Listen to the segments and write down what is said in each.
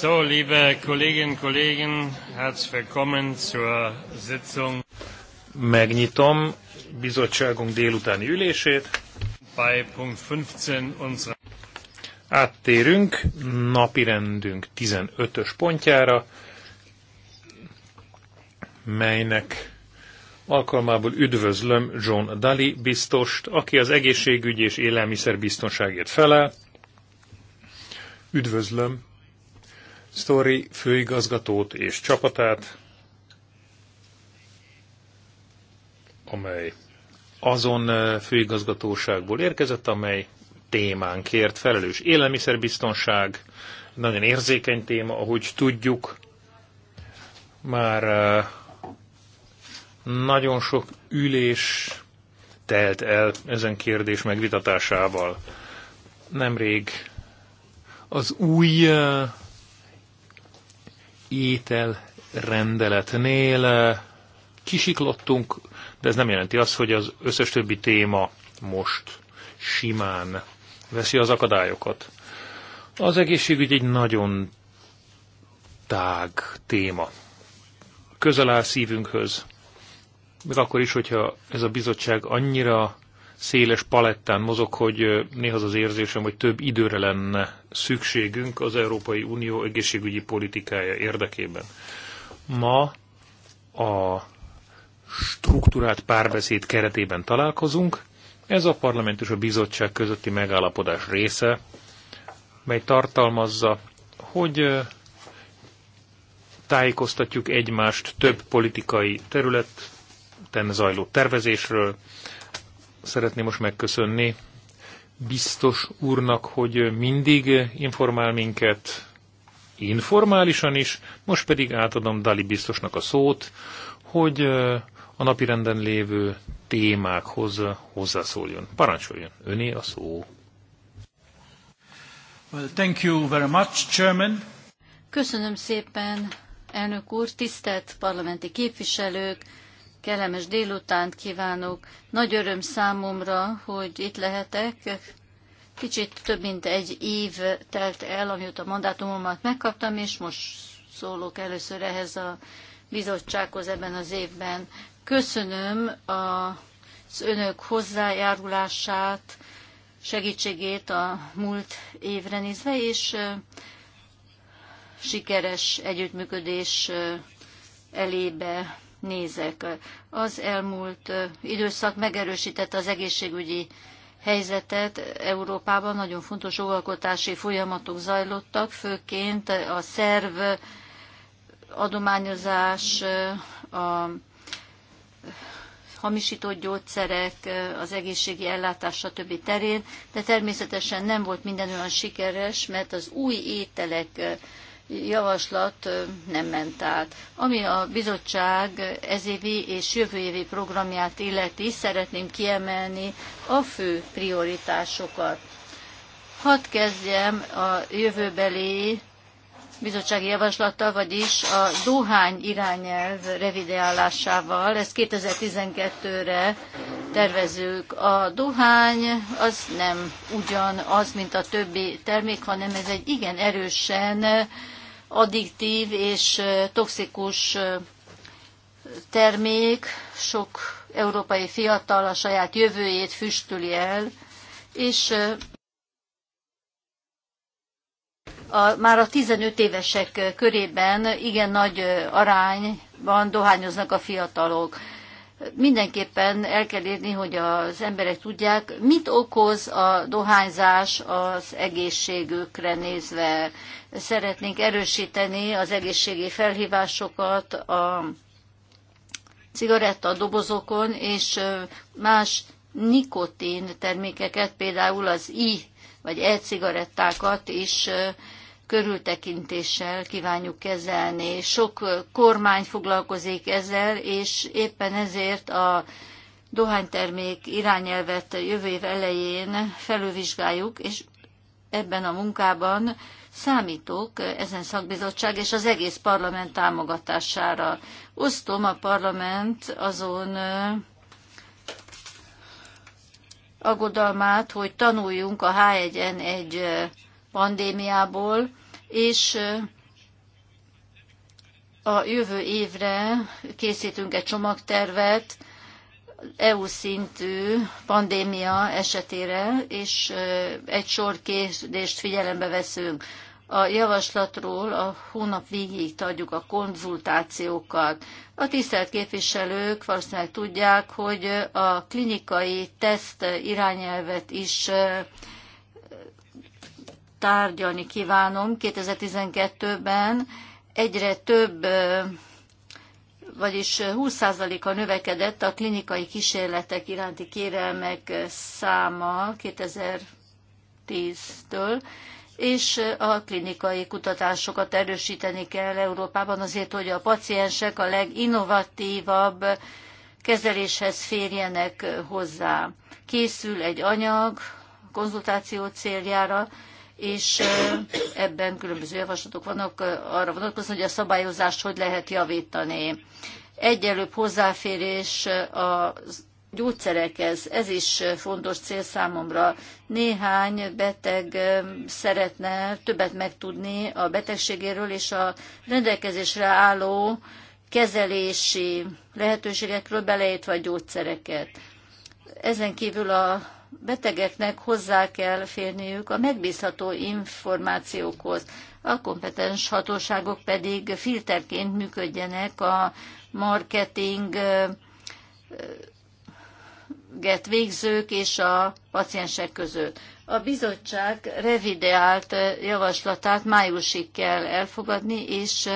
So, liebe Kolleginnen und Kollegen, herzlich willkommen zur Sitzung. Megnyitom bizottságunk délutáni ülését. Bei Punkt 15 unserer Áttérünk napirendünk 15-ös pontjára, melynek alkalmából üdvözlöm John Daly biztost, aki az egészségügy és élelmiszerbiztonságért felel. Üdvözlöm Story főigazgatót és csapatát, amely azon főigazgatóságból érkezett, amely témánkért felelős. Élelmiszerbiztonság, nagyon érzékeny téma, ahogy tudjuk, már nagyon sok ülés telt el ezen kérdés megvitatásával. Nemrég az új étel rendeletnél eh, kisiklottunk, de ez nem jelenti azt, hogy az összes többi téma most simán veszi az akadályokat. Az egészségügy egy nagyon tág téma. Közel áll szívünkhöz, még akkor is, hogyha ez a bizottság annyira széles palettán mozog, hogy néha az érzésem, hogy több időre lenne szükségünk az Európai Unió egészségügyi politikája érdekében. Ma a struktúrát párbeszéd keretében találkozunk. Ez a parlament és a bizottság közötti megállapodás része, mely tartalmazza, hogy tájékoztatjuk egymást több politikai területen zajló tervezésről, szeretném most megköszönni biztos úrnak, hogy mindig informál minket, informálisan is, most pedig átadom Dali biztosnak a szót, hogy a napirenden lévő témákhoz hozzászóljon. Parancsoljon, öné a szó. Well, thank you very much, Chairman. Köszönöm szépen, elnök úr, tisztelt parlamenti képviselők, kellemes délutánt kívánok. Nagy öröm számomra, hogy itt lehetek. Kicsit több mint egy év telt el, amióta mandátumomat megkaptam, és most szólok először ehhez a bizottsághoz ebben az évben. Köszönöm az önök hozzájárulását, segítségét a múlt évre nézve, és sikeres együttműködés elébe nézek. Az elmúlt időszak megerősítette az egészségügyi helyzetet Európában. Nagyon fontos jogalkotási folyamatok zajlottak, főként a szerv adományozás, a hamisított gyógyszerek, az egészségi ellátás, stb. terén, de természetesen nem volt minden olyan sikeres, mert az új ételek javaslat nem ment át. Ami a bizottság ezévi és évi programját illeti, szeretném kiemelni a fő prioritásokat. Hadd kezdjem a jövőbeli bizottsági javaslata, vagyis a dohány irányelv revideálásával. Ezt 2012-re tervezők. A dohány az nem ugyanaz, mint a többi termék, hanem ez egy igen erősen addiktív és toxikus termék, sok európai fiatal a saját jövőjét füstüli el, és a, már a 15 évesek körében igen nagy arányban dohányoznak a fiatalok mindenképpen el kell érni, hogy az emberek tudják, mit okoz a dohányzás az egészségükre nézve. Szeretnénk erősíteni az egészségi felhívásokat a cigaretta dobozokon, és más nikotin termékeket, például az i vagy e-cigarettákat is körültekintéssel kívánjuk kezelni. Sok kormány foglalkozik ezzel, és éppen ezért a dohánytermék irányelvet jövő év elején felülvizsgáljuk, és ebben a munkában számítok ezen szakbizottság és az egész parlament támogatására. Osztom a parlament azon aggodalmát, hogy tanuljunk a H1N1 pandémiából, és a jövő évre készítünk egy csomagtervet EU szintű pandémia esetére, és egy sor kérdést figyelembe veszünk. A javaslatról a hónap végéig tartjuk a konzultációkat. A tisztelt képviselők valószínűleg tudják, hogy a klinikai teszt irányelvet is tárgyalni kívánom 2012-ben. Egyre több, vagyis 20%-a növekedett a klinikai kísérletek iránti kérelmek száma 2010-től, és a klinikai kutatásokat erősíteni kell Európában azért, hogy a paciensek a leginnovatívabb kezeléshez férjenek hozzá. Készül egy anyag konzultáció céljára, és ebben különböző javaslatok vannak arra vonatkozóan, hogy a szabályozást hogy lehet javítani. Egyelőbb hozzáférés a gyógyszerekhez, ez is fontos cél számomra. Néhány beteg szeretne többet megtudni a betegségéről és a rendelkezésre álló kezelési lehetőségekről beleértve a gyógyszereket. Ezen kívül a betegeknek hozzá kell férniük a megbízható információkhoz, a kompetens hatóságok pedig filterként működjenek a marketing get végzők és a paciensek között. A bizottság revideált javaslatát májusig kell elfogadni, és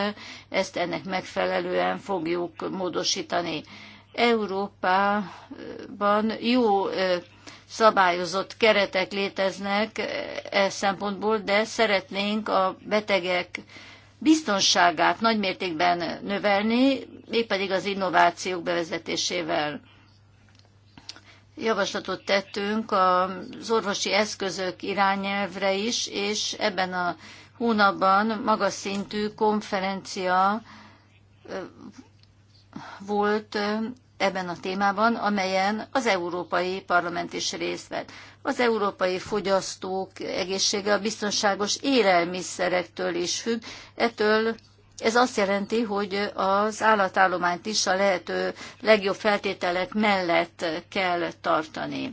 ezt ennek megfelelően fogjuk módosítani. Európában jó szabályozott keretek léteznek e, e szempontból, de szeretnénk a betegek biztonságát nagymértékben növelni, mégpedig az innovációk bevezetésével. Javaslatot tettünk az orvosi eszközök irányelvre is, és ebben a hónapban magas szintű konferencia e, volt e, ebben a témában, amelyen az Európai Parlament is részt vett. Az európai fogyasztók egészsége a biztonságos élelmiszerektől is függ, ettől ez azt jelenti, hogy az állatállományt is a lehető legjobb feltételek mellett kell tartani.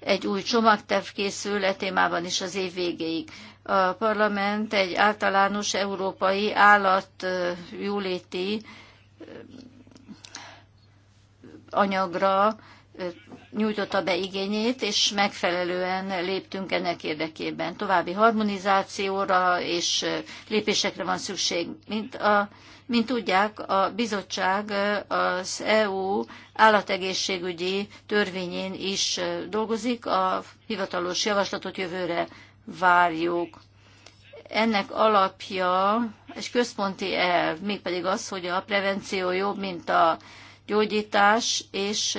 Egy új csomagterv készül e témában is az év végéig. A parlament egy általános európai állatjóléti anyagra nyújtotta be igényét, és megfelelően léptünk ennek érdekében. További harmonizációra és lépésekre van szükség. Mint, a, mint tudják, a bizottság az EU állategészségügyi törvényén is dolgozik, a hivatalos javaslatot jövőre várjuk. Ennek alapja egy központi elv, mégpedig az, hogy a prevenció jobb, mint a gyógyítás, és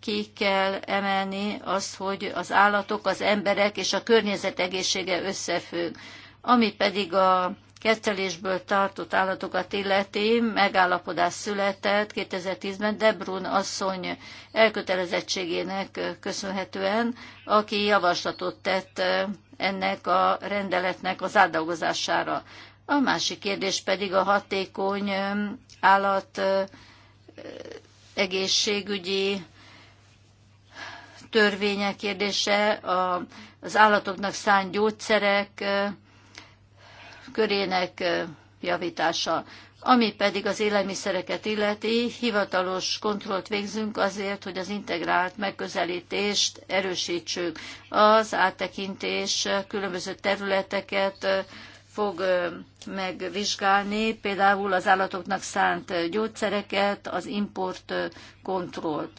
ki kell emelni azt, hogy az állatok, az emberek és a környezet egészsége összefügg. Ami pedig a kettelésből tartott állatokat illeti, megállapodás született 2010-ben Debrun asszony elkötelezettségének köszönhetően, aki javaslatot tett ennek a rendeletnek az átdolgozására. A másik kérdés pedig a hatékony állat egészségügyi törvények kérdése, az állatoknak szánt gyógyszerek körének javítása. Ami pedig az élelmiszereket illeti, hivatalos kontrollt végzünk azért, hogy az integrált megközelítést erősítsük. Az áttekintés különböző területeket fog megvizsgálni, például az állatoknak szánt gyógyszereket, az import kontrollt.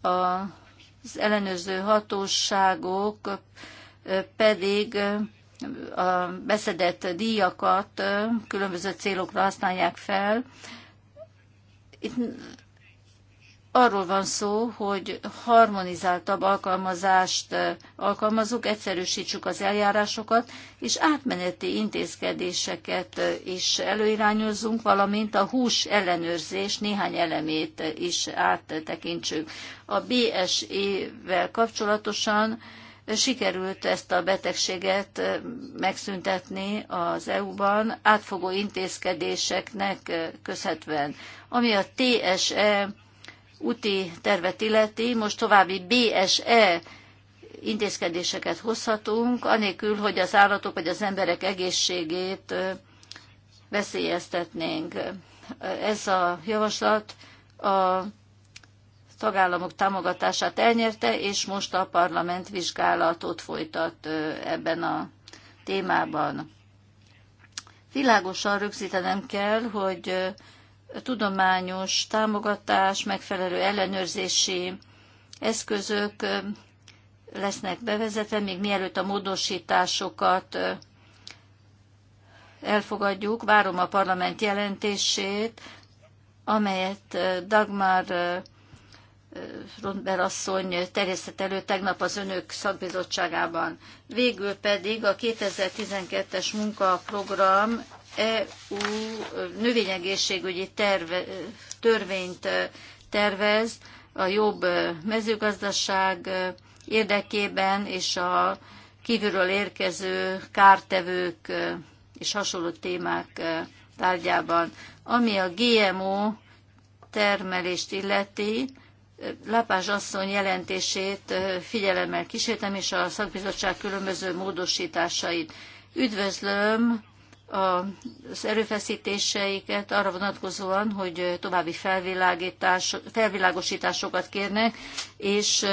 Az ellenőrző hatóságok pedig a beszedett díjakat különböző célokra használják fel. Itt arról van szó, hogy harmonizáltabb alkalmazást alkalmazunk, egyszerűsítsük az eljárásokat, és átmeneti intézkedéseket is előirányozunk, valamint a hús ellenőrzés néhány elemét is áttekintsük. A BSE-vel kapcsolatosan sikerült ezt a betegséget megszüntetni az EU-ban átfogó intézkedéseknek köszönhetően. Ami a TSE úti tervet illeti, most további BSE intézkedéseket hozhatunk, anélkül, hogy az állatok vagy az emberek egészségét veszélyeztetnénk. Ez a javaslat a tagállamok támogatását elnyerte, és most a parlament vizsgálatot folytat ebben a témában. Világosan rögzítenem kell, hogy tudományos támogatás, megfelelő ellenőrzési eszközök lesznek bevezetve, még mielőtt a módosításokat elfogadjuk. Várom a parlament jelentését, amelyet Dagmar Rondber asszony terjesztett elő tegnap az önök szakbizottságában. Végül pedig a 2012-es munkaprogram EU növényegészségügyi terve, törvényt tervez a jobb mezőgazdaság érdekében és a kívülről érkező kártevők és hasonló témák tárgyában. Ami a GMO termelést illeti, Lapás asszony jelentését figyelemmel kísértem, és a szakbizottság különböző módosításait. Üdvözlöm az erőfeszítéseiket arra vonatkozóan, hogy további felvilágítás, felvilágosításokat kérnek, és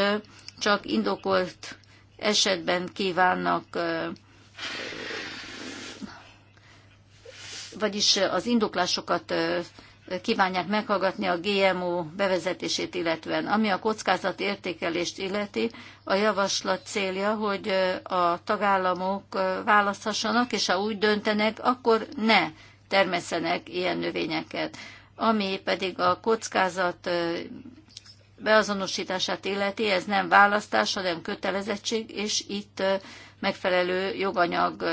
csak indokolt esetben kívánnak, vagyis az indoklásokat kívánják meghallgatni a GMO bevezetését illetően. Ami a kockázati értékelést illeti, a javaslat célja, hogy a tagállamok választhassanak, és ha úgy döntenek, akkor ne termeszenek ilyen növényeket. Ami pedig a kockázat beazonosítását illeti, ez nem választás, hanem kötelezettség, és itt megfelelő joganyag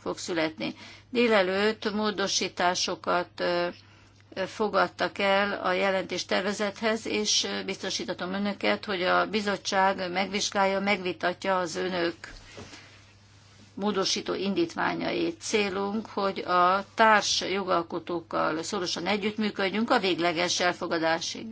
fog születni. Délelőtt módosításokat fogadtak el a jelentés tervezethez, és biztosítatom önöket, hogy a bizottság megvizsgálja, megvitatja az önök módosító indítványait. Célunk, hogy a társ jogalkotókkal szorosan együttműködjünk a végleges elfogadásig.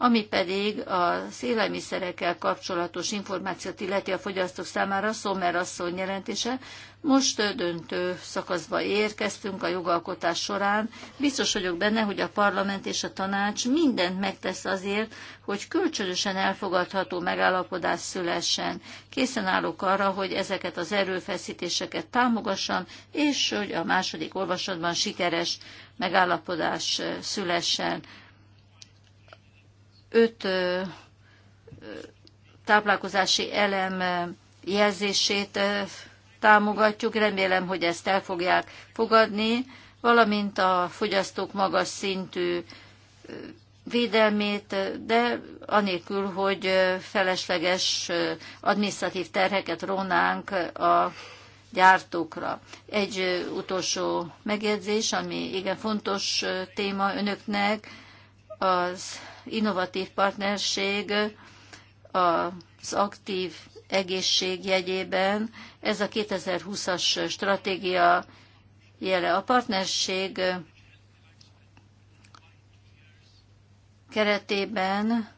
Ami pedig az élelmiszerekkel kapcsolatos információt illeti a fogyasztók számára, Szomer asszony jelentése, most döntő szakaszba érkeztünk a jogalkotás során. Biztos vagyok benne, hogy a parlament és a tanács mindent megtesz azért, hogy kölcsönösen elfogadható megállapodás szülessen. Készen állok arra, hogy ezeket az erőfeszítéseket támogassam, és hogy a második olvasatban sikeres megállapodás szülessen öt táplálkozási elem jelzését támogatjuk, remélem, hogy ezt el fogják fogadni, valamint a fogyasztók magas szintű védelmét, de anélkül, hogy felesleges administratív terheket rónánk a gyártókra. Egy utolsó megjegyzés, ami igen fontos téma önöknek, az innovatív partnerség az aktív egészség jegyében ez a 2020-as stratégia jele. A partnerség keretében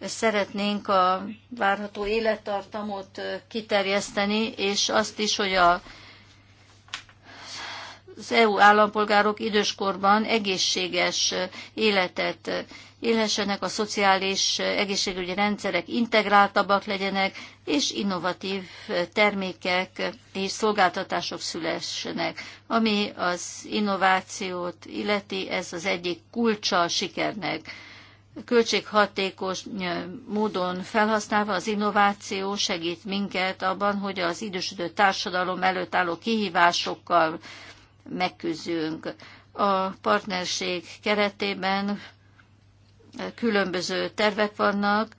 szeretnénk a várható élettartamot kiterjeszteni, és azt is, hogy a az EU állampolgárok időskorban egészséges életet élhessenek, a szociális egészségügyi rendszerek integráltabbak legyenek, és innovatív termékek és szolgáltatások szülessenek. Ami az innovációt illeti, ez az egyik kulcsa a sikernek. Költséghatékos módon felhasználva az innováció segít minket abban, hogy az idősödő társadalom előtt álló kihívásokkal megküzdjünk. A partnerség keretében különböző tervek vannak,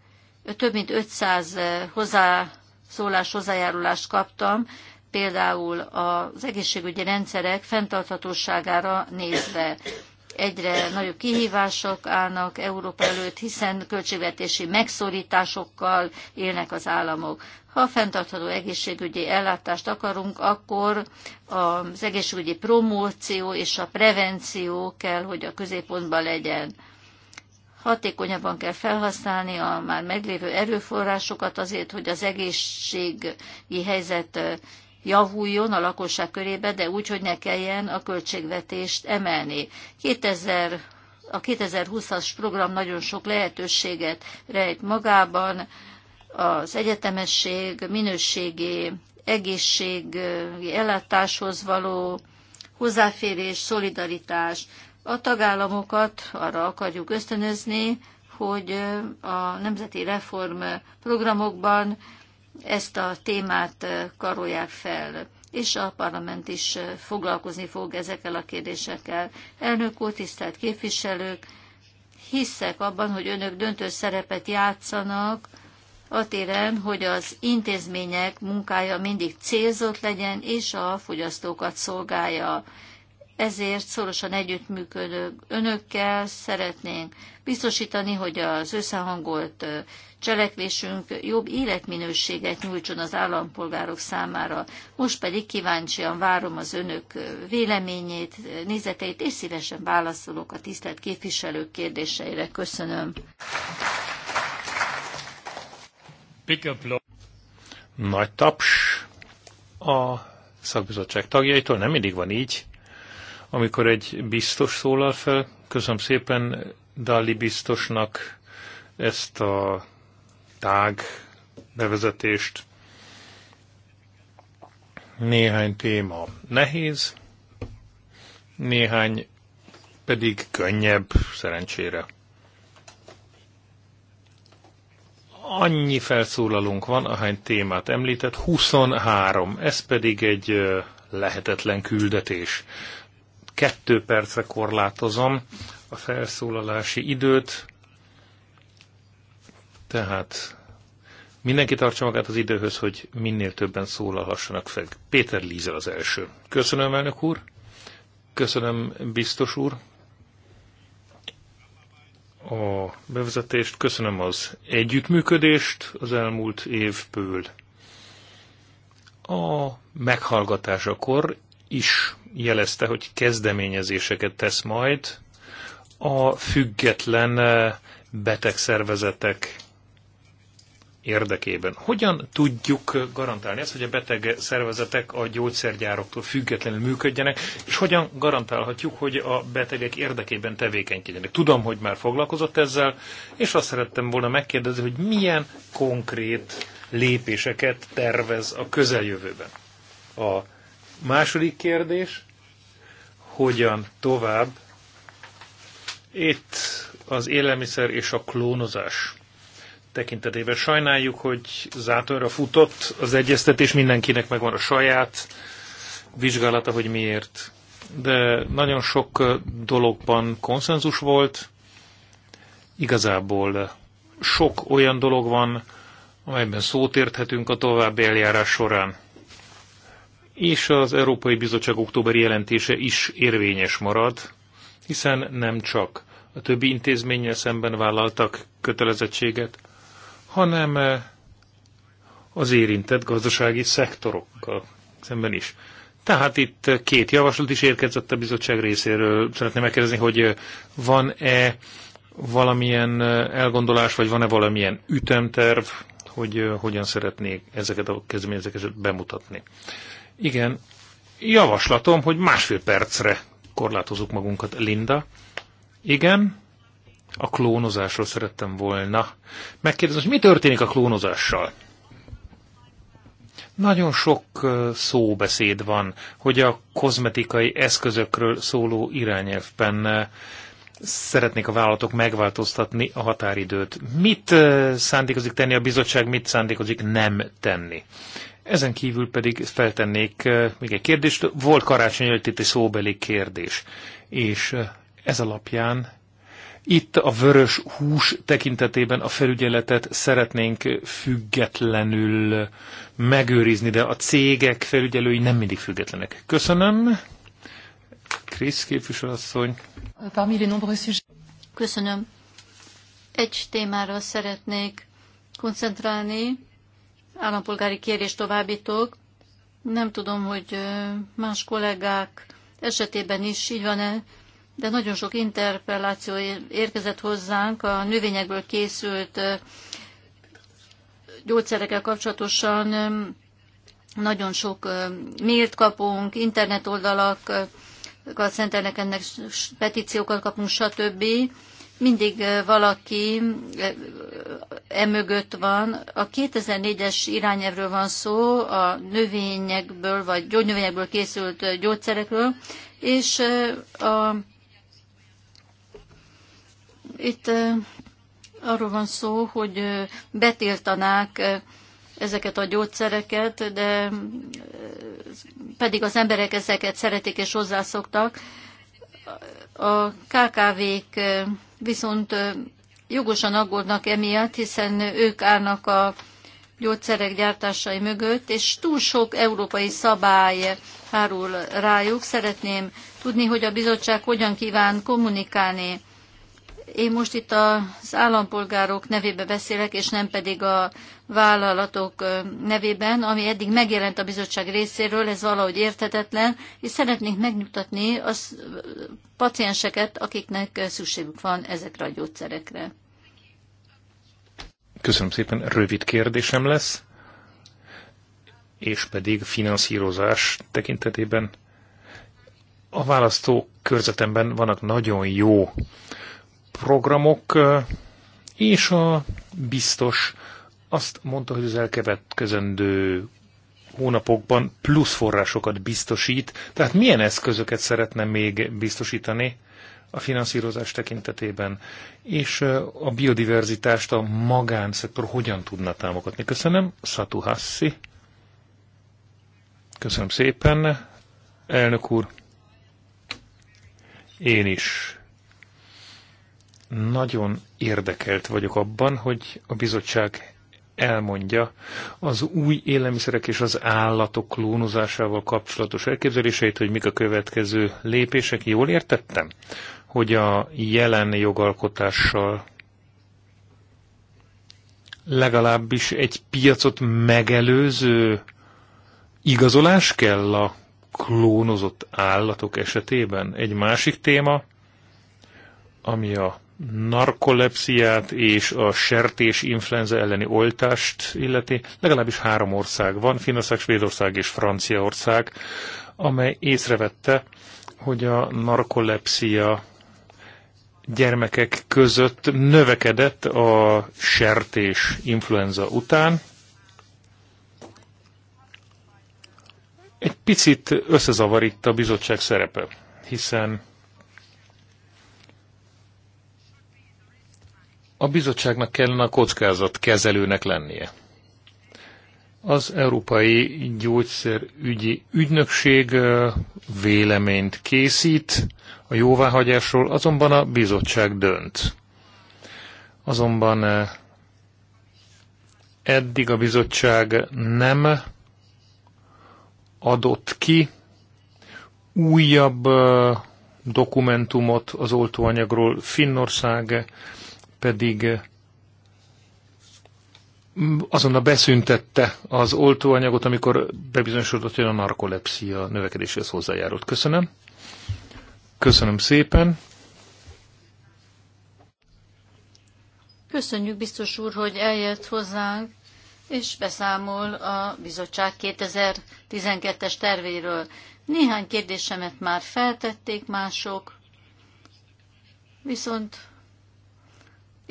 több mint 500 hozzászólás, hozzájárulást kaptam, például az egészségügyi rendszerek fenntarthatóságára nézve egyre nagyobb kihívások állnak Európa előtt, hiszen költségvetési megszorításokkal élnek az államok. Ha fenntartható egészségügyi ellátást akarunk, akkor az egészségügyi promóció és a prevenció kell, hogy a középpontban legyen. Hatékonyabban kell felhasználni a már meglévő erőforrásokat azért, hogy az egészségi helyzet javuljon a lakosság körébe, de úgy, hogy ne kelljen a költségvetést emelni. 2000 a 2020-as program nagyon sok lehetőséget rejt magában, az egyetemesség, minőségi, egészségi ellátáshoz való hozzáférés, szolidaritás. A tagállamokat arra akarjuk ösztönözni, hogy a nemzeti reform programokban ezt a témát karolják fel, és a parlament is foglalkozni fog ezekkel a kérdésekkel. Elnök úr, tisztelt képviselők, hiszek abban, hogy önök döntő szerepet játszanak a téren, hogy az intézmények munkája mindig célzott legyen, és a fogyasztókat szolgálja. Ezért szorosan együttműködök önökkel, szeretnénk biztosítani, hogy az összehangolt cselekvésünk jobb életminőséget nyújtson az állampolgárok számára. Most pedig kíváncsian várom az önök véleményét, nézeteit, és szívesen válaszolok a tisztelt képviselők kérdéseire. Köszönöm. Nagy taps a szakbizottság tagjaitól, nem mindig van így, amikor egy biztos szólal fel. Köszönöm szépen Dali biztosnak ezt a tág nevezetést. Néhány téma nehéz, néhány pedig könnyebb, szerencsére. Annyi felszólalunk van, ahány témát említett, 23, ez pedig egy lehetetlen küldetés. Kettő percre korlátozom a felszólalási időt, tehát Mindenki tartsa magát az időhöz, hogy minél többen szólalhassanak fel. Péter Líze az első. Köszönöm, elnök úr. Köszönöm, biztos úr. A bevezetést, köszönöm az együttműködést az elmúlt évből. A meghallgatásakor is jelezte, hogy kezdeményezéseket tesz majd a független eh, betegszervezetek érdekében. Hogyan tudjuk garantálni ezt, hogy a beteg szervezetek a gyógyszergyároktól függetlenül működjenek, és hogyan garantálhatjuk, hogy a betegek érdekében tevékenykedjenek? Tudom, hogy már foglalkozott ezzel, és azt szerettem volna megkérdezni, hogy milyen konkrét lépéseket tervez a közeljövőben. A második kérdés, hogyan tovább? Itt az élelmiszer és a klónozás tekintetében. Sajnáljuk, hogy zátorra futott az egyeztetés, mindenkinek megvan a saját vizsgálata, hogy miért. De nagyon sok dologban konszenzus volt, igazából sok olyan dolog van, amelyben szót érthetünk a további eljárás során. És az Európai Bizottság októberi jelentése is érvényes marad, hiszen nem csak a többi intézménnyel szemben vállaltak kötelezettséget, hanem eh, az érintett gazdasági szektorokkal szemben is. Tehát itt eh, két javaslat is érkezett a bizottság részéről. Szeretném megkérdezni, hogy eh, van-e valamilyen elgondolás, vagy van-e valamilyen ütemterv, hogy hogyan szeretnék ezeket a kezdeményezéseket bemutatni. Igen, javaslatom, hogy másfél percre korlátozunk magunkat, Linda. Igen, a klónozásról szerettem volna megkérdezni, hogy mi történik a klónozással? Nagyon sok szóbeszéd van, hogy a kozmetikai eszközökről szóló irányelvben szeretnék a vállalatok megváltoztatni a határidőt. Mit szándékozik tenni a bizottság, mit szándékozik nem tenni? Ezen kívül pedig feltennék még egy kérdést. Volt karácsony előtt itt egy szóbeli kérdés, és ez alapján itt a vörös hús tekintetében a felügyeletet szeretnénk függetlenül megőrizni, de a cégek felügyelői nem mindig függetlenek. Köszönöm. Krisz képviselőasszony. Köszönöm. Egy témára szeretnék koncentrálni. Állampolgári kérés továbbítok. Nem tudom, hogy más kollégák esetében is így van-e, de nagyon sok interpelláció érkezett hozzánk a növényekből készült gyógyszerekkel kapcsolatosan. Nagyon sok mailt kapunk, internetoldalakat szentelnek ennek, petíciókat kapunk, stb. Mindig valaki emögött van. A 2004-es irányelvről van szó, a növényekből vagy gyógynövényekből készült gyógyszerekről, és a itt arról van szó, hogy betiltanák ezeket a gyógyszereket, de pedig az emberek ezeket szeretik és hozzászoktak. A KKV-k viszont jogosan aggódnak emiatt, hiszen ők állnak a gyógyszerek gyártásai mögött, és túl sok európai szabály hárul rájuk. Szeretném tudni, hogy a bizottság hogyan kíván kommunikálni én most itt az állampolgárok nevében beszélek, és nem pedig a vállalatok nevében, ami eddig megjelent a bizottság részéről, ez valahogy érthetetlen, és szeretnénk megnyugtatni a pacienseket, akiknek szükségük van ezekre a gyógyszerekre. Köszönöm szépen, rövid kérdésem lesz, és pedig finanszírozás tekintetében. A választó körzetemben vannak nagyon jó programok, és a biztos azt mondta, hogy az elkövetkezendő hónapokban plusz forrásokat biztosít. Tehát milyen eszközöket szeretne még biztosítani a finanszírozás tekintetében? És a biodiverzitást a magánszektor hogyan tudna támogatni? Köszönöm, Szatu Hassi. Köszönöm szépen, elnök úr. Én is nagyon érdekelt vagyok abban, hogy a bizottság elmondja az új élelmiszerek és az állatok klónozásával kapcsolatos elképzeléseit, hogy mik a következő lépések. Jól értettem, hogy a jelen jogalkotással legalábbis egy piacot megelőző igazolás kell a klónozott állatok esetében. Egy másik téma, ami a narkolepsziát és a sertés influenza elleni oltást illeti, legalábbis három ország van, Finnország, Svédország és Franciaország, amely észrevette, hogy a narkolepszia gyermekek között növekedett a sertés influenza után. Egy picit összezavarít a bizottság szerepe, hiszen A bizottságnak kellene a kockázatkezelőnek lennie. Az Európai Gyógyszerügyi Ügynökség véleményt készít a jóváhagyásról, azonban a bizottság dönt. Azonban eddig a bizottság nem adott ki újabb dokumentumot az oltóanyagról Finnország pedig eh, azonnal beszüntette az oltóanyagot, amikor bebizonyosodott, hogy a narkolepszia növekedéséhez hozzájárult. Köszönöm. Köszönöm szépen. Köszönjük biztos úr, hogy eljött hozzánk, és beszámol a bizottság 2012-es tervéről. Néhány kérdésemet már feltették mások, viszont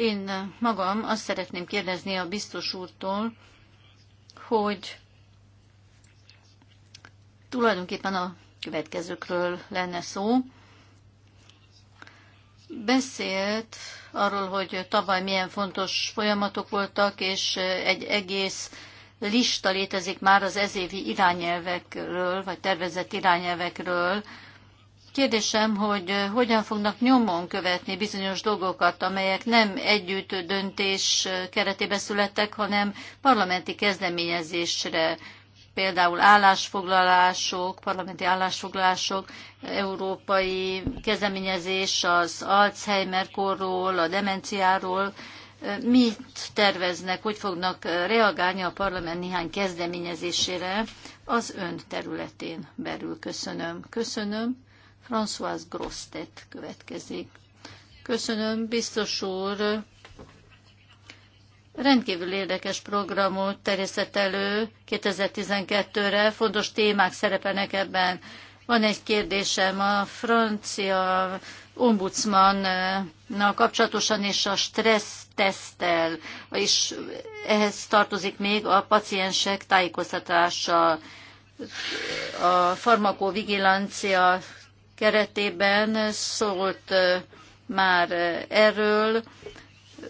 én magam azt szeretném kérdezni a biztos úrtól, hogy tulajdonképpen a következőkről lenne szó. Beszélt arról, hogy tavaly milyen fontos folyamatok voltak, és egy egész lista létezik már az ezévi irányelvekről, vagy tervezett irányelvekről, Kérdésem, hogy hogyan fognak nyomon követni bizonyos dolgokat, amelyek nem együtt döntés keretében születtek, hanem parlamenti kezdeményezésre, például állásfoglalások, parlamenti állásfoglalások, európai kezdeményezés az Alzheimer korról, a demenciáról, mit terveznek, hogy fognak reagálni a parlament néhány kezdeményezésére az ön területén belül. Köszönöm. Köszönöm. François Grostet következik. Köszönöm, biztos úr. Rendkívül érdekes programot terjesztett elő 2012-re, fontos témák szerepelnek ebben. Van egy kérdésem a francia ombudsmannal kapcsolatosan és a stressz tesztel, és ehhez tartozik még a paciensek tájékoztatása, a farmakovigilancia keretében szólt már erről,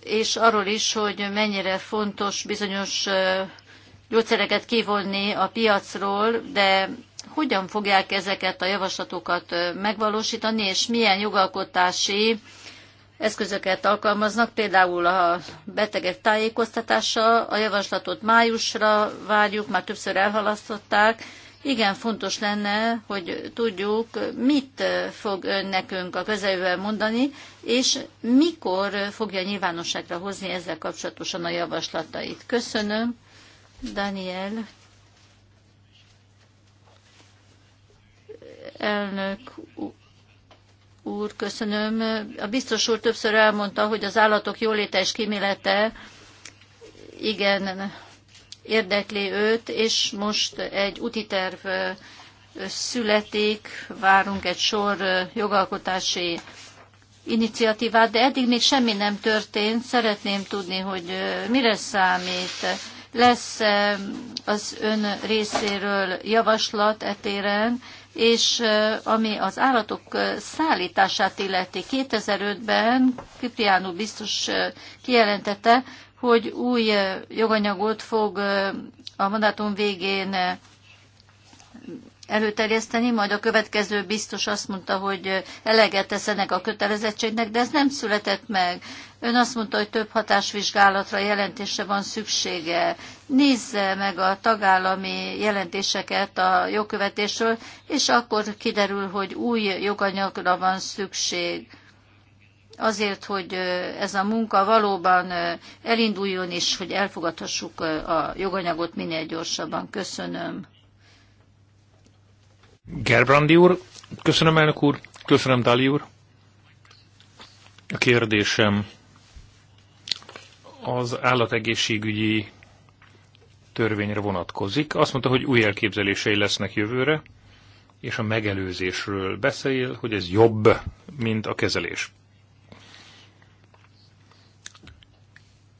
és arról is, hogy mennyire fontos bizonyos gyógyszereket kivonni a piacról, de hogyan fogják ezeket a javaslatokat megvalósítani, és milyen jogalkotási eszközöket alkalmaznak, például a betegek tájékoztatása, a javaslatot májusra várjuk, már többször elhalasztották, igen fontos lenne, hogy tudjuk, mit fog ön nekünk a közeljövőben mondani, és mikor fogja nyilvánosságra hozni ezzel kapcsolatosan a javaslatait. Köszönöm, Daniel. Elnök úr, köszönöm. A biztos úr többször elmondta, hogy az állatok jóléte és kimélete igen érdekli őt, és most egy útiterv születik, várunk egy sor jogalkotási iniciatívát, de eddig még semmi nem történt. Szeretném tudni, hogy mire számít. Lesz az ön részéről javaslat etéren, és ami az állatok szállítását illeti, 2005-ben Kipriánú biztos kijelentette, hogy új joganyagot fog a mandátum végén előterjeszteni, majd a következő biztos azt mondta, hogy eleget tesz ennek a kötelezettségnek, de ez nem született meg. Ön azt mondta, hogy több hatásvizsgálatra, jelentése van szüksége. Nézze meg a tagállami jelentéseket a jogkövetésről, és akkor kiderül, hogy új joganyagra van szükség azért, hogy ez a munka valóban elinduljon, és hogy elfogadhassuk a joganyagot minél gyorsabban. Köszönöm. Gerbrandi úr, köszönöm elnök úr, köszönöm Dali úr. A kérdésem az állategészségügyi törvényre vonatkozik. Azt mondta, hogy új elképzelései lesznek jövőre, és a megelőzésről beszél, hogy ez jobb, mint a kezelés.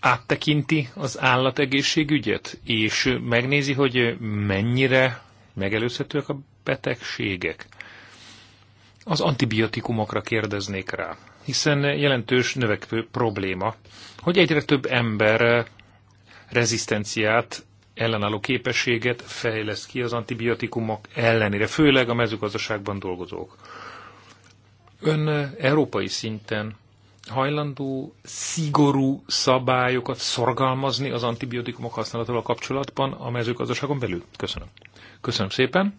áttekinti az állategészségügyet, és megnézi, hogy mennyire megelőzhetőek a betegségek. Az antibiotikumokra kérdeznék rá, hiszen jelentős növekvő probléma, hogy egyre több ember rezisztenciát, ellenálló képességet fejleszt ki az antibiotikumok ellenére, főleg a mezőgazdaságban dolgozók. Ön európai szinten hajlandó szigorú szabályokat szorgalmazni az antibiotikumok használatával kapcsolatban a mezőgazdaságon belül? Köszönöm. Köszönöm szépen.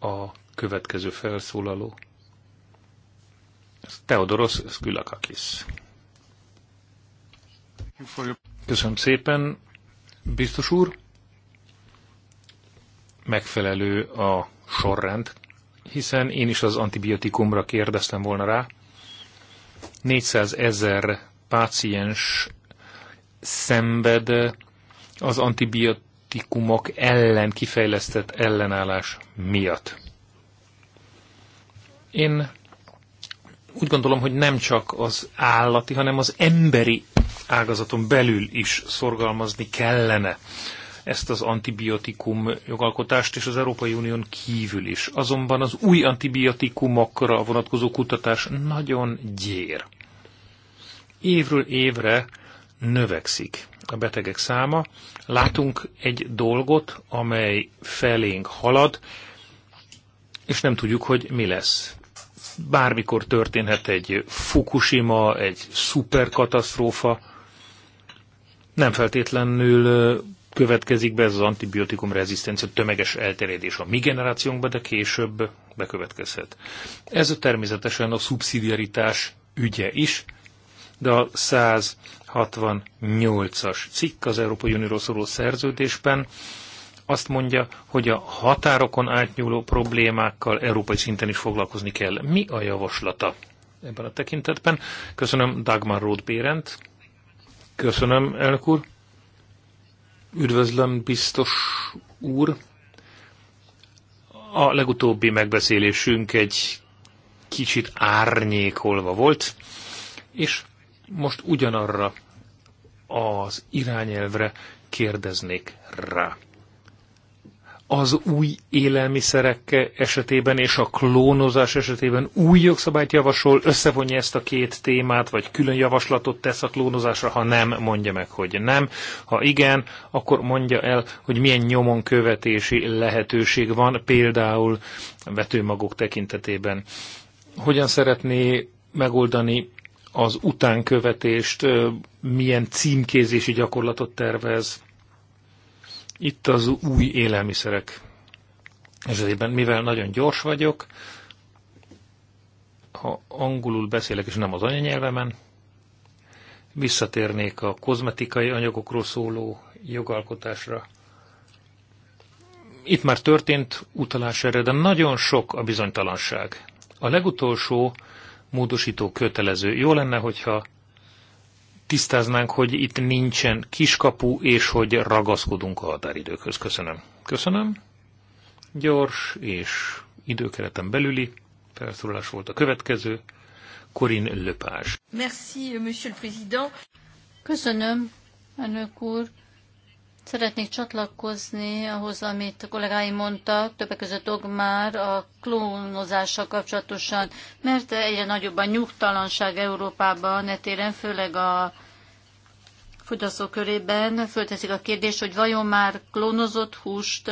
A következő felszólaló. Teodoros Skylakakis. Köszönöm szépen, biztos úr. Megfelelő a sorrend, hiszen én is az antibiotikumra kérdeztem volna rá, 400 ezer páciens szenved az antibiotikumok ellen kifejlesztett ellenállás miatt. Én úgy gondolom, hogy nem csak az állati, hanem az emberi ágazaton belül is szorgalmazni kellene ezt az antibiotikum jogalkotást, és az Európai Unión kívül is. Azonban az új antibiotikumokra vonatkozó kutatás nagyon gyér évről évre növekszik a betegek száma. Látunk egy dolgot, amely felénk halad, és nem tudjuk, hogy mi lesz. Bármikor történhet egy Fukushima, egy szuperkatasztrófa, nem feltétlenül következik be ez az antibiotikum rezisztencia tömeges elterjedés a mi generációnkban, de később bekövetkezhet. Ez természetesen a szubszidiaritás ügye is, de a 168-as cikk az Európai Unióról szóló szerződésben azt mondja, hogy a határokon átnyúló problémákkal európai szinten is foglalkozni kell. Mi a javaslata ebben a tekintetben? Köszönöm Dagmar Roth Bérent. Köszönöm, elnök úr. Üdvözlöm, biztos úr. A legutóbbi megbeszélésünk egy kicsit árnyékolva volt, és most ugyanarra az irányelvre kérdeznék rá. Az új élelmiszerek esetében és a klónozás esetében új jogszabályt javasol, összevonja ezt a két témát, vagy külön javaslatot tesz a klónozásra, ha nem, mondja meg, hogy nem. Ha igen, akkor mondja el, hogy milyen nyomon követési lehetőség van, például vetőmagok tekintetében. Hogyan szeretné megoldani az utánkövetést, milyen címkézési gyakorlatot tervez. Itt az új élelmiszerek azért, mivel nagyon gyors vagyok, ha angolul beszélek, és nem az anyanyelvemen, visszatérnék a kozmetikai anyagokról szóló jogalkotásra. Itt már történt utalás erre, de nagyon sok a bizonytalanság. A legutolsó módosító kötelező. Jó lenne, hogyha tisztáznánk, hogy itt nincsen kiskapu, és hogy ragaszkodunk a határidőkhöz. Köszönöm. Köszönöm. Gyors és időkereten belüli felszólalás volt a következő. Corinne Lepage. Merci, monsieur le président. Köszönöm, elnök úr. Szeretnék csatlakozni ahhoz, amit a kollégáim mondtak, többek között Ogmár a klónozással kapcsolatosan, mert egyre nagyobb a nyugtalanság Európában, e téren, főleg a fogyasztó körében fölteszik a kérdés, hogy vajon már klónozott húst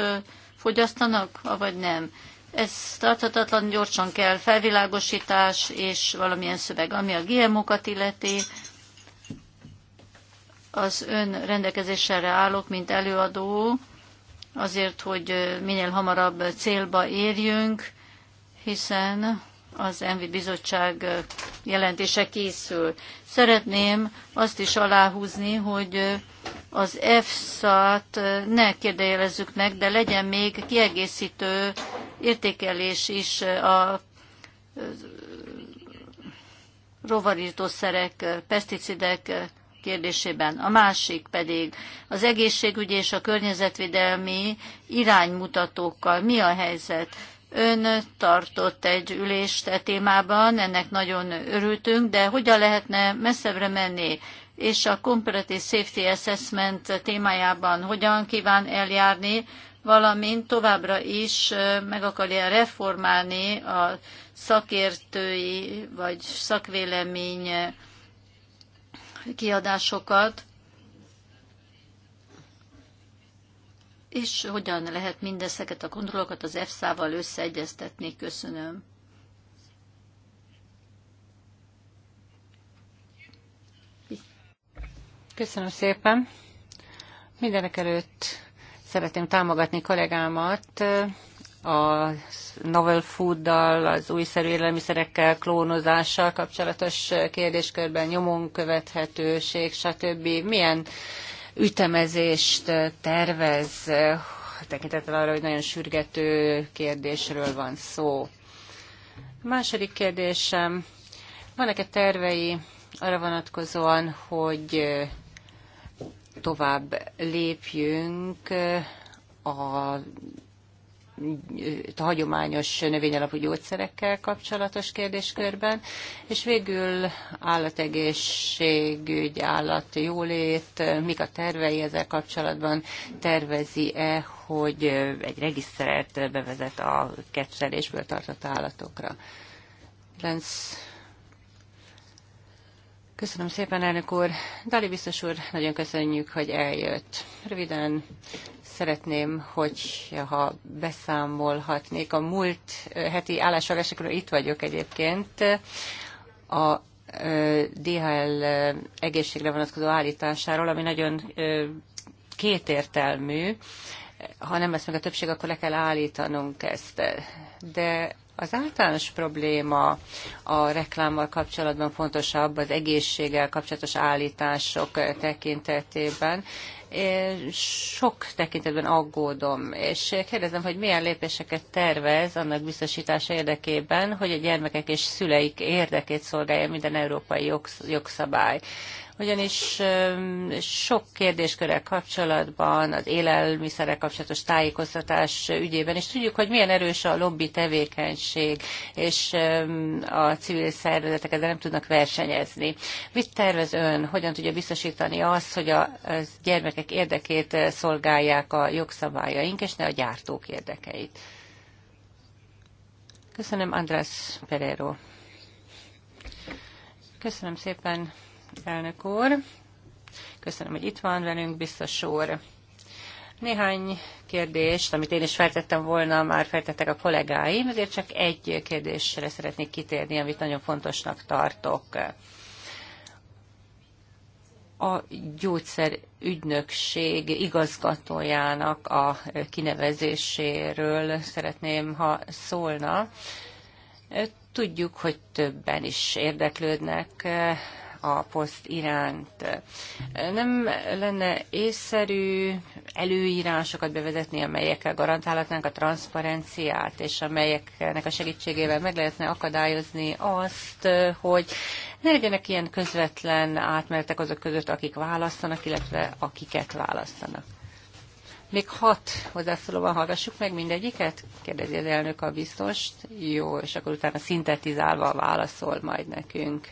fogyasztanak, vagy nem. Ez tarthatatlan, gyorsan kell felvilágosítás és valamilyen szöveg, ami a GMO-kat illeti az ön rendelkezésére állok, mint előadó, azért, hogy minél hamarabb célba érjünk, hiszen az Envi Bizottság jelentése készül. Szeretném azt is aláhúzni, hogy az EFSA-t ne kérdejelezzük meg, de legyen még kiegészítő értékelés is a rovarítószerek, peszticidek kérdésében, a másik pedig az egészségügyi és a környezetvédelmi iránymutatókkal. Mi a helyzet? Ön tartott egy ülést e témában, ennek nagyon örültünk, de hogyan lehetne messzebbre menni? És a Comparative Safety Assessment témájában hogyan kíván eljárni, valamint továbbra is meg akarja reformálni a szakértői vagy szakvélemény kiadásokat, és hogyan lehet mindezeket a kontrollokat az EFSA-val összeegyeztetni. Köszönöm. Köszönöm szépen. Mindenek előtt szeretném támogatni kollégámat a novel fooddal, az újszerű élelmiszerekkel, klónozással kapcsolatos kérdéskörben, nyomon követhetőség, stb. Milyen ütemezést tervez, tekintettel arra, hogy nagyon sürgető kérdésről van szó. A második kérdésem, vannak-e tervei arra vonatkozóan, hogy tovább lépjünk a a hagyományos növényalapú gyógyszerekkel kapcsolatos kérdéskörben, és végül állategészségügy, állat jólét, mik a tervei ezzel kapcsolatban, tervezi-e, hogy egy regisztrert bevezet a kettelésből tartott állatokra. Lenz Köszönöm szépen, elnök úr. Dali biztos úr, nagyon köszönjük, hogy eljött. Röviden szeretném, hogy ha beszámolhatnék. A múlt eh, heti állásfoglalásikról itt vagyok egyébként. A eh, DHL eh, egészségre vonatkozó állításáról, ami nagyon kétértelmű. Ha nem lesz meg a többség, akkor le kell állítanunk ezt. De az általános probléma a reklámmal kapcsolatban fontosabb az egészséggel kapcsolatos állítások tekintetében, sok tekintetben aggódom, és kérdezem, hogy milyen lépéseket tervez annak biztosítása érdekében, hogy a gyermekek és szüleik érdekét szolgálja minden európai jogszabály ugyanis sok kérdéskörrel kapcsolatban, az élelmiszerek kapcsolatos tájékoztatás ügyében, és tudjuk, hogy milyen erős a lobby tevékenység, és a civil szervezetek ezzel nem tudnak versenyezni. Mit tervez ön, hogyan tudja biztosítani azt, hogy a gyermekek cégek érdekét eh, szolgálják a jogszabályaink, és ne a gyártók érdekeit. Köszönöm, András Pereiro. Köszönöm szépen, elnök úr. Köszönöm, hogy itt van velünk, biztos úr. Néhány kérdést, amit én is feltettem volna, már feltettek a kollégáim, ezért csak egy kérdésre szeretnék kitérni, amit nagyon fontosnak tartok a gyógyszerügynökség igazgatójának a kinevezéséről szeretném, ha szólna. Tudjuk, hogy többen is érdeklődnek a poszt iránt. Nem lenne észszerű előírásokat bevezetni, amelyekkel garantálhatnánk a transzparenciát, és amelyeknek a segítségével meg lehetne akadályozni azt, hogy ne legyenek ilyen közvetlen átmenetek azok között, akik választanak, illetve akiket választanak. Még hat hozzászólóban hallgassuk meg mindegyiket? Kérdezi az elnök a biztost. Jó, és akkor utána szintetizálva válaszol majd nekünk.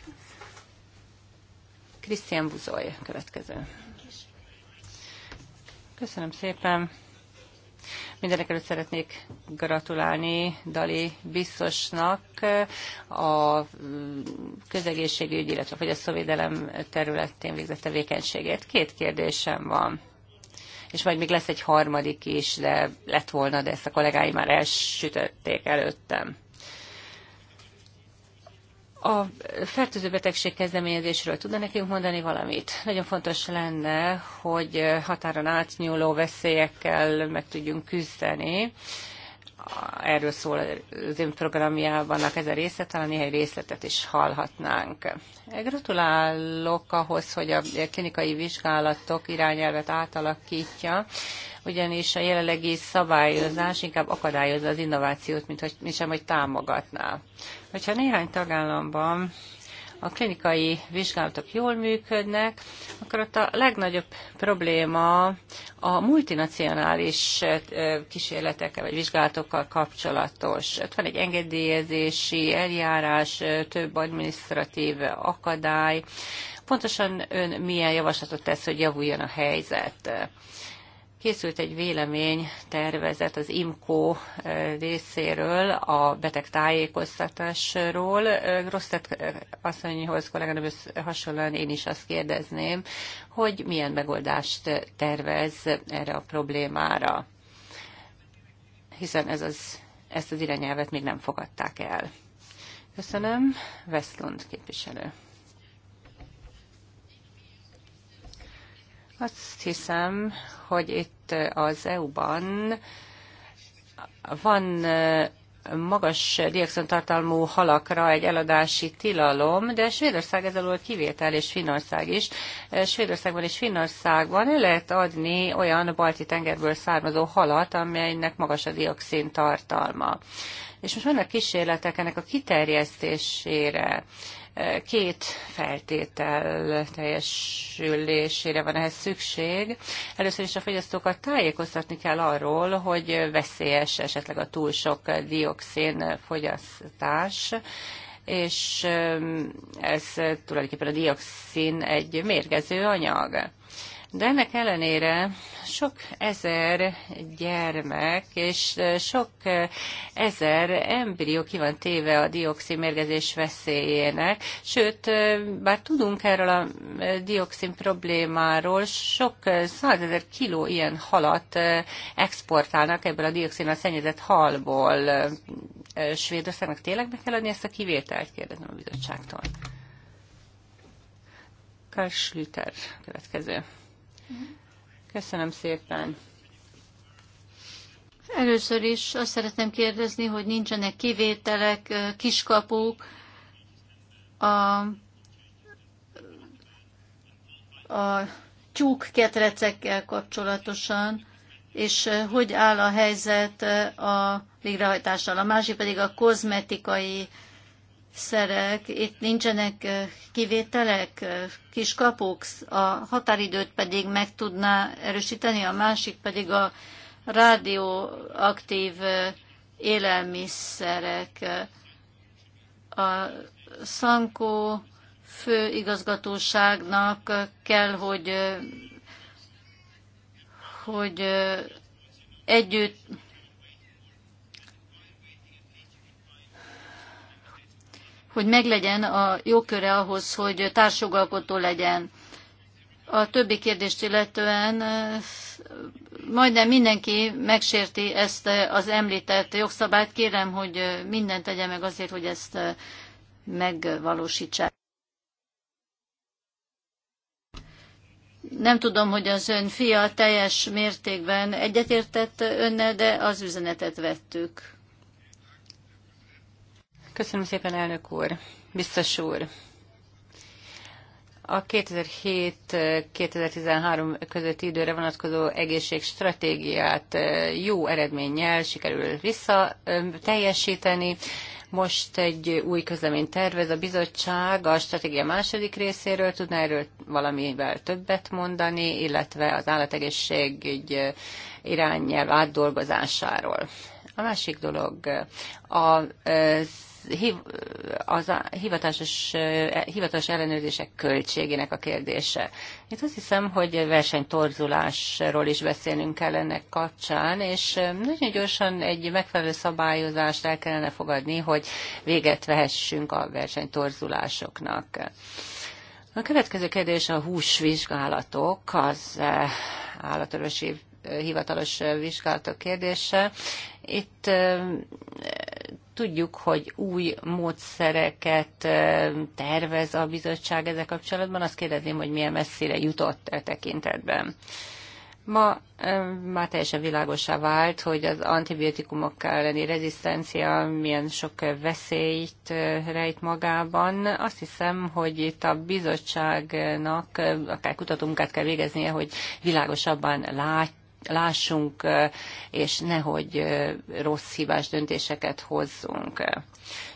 Krisztián Buzoly következő. Köszönöm szépen. Mindenek előtt szeretnék gratulálni Dali biztosnak a mm, közegészségügy, illetve a szovédelem területén végzett tevékenységét. Két kérdésem van és majd még lesz egy harmadik is, de lett volna, de ezt a kollégáim már elsütötték előttem. A fertőző betegség kezdeményezésről tudna nekünk mondani valamit? Nagyon fontos lenne, hogy határon átnyúló veszélyekkel meg tudjunk küzdeni erről szól az ön programjának ez a része, talán néhány részletet is hallhatnánk. Gratulálok ahhoz, hogy a klinikai vizsgálatok irányelvet átalakítja, ugyanis a jelenlegi szabályozás inkább akadályozza az innovációt, mint hogy, mint sem, hogy támogatná. Hogyha néhány tagállamban a klinikai vizsgálatok jól működnek, akkor ott a legnagyobb probléma a multinacionális kísérletekkel vagy vizsgálatokkal kapcsolatos. Ott van egy engedélyezési eljárás, több administratív akadály. Pontosan ön milyen javaslatot tesz, hogy javuljon a helyzet? Készült egy vélemény tervezet az IMCO részéről a beteg tájékoztatásról. Grosztet asszonyhoz kolléganőm hasonlóan én is azt kérdezném, hogy milyen megoldást tervez erre a problémára, hiszen ez az, ezt az irányelvet még nem fogadták el. Köszönöm. Veszlund képviselő. Azt hiszem, hogy itt az EU-ban van eh, magas tartalmú halakra egy eladási tilalom, de Svédország ez alól kivétel, és Finnország is. Eh, Svédországban és Finnországban el lehet adni olyan balti tengerből származó halat, amelynek magas a dioxin tartalma. És most vannak kísérletek ennek a kiterjesztésére. Két feltétel teljesülésére van ehhez szükség. Először is a fogyasztókat tájékoztatni kell arról, hogy veszélyes esetleg a túl sok dioxin fogyasztás, és ez tulajdonképpen a dioxin egy mérgező anyag de ennek ellenére sok ezer gyermek és sok ezer embrió ki van téve a mérgezés veszélyének, sőt, bár tudunk erről a dioxin problémáról, sok százezer kiló ilyen halat exportálnak ebből a a szennyezett halból. Svédországnak tényleg be kell adni ezt a kivételt, kérdezem a bizottságtól. Karl Schlüter következő. Köszönöm szépen. Először is azt szeretném kérdezni, hogy nincsenek kivételek, kiskapuk a, a tyúk ketrecekkel kapcsolatosan, és hogy áll a helyzet a végrehajtással. A másik pedig a kozmetikai szerek, itt nincsenek kivételek, kiskapuk, a határidőt pedig meg tudná erősíteni, a másik pedig a rádióaktív élelmiszerek. A Szankó főigazgatóságnak kell, hogy, hogy együtt hogy meglegyen a jogköre ahhoz, hogy társjogalkotó legyen. A többi kérdést illetően majdnem mindenki megsérti ezt az említett jogszabályt. Kérem, hogy mindent tegye meg azért, hogy ezt megvalósítsák. Nem tudom, hogy az ön fia teljes mértékben egyetértett önnel, de az üzenetet vettük. Köszönöm szépen, elnök úr, biztos úr. A 2007-2013 közötti időre vonatkozó egészségstratégiát eh, jó eredménnyel sikerül vissza eh, teljesíteni. Most egy új közlemény tervez a bizottság a stratégia második részéről. Tudná erről valamivel többet mondani, illetve az állategészség eh, irányelv átdolgozásáról. A másik dolog az az a hivatásos, hivatalos ellenőrzések költségének a kérdése. Itt azt hiszem, hogy versenytorzulásról is beszélnünk kell ennek kapcsán, és nagyon gyorsan egy megfelelő szabályozást el kellene fogadni, hogy véget vehessünk a versenytorzulásoknak. A következő kérdés a húsvizsgálatok, az eh, állatorvosi hivatalos vizsgálatok kérdése. Itt eh, Tudjuk, hogy új módszereket tervez a bizottság ezzel kapcsolatban. Azt kérdezném, hogy milyen messzire jutott e tekintetben. Ma már teljesen világosá vált, hogy az antibiotikumok elleni rezisztencia milyen sok veszélyt rejt magában. Azt hiszem, hogy itt a bizottságnak akár kutatómunkát kell végeznie, hogy világosabban lát, lássunk, és nehogy rossz hibás döntéseket hozzunk.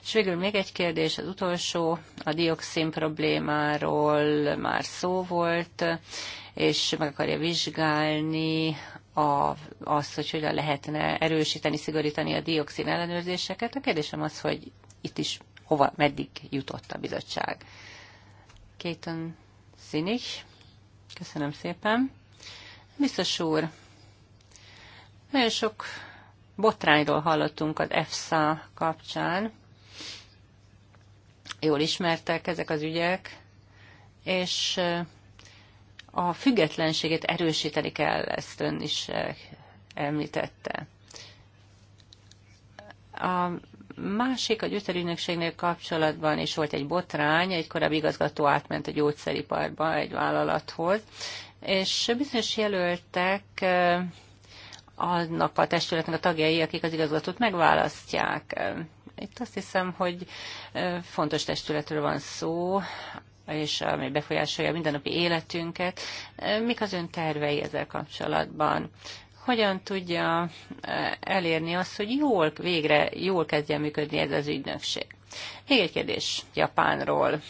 És végül még egy kérdés, az utolsó, a dioxin problémáról már szó volt, és meg akarja vizsgálni a, azt, hogy hogyan lehetne erősíteni, szigorítani a dioxin ellenőrzéseket. A kérdésem az, hogy itt is hova, meddig jutott a bizottság. Kéton Színik, köszönöm szépen. Biztos úr, nagyon sok botrányról hallottunk az EFSA kapcsán. Jól ismertek ezek az ügyek, és a függetlenségét erősíteni kell, ezt ön is említette. A másik a gyűjtelőnökségnél kapcsolatban is volt egy botrány, egy korábbi igazgató átment a gyógyszeriparba egy vállalathoz, és bizonyos jelöltek annak a testületnek a tagjai, akik az igazgatót megválasztják. Itt azt hiszem, hogy fontos testületről van szó, és ami befolyásolja a mindennapi életünket. Mik az ön tervei ezzel kapcsolatban? Hogyan tudja elérni azt, hogy jól, végre jól kezdjen működni ez az ügynökség? Még egy kérdés Japánról.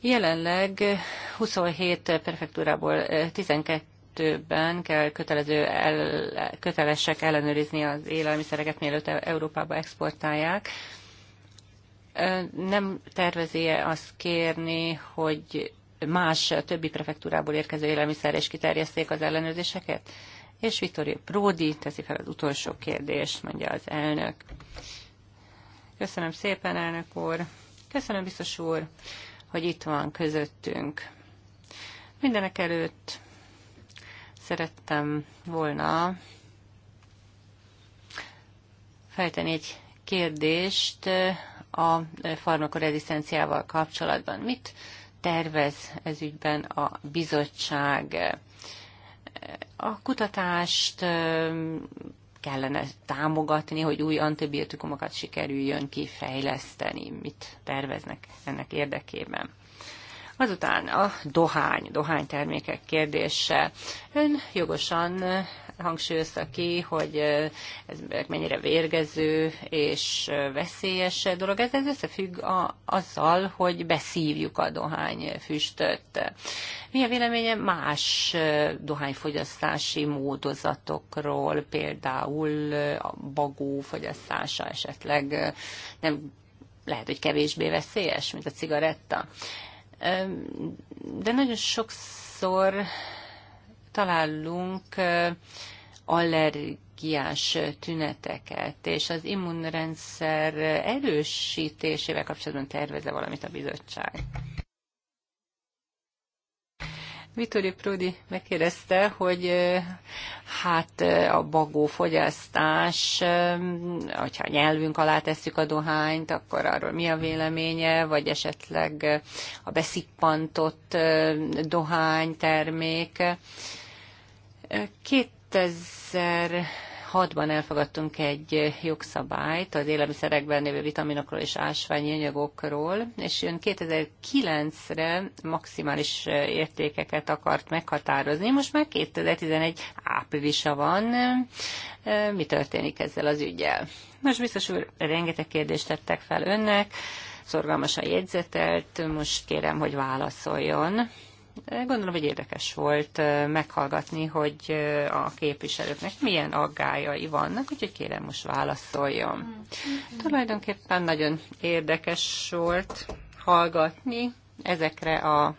Jelenleg 27 prefektúrából 12 2022-ben kell kötelező el, kötelesek ellenőrizni az élelmiszereket, mielőtt e- Európába exportálják. Nem tervezi -e azt kérni, hogy más többi prefektúrából érkező élelmiszer is kiterjeszték az ellenőrzéseket? És Vittorio Pródi teszi fel az utolsó kérdést, mondja az elnök. Köszönöm szépen, elnök úr. Köszönöm, biztos úr, hogy itt van közöttünk. Mindenek előtt szerettem volna fejteni egy kérdést a farmakorezisztenciával kapcsolatban. Mit tervez ez ügyben a bizottság? A kutatást kellene támogatni, hogy új antibiotikumokat sikerüljön kifejleszteni. Mit terveznek ennek érdekében? Azután a dohány, dohánytermékek kérdése. Ön jogosan hangsúlyozta ki, hogy ez mennyire vérgező és veszélyes dolog. Ez, ez összefügg a, azzal, hogy beszívjuk a dohány füstöt. Mi a véleménye más dohányfogyasztási módozatokról, például a bagó fogyasztása esetleg nem lehet, hogy kevésbé veszélyes, mint a cigaretta. De nagyon sokszor találunk allergiás tüneteket, és az immunrendszer erősítésével kapcsolatban tervezze valamit a bizottság. Vittorio Prodi megkérdezte, hogy hát a bagó fogyasztás, hogyha nyelvünk alá tesszük a dohányt, akkor arról mi a véleménye, vagy esetleg a beszippantott dohánytermék. 2000 2006-ban elfogadtunk egy jogszabályt az élelmiszerekben lévő vitaminokról és ásványi anyagokról, és ön 2009-re maximális értékeket akart meghatározni. Most már 2011 áprilisa van. E, mi történik ezzel az ügyel? Most biztos úr, rengeteg kérdést tettek fel önnek, szorgalmasan jegyzetelt, most kérem, hogy válaszoljon. Gondolom, hogy érdekes volt meghallgatni, hogy a képviselőknek milyen aggájai vannak, úgyhogy kérem most válaszoljon. Tulajdonképpen nagyon érdekes volt hallgatni ezekre a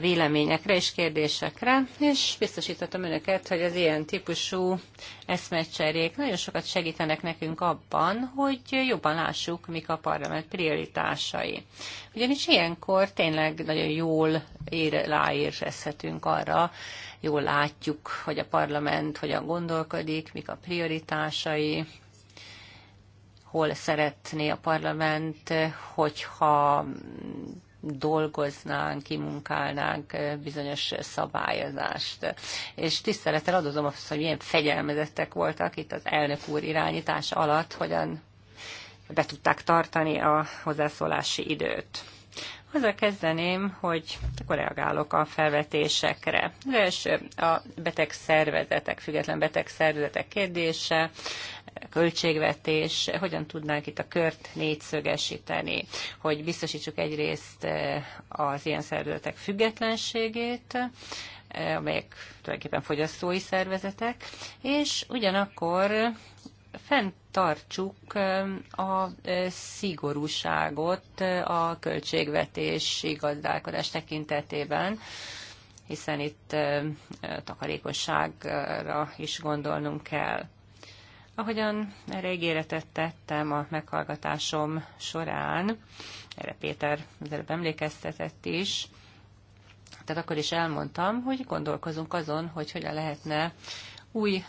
véleményekre és kérdésekre, és biztosítottam önöket, hogy az ilyen típusú eszmecserék nagyon sokat segítenek nekünk abban, hogy jobban lássuk, mik a parlament prioritásai. Ugyanis ilyenkor tényleg nagyon jól ér, ráérezhetünk arra, jól látjuk, hogy a parlament hogyan gondolkodik, mik a prioritásai, hol szeretné a parlament, hogyha dolgoznánk, kimunkálnánk bizonyos szabályozást. És tisztelettel adozom azt, hogy milyen fegyelmezettek voltak itt az elnök úr irányítás alatt, hogyan be tudták tartani a hozzászólási időt. Azzal kezdeném, hogy akkor reagálok a felvetésekre. Az első a beteg szervezetek, független beteg szervezetek kérdése költségvetés, hogyan tudnánk itt a kört négyszögesíteni, hogy biztosítsuk egyrészt eh, az ilyen szervezetek függetlenségét, eh, amelyek tulajdonképpen fogyasztói szervezetek, és ugyanakkor fenntartsuk eh, a szigorúságot a költségvetési gazdálkodás tekintetében, hiszen itt takarékosságra is gondolnunk kell. Ahogyan erre ígéretet tettem a meghallgatásom során, erre Péter az előbb emlékeztetett is, tehát akkor is elmondtam, hogy gondolkozunk azon, hogy hogyan lehetne új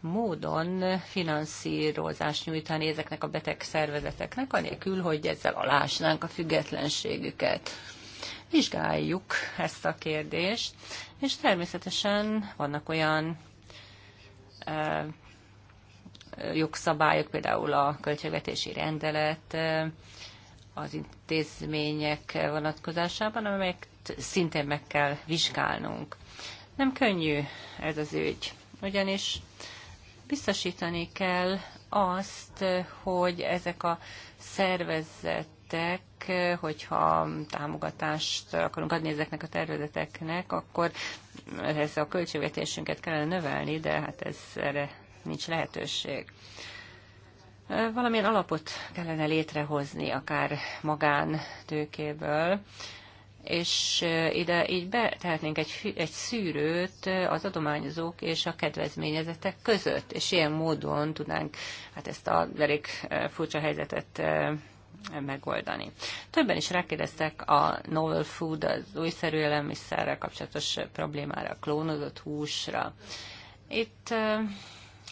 módon finanszírozást nyújtani ezeknek a beteg szervezeteknek, anélkül, hogy ezzel alásnánk a függetlenségüket. Vizsgáljuk ezt a kérdést, és természetesen vannak olyan jogszabályok, például a költségvetési rendelet az intézmények vonatkozásában, amelyek szintén meg kell vizsgálnunk. Nem könnyű ez az ügy, ugyanis biztosítani kell azt, hogy ezek a szervezet hogyha támogatást akarunk adni ezeknek a tervezeteknek, akkor ez a költségvetésünket kellene növelni, de hát ez erre nincs lehetőség. Valamilyen alapot kellene létrehozni, akár magántőkéből, és eh, ide így betehetnénk egy, egy szűrőt eh, az adományozók és a kedvezményezetek között, és ilyen módon tudnánk hát ezt a elég eh, furcsa helyzetet megoldani. Többen is rákérdeztek a novel food, az újszerű élelmiszerrel kapcsolatos problémára, a klónozott húsra. Itt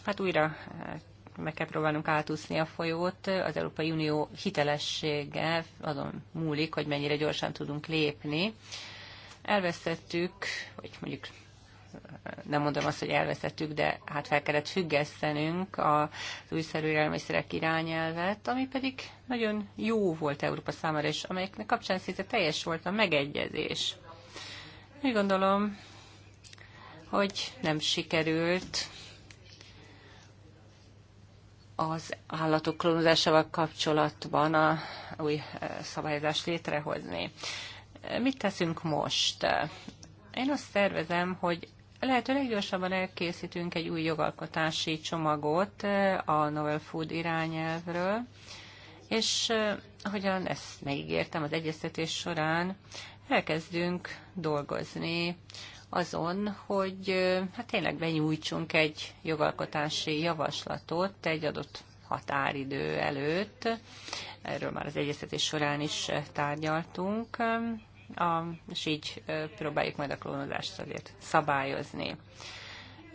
hát újra eh, meg kell próbálnunk átúszni a folyót. Az Európai Unió hitelessége azon múlik, hogy mennyire gyorsan tudunk lépni. Elvesztettük, vagy mondjuk eh, nem mondom azt, hogy elvesztettük, de hát fel kellett függesztenünk az újszerű élelmiszerek irányelvet, ami pedig nagyon jó volt Európa számára, és amelyeknek kapcsán szinte teljes volt a megegyezés. Úgy gondolom, hogy nem sikerült az állatok klónozásával kapcsolatban a új eh, szabályozást létrehozni. Mit teszünk most? Én azt tervezem, hogy lehető leggyorsabban elkészítünk egy új jogalkotási csomagot eh, a Novel Food irányelvről, és eh, ahogyan ezt megígértem az egyeztetés során, elkezdünk dolgozni azon, hogy hát tényleg benyújtsunk egy jogalkotási javaslatot egy adott határidő előtt. Erről már az egyeztetés során is tárgyaltunk, és így próbáljuk majd a klónozást azért szabályozni.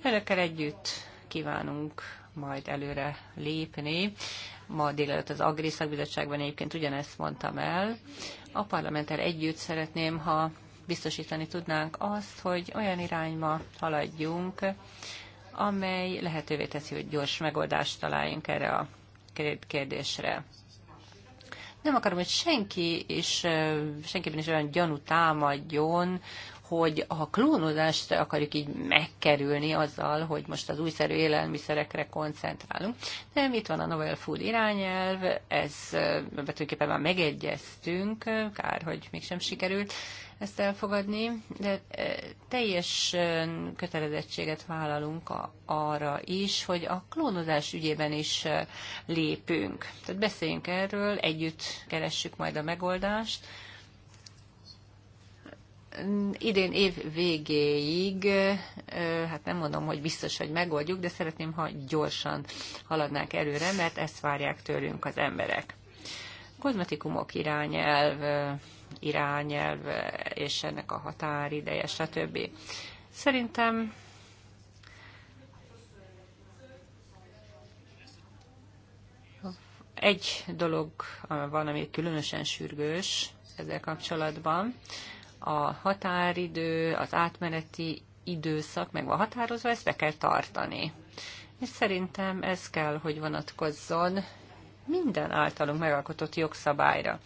Önökkel együtt kívánunk majd előre lépni. Ma délelőtt az Agri Szakbizottságban egyébként ugyanezt mondtam el. A parlamenttel együtt szeretném, ha biztosítani tudnánk azt, hogy olyan irányba haladjunk, amely lehetővé teszi, hogy gyors megoldást találjunk erre a kérdésre. Nem akarom, hogy senki is, senkiben is olyan gyanú támadjon, hogy a klónozást akarjuk így megkerülni azzal, hogy most az újszerű élelmiszerekre koncentrálunk. Nem, itt van a Novel Food irányelv, ez tulajdonképpen már megegyeztünk, kár, hogy mégsem sikerült, ezt elfogadni, de e, teljes e, kötelezettséget vállalunk arra is, hogy a klónozás ügyében is e, lépünk. Tehát beszéljünk erről, együtt keressük majd a megoldást, idén év végéig, hát nem mondom, hogy biztos, hogy megoldjuk, de szeretném, ha gyorsan haladnák előre, mert ezt várják tőlünk az emberek. Kozmetikumok irányelv irányelv és ennek a határideje, stb. Szerintem egy dolog van, ami különösen sürgős ezzel kapcsolatban. A határidő, az átmeneti időszak meg van határozva, ezt be kell tartani. És szerintem ez kell, hogy vonatkozzon minden általunk megalkotott jogszabályra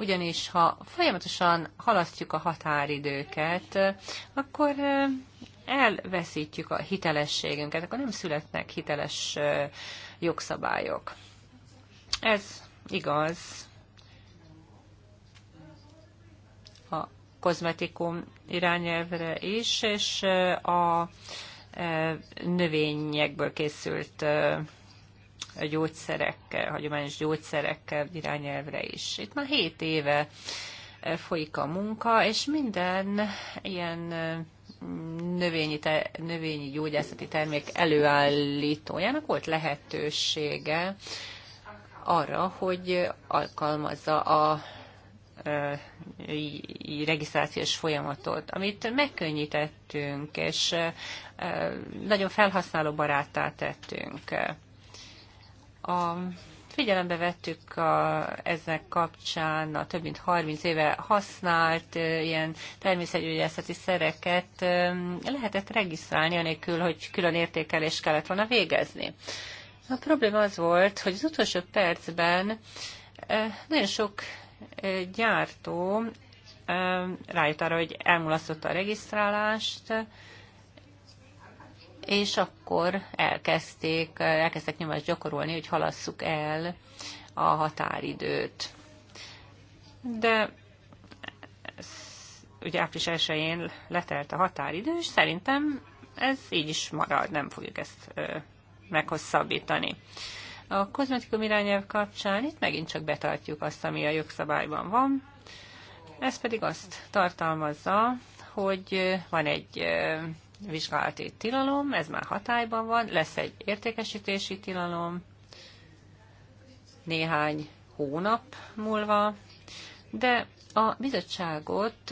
ugyanis ha folyamatosan halasztjuk a határidőket, akkor elveszítjük a hitelességünket, akkor nem születnek hiteles jogszabályok. Ez igaz a kozmetikum irányelvre is, és a növényekből készült gyógyszerekkel, hagyományos gyógyszerekkel irányelvre is. Itt már 7 éve eh, folyik a munka, és minden ilyen eh, növényi, te, növényi gyógyászati termék előállítójának volt lehetősége arra, hogy alkalmazza a eh, regisztrációs folyamatot, amit megkönnyítettünk, és nagyon barátát tettünk. A figyelembe vettük a, ezek kapcsán a több mint 30 éve használt ilyen természetgyógyászati szereket lehetett regisztrálni, anélkül, hogy külön értékelés kellett volna végezni. A probléma az volt, hogy az utolsó percben nagyon sok gyártó rájött arra, hogy elmulasztotta a regisztrálást, és akkor elkezdték, elkezdtek nyomást gyakorolni, hogy halasszuk el a határidőt. De ez, ugye április 1 letelt a határidő, és szerintem ez így is marad, nem fogjuk ezt ö, meghosszabbítani. A kozmetikum irányelv kapcsán itt megint csak betartjuk azt, ami a jogszabályban van. Ez pedig azt tartalmazza, hogy van egy vizsgálati tilalom, ez már hatályban van, lesz egy értékesítési tilalom néhány hónap múlva, de a bizottságot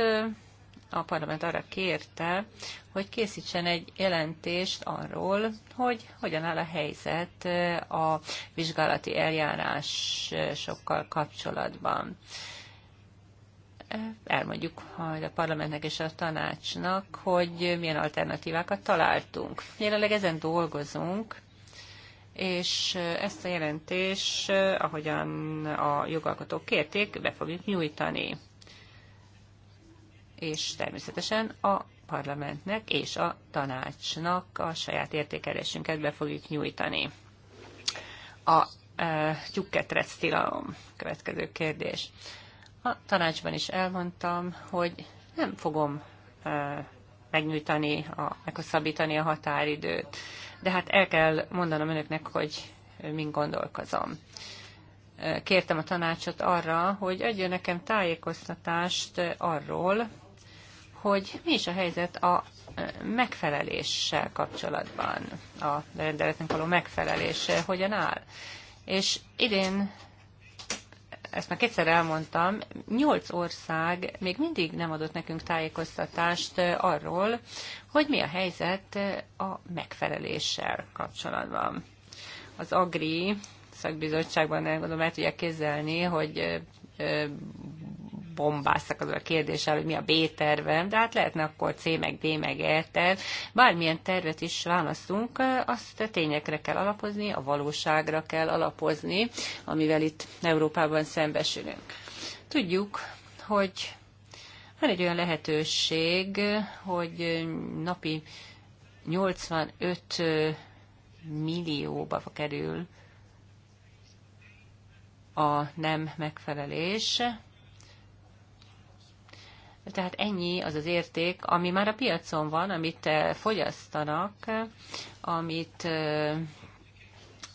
a parlament arra kérte, hogy készítsen egy jelentést arról, hogy hogyan áll a helyzet a vizsgálati eljárásokkal kapcsolatban elmondjuk majd a parlamentnek és a tanácsnak, hogy milyen alternatívákat találtunk. Jelenleg ezen dolgozunk, és ezt a jelentés, ahogyan a jogalkotók kérték, be fogjuk nyújtani. És természetesen a parlamentnek és a tanácsnak a saját értékelésünket be fogjuk nyújtani. A e, tyúkketrec tilalom. Következő kérdés. A tanácsban is elmondtam, hogy nem fogom megnyújtani, a, meghosszabbítani a határidőt. De hát el kell mondanom önöknek, hogy mind gondolkozom. Kértem a tanácsot arra, hogy adjon nekem tájékoztatást arról, hogy mi is a helyzet a megfeleléssel kapcsolatban, a rendeletnek való megfelelése hogyan áll. És idén ezt már kétszer elmondtam, nyolc ország még mindig nem adott nekünk tájékoztatást arról, hogy mi a helyzet a megfeleléssel kapcsolatban. Az Agri szakbizottságban nem gondolom el tudják kézzelni, hogy bombáztak azzal a kérdéssel, hogy mi a B-tervem, de hát lehetne akkor C meg D meg E terv. Bármilyen tervet is választunk, azt tényekre kell alapozni, a valóságra kell alapozni, amivel itt Európában szembesülünk. Tudjuk, hogy van egy olyan lehetőség, hogy napi 85 millióba kerül a nem megfelelés, tehát ennyi az az érték, ami már a piacon van, amit eh, fogyasztanak, eh, amit eh,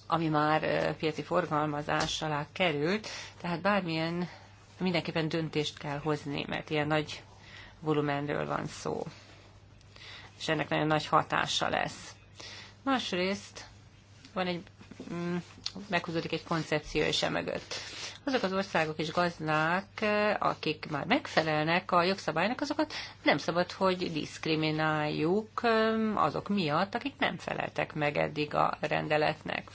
ami már piaci forgalmazás alá került, tehát bármilyen mindenképpen döntést kell hozni, mert ilyen nagy volumenről van szó. És ennek nagyon nagy hatása lesz. Másrészt van egy, mm, meghúzódik egy koncepció is emögött. mögött azok az országok és gazdák, eh, akik már megfelelnek a jogszabálynak, azokat nem szabad, hogy diszkrimináljuk eh, azok miatt, akik nem feleltek meg eddig a rendeletnek.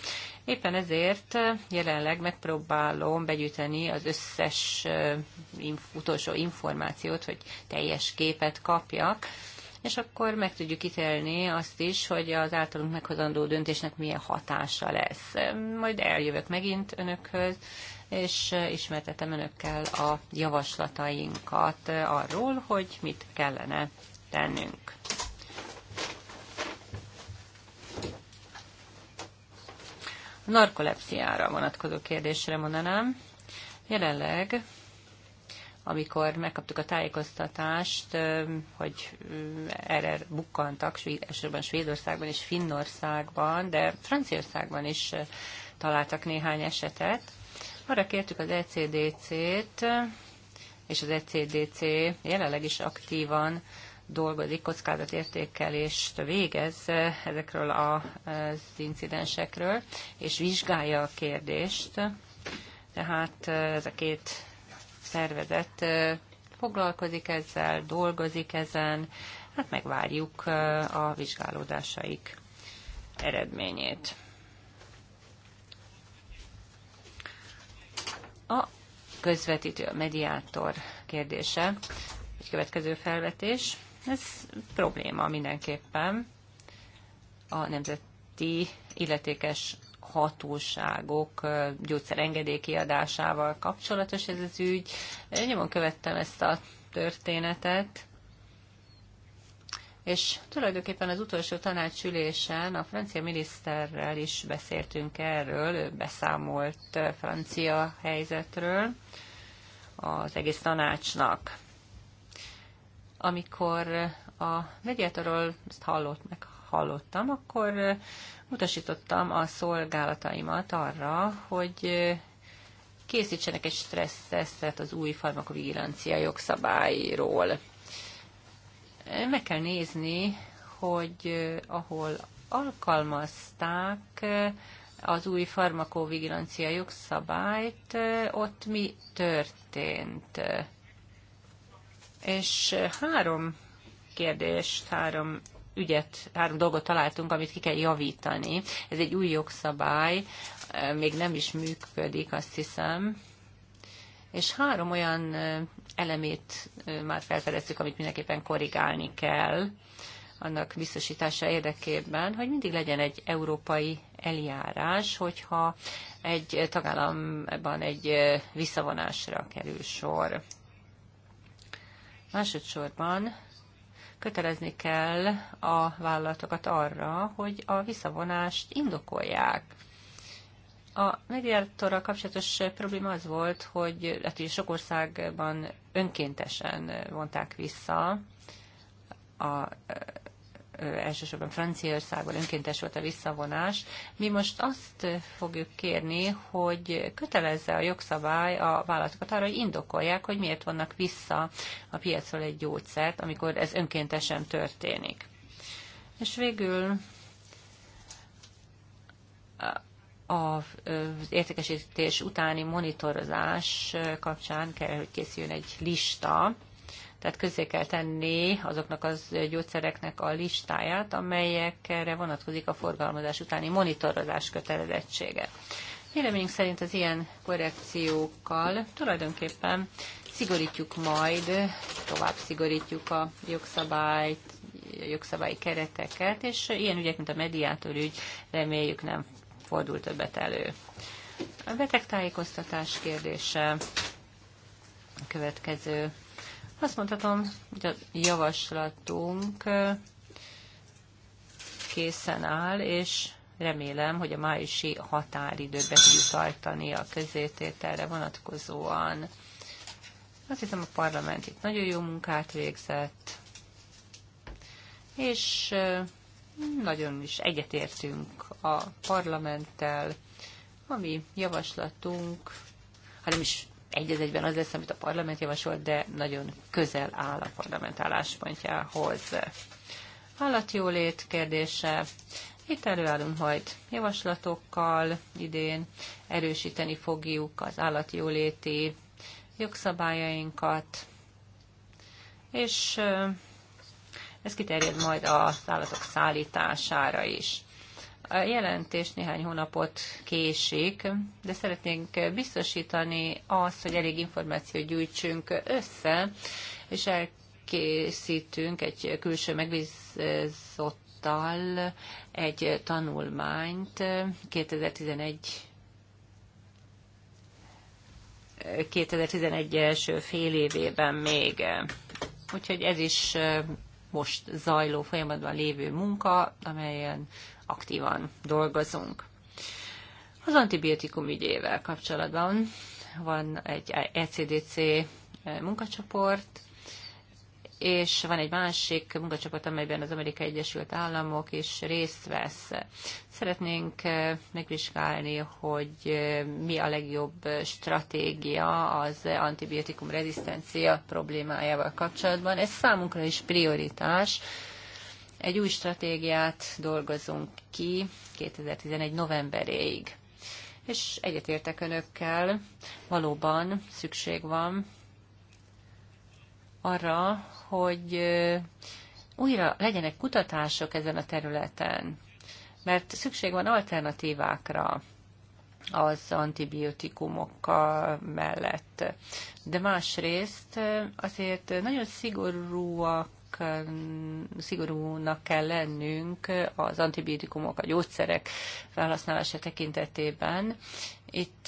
Éppen ezért eh, jelenleg megpróbálom begyűjteni az összes utolsó információt, hogy teljes képet kapjak és akkor meg tudjuk ítélni azt is, hogy az általunk meghozandó döntésnek milyen hatása lesz. Majd eljövök megint önökhöz, és ismertetem önökkel a javaslatainkat arról, hogy mit kellene tennünk. narkolepsziára vonatkozó kérdésre mondanám. Jelenleg amikor megkaptuk a tájékoztatást, hogy erre bukkantak, elsősorban Svédországban és Finnországban, de Franciaországban is találtak néhány esetet. Arra kértük az ECDC-t, és az ECDC jelenleg is aktívan dolgozik, kockázatértékelést végez ezekről az incidensekről, és vizsgálja a kérdést. Tehát ez a két szervezet foglalkozik ezzel, dolgozik ezen, hát megvárjuk a vizsgálódásaik eredményét. A közvetítő, a mediátor kérdése, egy következő felvetés. Ez probléma mindenképpen a nemzeti illetékes hatóságok gyógyszerengedély kiadásával kapcsolatos ez az ügy. Én nyomon követtem ezt a történetet. És tulajdonképpen az utolsó tanácsülésen a francia miniszterrel is beszéltünk erről, ő beszámolt francia helyzetről az egész tanácsnak. Amikor a mediátorról ezt hallott, meg hallottam, akkor utasítottam a szolgálataimat arra, hogy készítsenek egy stresszteszet az új farmakovigilancia jogszabályról. Meg kell nézni, hogy ahol alkalmazták az új farmakovigilancia jogszabályt, ott mi történt. És három kérdést, három ügyet, három dolgot találtunk, amit ki kell javítani. Ez egy új jogszabály, e, még nem is működik, azt hiszem. És három olyan e, elemét e, már felfedeztük, amit mindenképpen korrigálni kell annak biztosítása érdekében, hogy mindig legyen egy európai eljárás, hogyha egy tagállamban egy visszavonásra kerül sor. Másodszorban kötelezni kell a vállalatokat arra, hogy a visszavonást indokolják. A mediátorral kapcsolatos probléma az volt, hogy hát ugye sok országban önkéntesen vonták vissza a elsősorban franciaországból önkéntes volt a visszavonás. Mi most azt fogjuk kérni, hogy kötelezze a jogszabály a vállalatokat arra, hogy indokolják, hogy miért vannak vissza a piacról egy gyógyszert, amikor ez önkéntesen történik. És végül az értékesítés utáni monitorozás kapcsán kell, hogy készüljön egy lista, tehát közé kell tenni azoknak az gyógyszereknek a listáját, amelyekre vonatkozik a forgalmazás utáni monitorozás kötelezettsége. Véleményünk szerint az ilyen korrekciókkal tulajdonképpen szigorítjuk majd, tovább szigorítjuk a jogszabályt, a jogszabályi kereteket, és ilyen ügyek, mint a mediátor ügy, reméljük nem fordul többet elő. A betegtájékoztatás kérdése a következő azt mondhatom, hogy a javaslatunk készen áll, és remélem, hogy a májusi határidőben tudjuk tartani a közétételre vonatkozóan. Azt hiszem, a parlament itt nagyon jó munkát végzett, és nagyon is egyetértünk a parlamenttel, ami javaslatunk, hanem hát is egy az egyben az lesz, amit a parlament javasolt, de nagyon közel áll a parlament álláspontjához. Állatjólét kérdése. Itt előállunk majd javaslatokkal idén, erősíteni fogjuk az állatjóléti jogszabályainkat, és ez kiterjed majd az állatok szállítására is. A jelentés néhány hónapot késik, de szeretnénk biztosítani azt, hogy elég információt gyűjtsünk össze, és elkészítünk egy külső megbízottal egy tanulmányt 2011 2011 első fél évében még. Úgyhogy ez is most zajló folyamatban lévő munka, amelyen aktívan dolgozunk. Az antibiotikum ügyével kapcsolatban van egy ECDC e, munkacsoport, és van egy másik munkacsoport, amelyben az Amerikai Egyesült Államok is részt vesz. Szeretnénk e, megvizsgálni, hogy e, mi a legjobb stratégia az antibiotikum rezisztencia problémájával kapcsolatban. Ez számunkra is prioritás, egy új stratégiát dolgozunk ki 2011. novemberéig. És egyetértek önökkel, valóban szükség van arra, hogy újra legyenek kutatások ezen a területen, mert szükség van alternatívákra az antibiotikumokkal mellett. De másrészt azért nagyon szigorúak szigorúnak kell lennünk az antibiotikumok, a gyógyszerek felhasználása tekintetében. Itt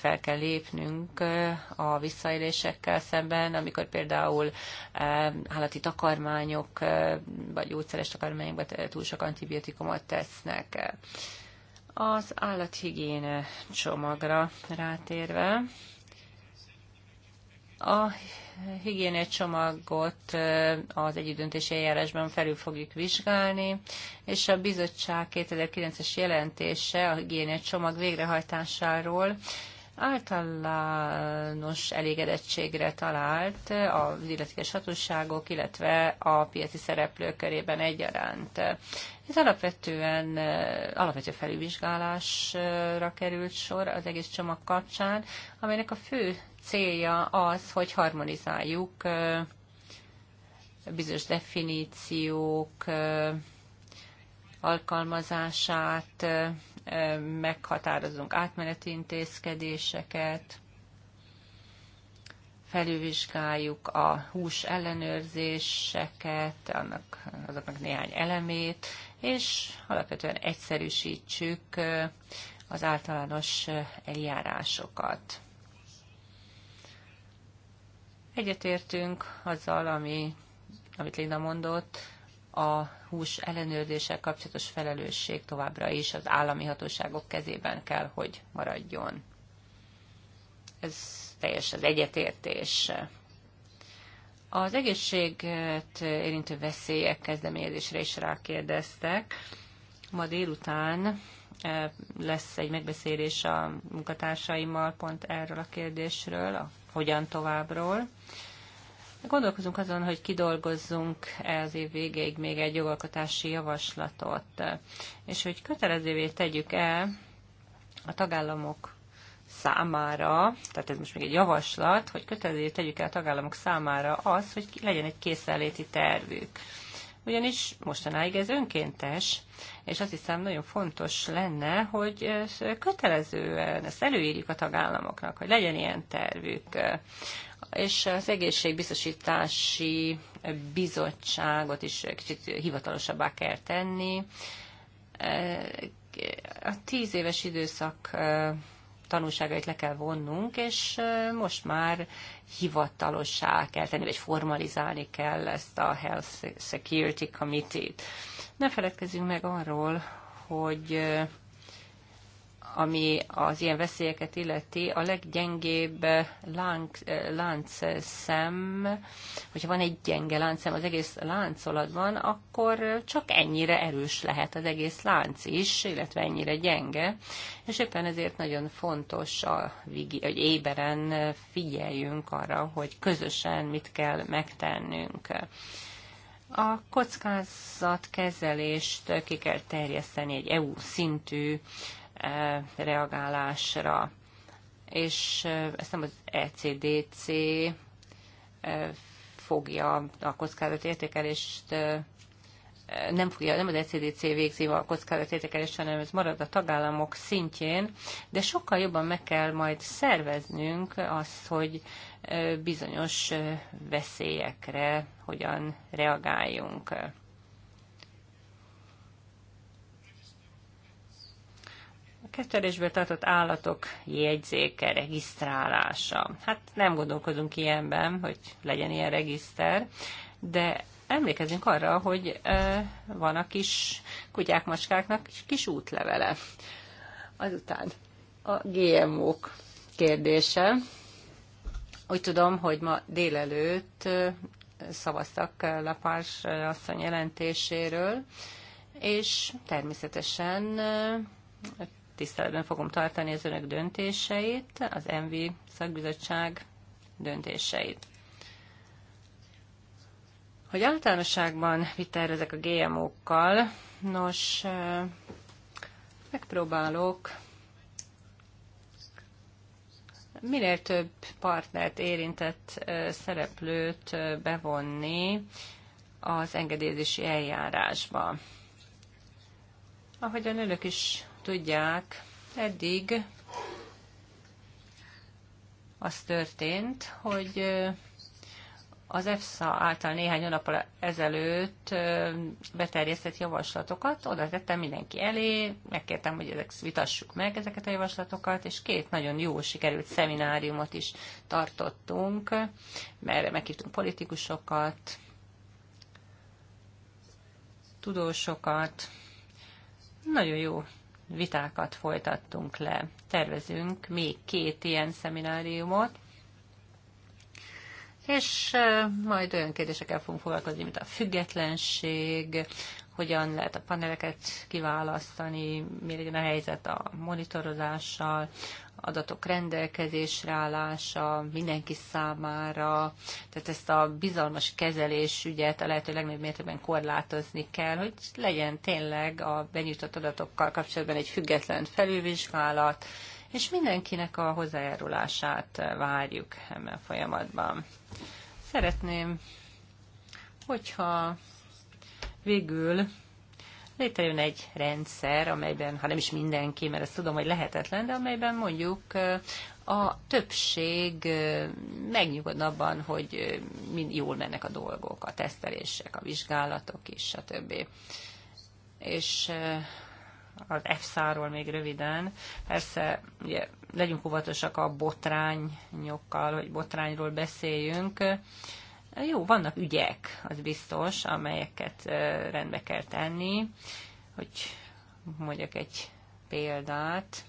fel kell lépnünk a visszaélésekkel szemben, amikor például állati takarmányok vagy gyógyszeres takarmányokban túl sok antibiotikumot tesznek. Az állathigiéne csomagra rátérve, a higiéniai csomagot az együttdöntési eljárásban felül fogjuk vizsgálni, és a bizottság 2009-es jelentése a higiéniai csomag végrehajtásáról általános elégedettségre talált az illetékes hatóságok, illetve a piaci szereplők körében egyaránt. Ez alapvetően alapvető felülvizsgálásra került sor az egész csomag kapcsán, amelynek a fő célja az, hogy harmonizáljuk bizonyos definíciók alkalmazását, meghatározunk átmeneti intézkedéseket, felülvizsgáljuk a hús ellenőrzéseket, annak, azoknak néhány elemét, és alapvetően egyszerűsítsük az általános eljárásokat. Egyetértünk azzal, ami, amit Linda mondott, a hús ellenőrzéssel kapcsolatos felelősség továbbra is az állami hatóságok kezében kell, hogy maradjon. Ez teljes az egyetértés. Az egészséget érintő veszélyek kezdeményezésre is rákérdeztek. Ma délután eh, lesz egy megbeszélés a munkatársaimmal pont erről a kérdésről, a hogyan továbbról. Gondolkozunk azon, hogy kidolgozzunk az év végéig még egy jogalkotási javaslatot, és hogy kötelezővé tegyük el a tagállamok számára, tehát ez most még egy javaslat, hogy kötelezővé tegyük el a tagállamok számára az, hogy legyen egy készenléti tervük ugyanis mostanáig ez önkéntes, és azt hiszem nagyon fontos lenne, hogy kötelezően ezt előírjuk a tagállamoknak, hogy legyen ilyen tervük. És az egészségbiztosítási bizottságot is kicsit hivatalosabbá kell tenni. A tíz éves időszak tanulságait le kell vonnunk, és most már hivatalossá kell tenni, vagy formalizálni kell ezt a Health Security Committee-t. Ne feledkezzünk meg arról, hogy ami az ilyen veszélyeket illeti, a leggyengébb lánc, láncszem, hogyha van egy gyenge láncszem az egész láncolatban, akkor csak ennyire erős lehet az egész lánc is, illetve ennyire gyenge, és éppen ezért nagyon fontos, a, hogy éberen figyeljünk arra, hogy közösen mit kell megtennünk. A kockázatkezelést ki kell terjeszteni egy EU szintű Eh, reagálásra. És eh, ezt nem az ECDC eh, fogja a kockázatértékelést nem, fogja, nem az ECDC végzi a kockázatértékelést, hanem ez marad a tagállamok szintjén, de sokkal jobban meg kell majd szerveznünk azt, hogy bizonyos veszélyekre hogyan reagáljunk. kettelésből tartott állatok jegyzéke, regisztrálása. Hát nem gondolkozunk ilyenben, hogy legyen ilyen regiszter, de emlékezünk arra, hogy van a kis kutyák, macskáknak kis útlevele. Azután a GMO-k kérdése. Úgy tudom, hogy ma délelőtt szavaztak Lapás asszony jelentéséről, és természetesen tiszteletben fogom tartani az önök döntéseit, az MV szakbizottság döntéseit. Hogy általánosságban mit tervezek a GMO-kkal, nos, megpróbálok minél több partnert érintett szereplőt bevonni az engedélyezési eljárásba. Ahogyan önök is tudják, eddig az történt, hogy az EFSA által néhány hónap ezelőtt beterjesztett javaslatokat, oda tettem mindenki elé, megkértem, hogy ezek, vitassuk meg ezeket a javaslatokat, és két nagyon jó sikerült szemináriumot is tartottunk, mert meghívtunk politikusokat, tudósokat, nagyon jó vitákat folytattunk le. Tervezünk még két ilyen szemináriumot, és majd olyan kérdésekkel fogunk foglalkozni, mint a függetlenség, hogyan lehet a paneleket kiválasztani, mi legyen a helyzet a monitorozással, adatok rendelkezésre állása mindenki számára, tehát ezt a bizalmas kezelés ügyet a lehető legnagyobb mértékben korlátozni kell, hogy legyen tényleg a benyújtott adatokkal kapcsolatban egy független felülvizsgálat, és mindenkinek a hozzájárulását várjuk ebben a folyamatban. Szeretném, hogyha végül létrejön egy rendszer, amelyben, ha nem is mindenki, mert ezt tudom, hogy lehetetlen, de amelyben mondjuk a többség megnyugodna abban, hogy jól mennek a dolgok, a tesztelések, a vizsgálatok és stb. És az EFSA-ról még röviden. Persze, ugye, legyünk óvatosak a botrányokkal, hogy botrányról beszéljünk. Jó, vannak ügyek, az biztos, amelyeket rendbe kell tenni, hogy mondjak egy példát.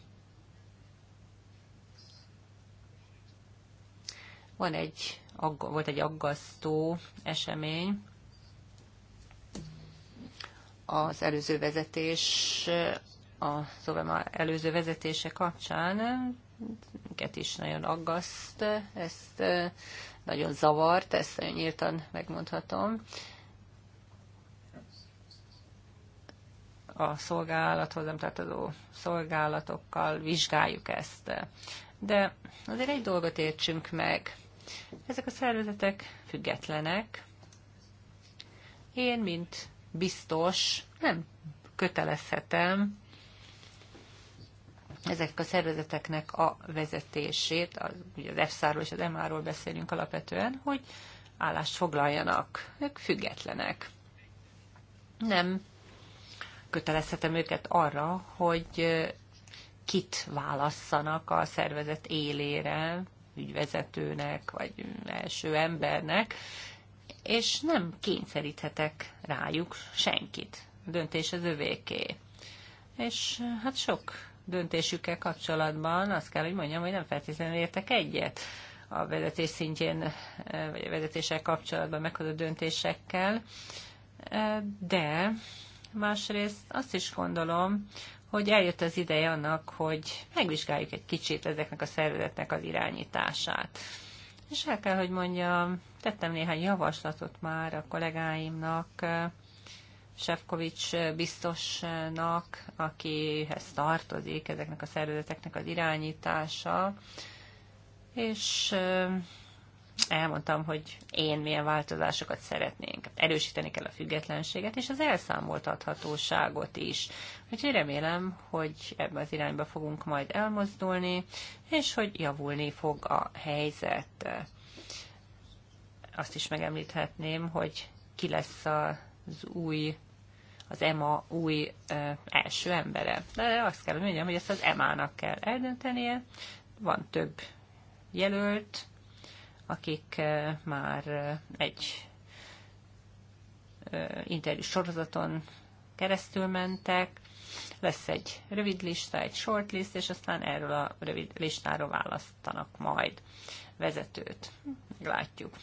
Van egy, volt egy aggasztó esemény, az előző vezetés, a szóval már előző vezetése kapcsán minket is nagyon aggaszt, ezt nagyon zavart, ezt nyíltan megmondhatom. A szolgálathoz nem tartozó szolgálatokkal vizsgáljuk ezt. De azért egy dolgot értsünk meg. Ezek a szervezetek függetlenek. Én, mint biztos, nem kötelezhetem ezek a szervezeteknek a vezetését, az, ugye az EFSA-ról és az MA-ról beszélünk alapvetően, hogy állást foglaljanak. Ők függetlenek. Nem kötelezhetem őket arra, hogy kit válasszanak a szervezet élére, ügyvezetőnek, vagy első embernek, és nem kényszeríthetek rájuk senkit. A döntés az övéké. És hát sok döntésükkel kapcsolatban azt kell, hogy mondjam, hogy nem feltétlenül értek egyet a vezetés szintjén, eh, vagy a vezetéssel kapcsolatban meghozott döntésekkel, eh, de másrészt azt is gondolom, hogy eljött az ideje annak, hogy megvizsgáljuk egy kicsit ezeknek a szervezetnek az irányítását. És el kell, hogy mondjam, tettem néhány javaslatot már a kollégáimnak, eh, Sefkovics eh, biztosnak, akihez tartozik ezeknek a szervezeteknek az irányítása, és eh, elmondtam, hogy én milyen változásokat szeretnénk. Erősíteni kell a függetlenséget, és az elszámoltathatóságot is. Úgyhogy remélem, hogy ebbe az irányba fogunk majd elmozdulni, és hogy javulni fog a helyzet. Azt is megemlíthetném, hogy ki lesz a az új az EMA új ö, első embere. De azt kell, mondjam, hogy ezt az EMA-nak kell eldöntenie. Van több jelölt, akik ö, már ö, egy interjú sorozaton keresztül mentek. Lesz egy rövid lista, egy short list, és aztán erről a rövid listáról választanak majd vezetőt. Meglátjuk.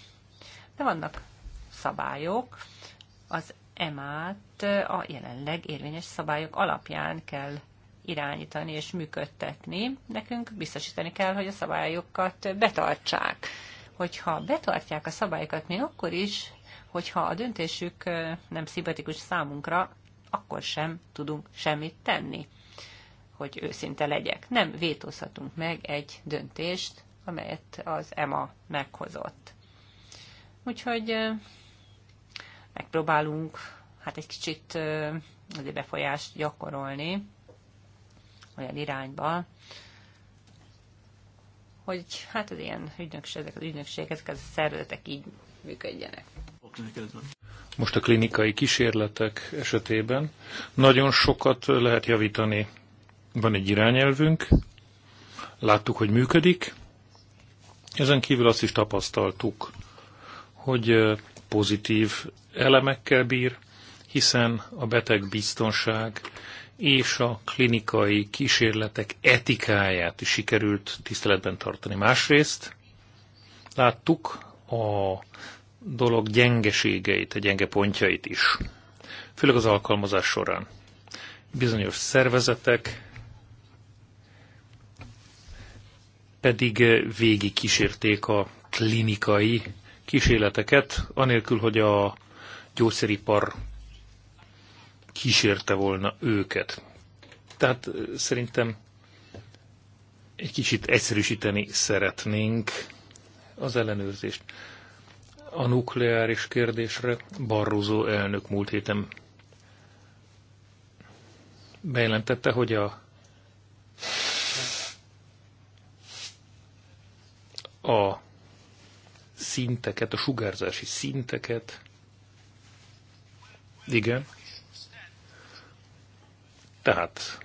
De vannak szabályok, az EMA-t a jelenleg érvényes szabályok alapján kell irányítani és működtetni. Nekünk biztosítani kell, hogy a szabályokat betartsák. Hogyha betartják a szabályokat még akkor is, hogyha a döntésük nem szimpatikus számunkra, akkor sem tudunk semmit tenni, hogy őszinte legyek. Nem vétózhatunk meg egy döntést, amelyet az EMA meghozott. Úgyhogy megpróbálunk hát egy kicsit azért befolyást gyakorolni olyan irányba, hogy hát az ilyen ügynökség, ezek az ügynökségek, ezek a szervezetek így működjenek. Most a klinikai kísérletek esetében nagyon sokat lehet javítani. Van egy irányelvünk, láttuk, hogy működik. Ezen kívül azt is tapasztaltuk, hogy pozitív elemekkel bír, hiszen a beteg biztonság és a klinikai kísérletek etikáját is sikerült tiszteletben tartani. Másrészt láttuk a dolog gyengeségeit, a gyenge pontjait is, főleg az alkalmazás során. Bizonyos szervezetek pedig végig kísérték a klinikai kísérleteket, anélkül, hogy a gyógyszeripar kísérte volna őket. Tehát szerintem egy kicsit egyszerűsíteni szeretnénk az ellenőrzést. A nukleáris kérdésre Barroso elnök múlt héten bejelentette, hogy a a szinteket, a sugárzási szinteket. Igen. Tehát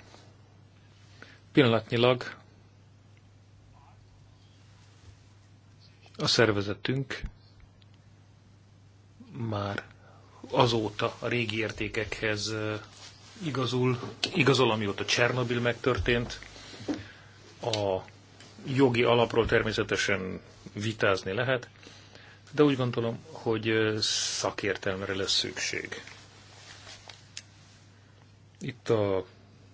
pillanatnyilag a szervezetünk már azóta a régi értékekhez igazul, igazol, amióta Csernobil megtörtént, a jogi alapról természetesen vitázni lehet, de úgy gondolom, hogy szakértelmre lesz szükség. Itt a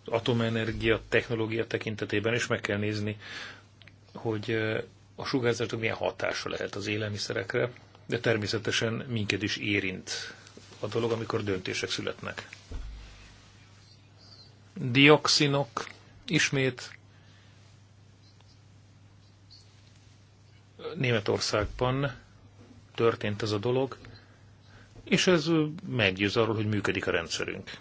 atomenergia technológia tekintetében is meg kell nézni, hogy a sugárzásnak milyen hatása lehet az élelmiszerekre, de természetesen minket is érint a dolog, amikor döntések születnek. Dioxinok, ismét Németországban történt ez a dolog, és ez meggyőz arról, hogy működik a rendszerünk.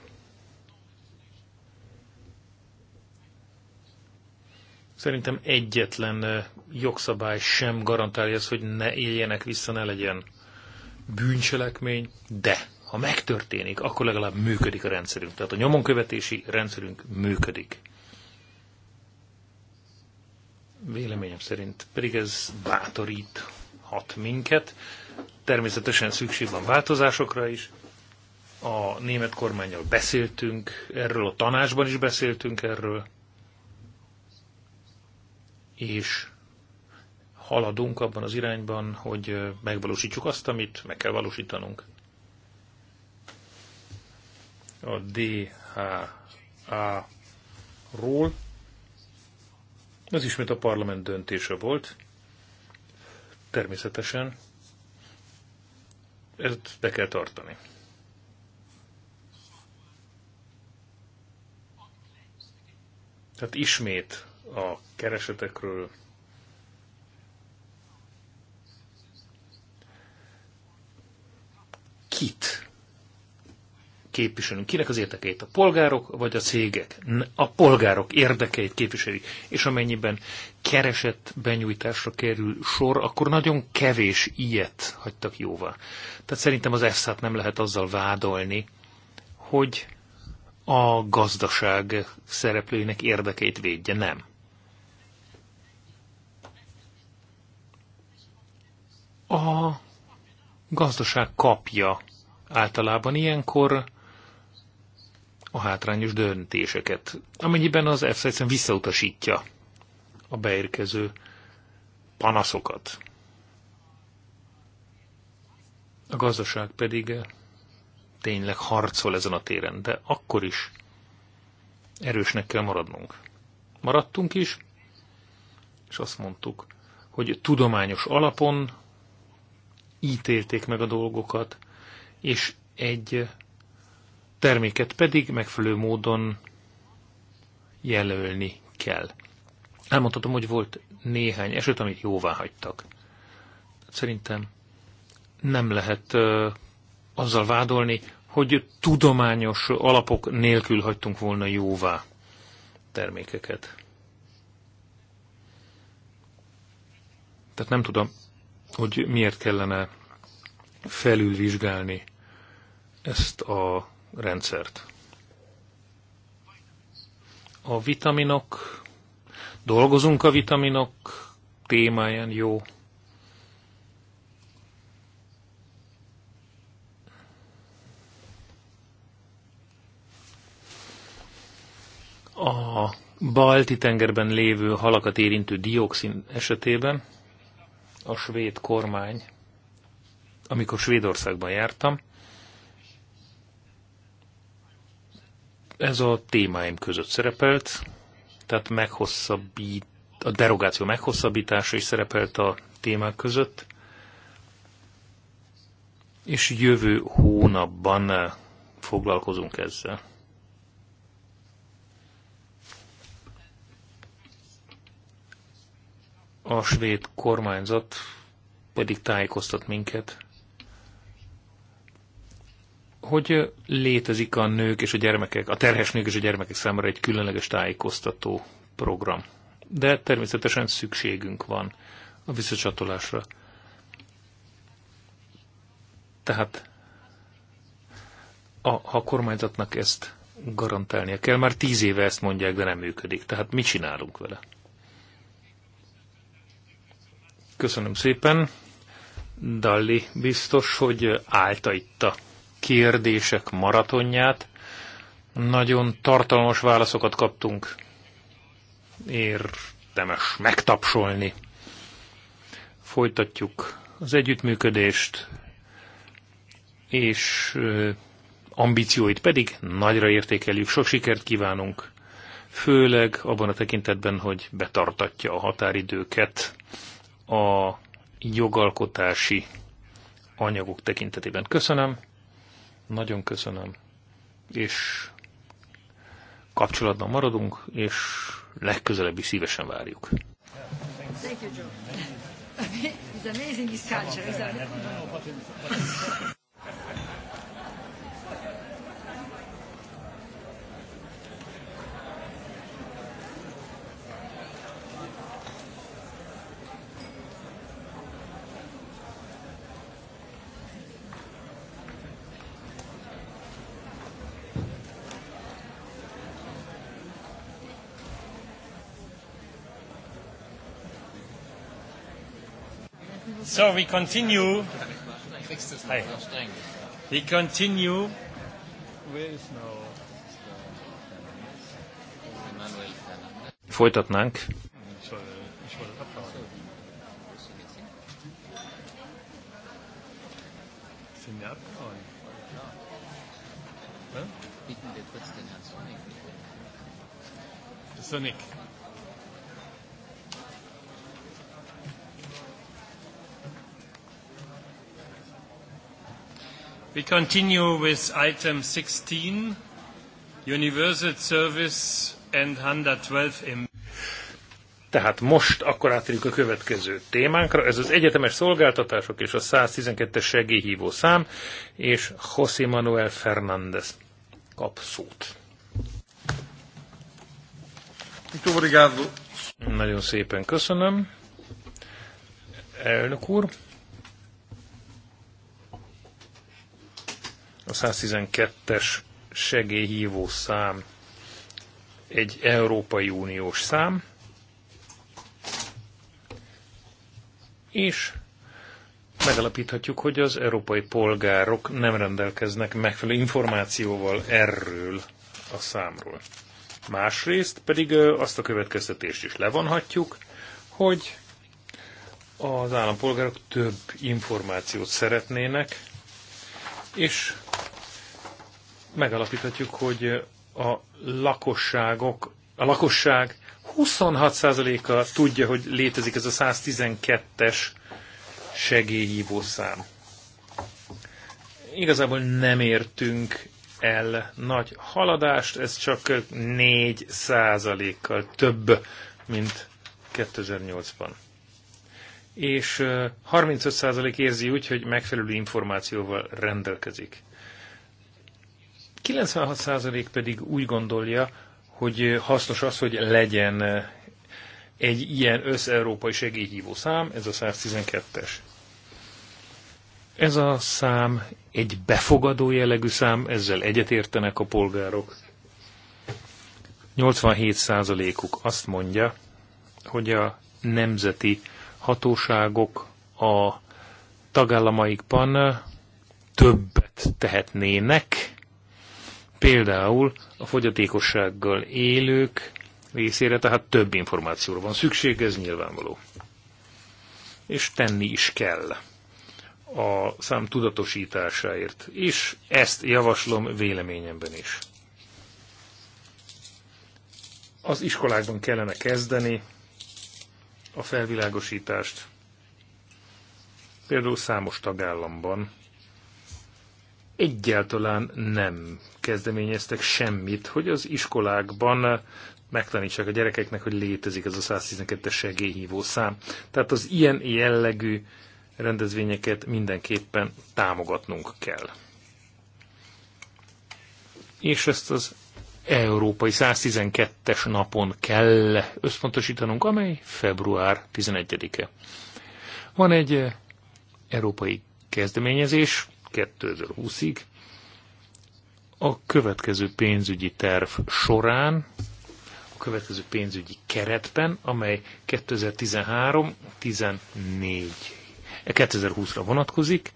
Szerintem egyetlen eh, jogszabály sem garantálja ezt, hogy ne éljenek vissza, ne legyen bűncselekmény, de ha megtörténik, akkor legalább működik a rendszerünk. Tehát a nyomonkövetési rendszerünk működik. Véleményem szerint pedig ez bátoríthat minket. Természetesen szükség van változásokra is. A német kormányjal beszéltünk, erről a tanácsban is beszéltünk erről, és haladunk abban az irányban, hogy megvalósítsuk azt, amit meg kell valósítanunk. A DHA-ról ez ismét a parlament döntése volt. Természetesen ezt be kell tartani. Tehát ismét a keresetekről kit képviselünk? Kinek az érdekeit? A polgárok vagy a cégek? A polgárok érdekeit képviselik. És amennyiben keresett benyújtásra kerül sor, akkor nagyon kevés ilyet hagytak jóvá. Tehát szerintem az esz t nem lehet azzal vádolni, hogy a gazdaság szereplőinek érdekeit védje. Nem. A gazdaság kapja általában ilyenkor a hátrányos döntéseket, amennyiben az EFSA egyszerűen visszautasítja a beérkező panaszokat. A gazdaság pedig tényleg harcol ezen a téren, de akkor is erősnek kell maradnunk. Maradtunk is, és azt mondtuk, hogy tudományos alapon ítélték meg a dolgokat, és egy terméket pedig megfelelő módon jelölni kell. Elmondhatom, hogy volt néhány eset, amit jóvá hagytak. Szerintem nem lehet ö, azzal vádolni, hogy tudományos alapok nélkül hagytunk volna jóvá termékeket. Tehát nem tudom, hogy miért kellene felülvizsgálni ezt a rendszert. A vitaminok, dolgozunk a vitaminok témáján, jó. A balti tengerben lévő halakat érintő dioxin esetében a svéd kormány, amikor Svédországban jártam, Ez a témáim között szerepelt, tehát meghosszabbít, a derogáció meghosszabbítása is szerepelt a témák között, és jövő hónapban eh, foglalkozunk ezzel. A svéd kormányzat pedig tájékoztat minket, hogy létezik a nők és a gyermekek, a terhes nők és a gyermekek számára egy különleges tájékoztató program. De természetesen szükségünk van a visszacsatolásra. Tehát a, a kormányzatnak ezt garantálnia kell. Már tíz éve ezt mondják, de nem működik. Tehát mit csinálunk vele? Köszönöm szépen. Dalli biztos, hogy állta itt a kérdések maratonját. Nagyon tartalmas válaszokat kaptunk. Érdemes megtapsolni. Folytatjuk az együttműködést, és ambícióit pedig nagyra értékeljük. Sok sikert kívánunk, főleg abban a tekintetben, hogy betartatja a határidőket a jogalkotási anyagok tekintetében. Köszönöm. Nagyon köszönöm. És kapcsolatban maradunk, és legközelebb is szívesen várjuk. Thank you, Joe. It's amazing this culture. So we continue. Hi. We continue. Folytatnánk. Sind wir abgehauen? Sonic. We continue with item 16, Universal Service and 112 M. Tehát most akkor átérünk a következő témánkra, ez az egyetemes szolgáltatások és a 112-es segélyhívó szám, és José Manuel Fernández kap szót. Nagyon szépen köszönöm. Elnök úr. a 112-es segélyhívó szám egy Európai Uniós szám, és megalapíthatjuk, hogy az európai polgárok nem rendelkeznek megfelelő információval erről a számról. Másrészt pedig azt a következtetést is levonhatjuk, hogy az állampolgárok több információt szeretnének, és megalapíthatjuk, hogy a lakosságok, a lakosság 26%-a tudja, hogy létezik ez a 112-es segélyhívó szám. Igazából nem értünk el nagy haladást, ez csak 4%-kal több, mint 2008-ban. És 35% érzi úgy, hogy megfelelő információval rendelkezik. 96% pedig úgy gondolja, hogy hasznos az, hogy legyen eh, egy ilyen összeurópai segélyhívó szám, ez a 112-es. Ez a szám egy befogadó jellegű szám, ezzel egyetértenek a polgárok. 87%-uk azt mondja, hogy a nemzeti hatóságok a tagállamaikban többet tehetnének például a fogyatékossággal élők részére, tehát több információra van szükség, ez nyilvánvaló. És tenni is kell a szám tudatosításáért, és ezt javaslom véleményemben is. Az iskolákban kellene kezdeni a felvilágosítást. Például számos tagállamban egyáltalán nem kezdeményeztek semmit, hogy az iskolákban megtanítsák a gyerekeknek, hogy létezik ez a 112-es segélyhívó szám. Tehát az ilyen jellegű rendezvényeket mindenképpen támogatnunk kell. És ezt az európai 112-es napon kell összpontosítanunk, amely február 11-e. Van egy európai kezdeményezés 2020-ig, a következő pénzügyi terv során, a következő pénzügyi keretben, amely 2013-14 2020-ra eh, vonatkozik,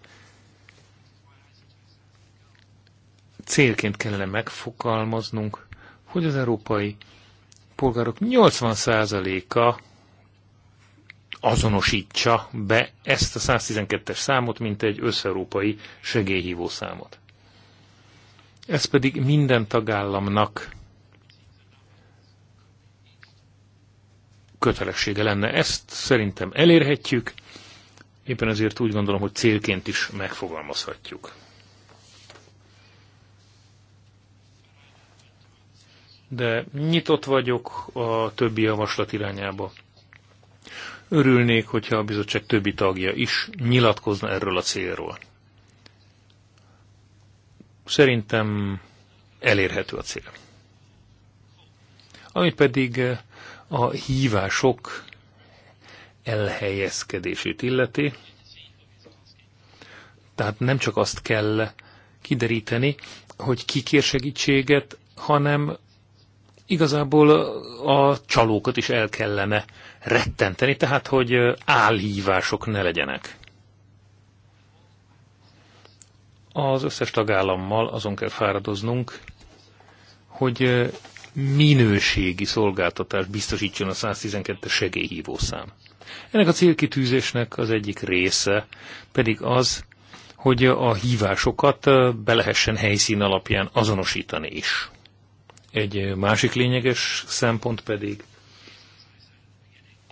célként kellene megfogalmaznunk, hogy az európai polgárok 80%-a azonosítsa be ezt a 112-es számot, mint egy összeurópai segélyhívó számot. Ez pedig minden tagállamnak kötelessége lenne. Ezt szerintem elérhetjük, éppen ezért úgy gondolom, hogy célként is megfogalmazhatjuk. De nyitott vagyok a többi javaslat irányába. Örülnék, hogyha a bizottság többi tagja is nyilatkozna erről a célról. Szerintem elérhető a cél. Ami pedig eh, a hívások elhelyezkedését illeti, tehát nem csak azt kell kideríteni, hogy ki kér segítséget, hanem igazából a csalókat is el kellene rettenteni, tehát hogy eh, álhívások ne legyenek. az összes tagállammal azon kell fáradoznunk, hogy minőségi szolgáltatást biztosítson a 112-es segélyhívószám. Ennek a célkitűzésnek az egyik része pedig az, hogy a hívásokat be lehessen helyszín alapján azonosítani is. Egy másik lényeges szempont pedig,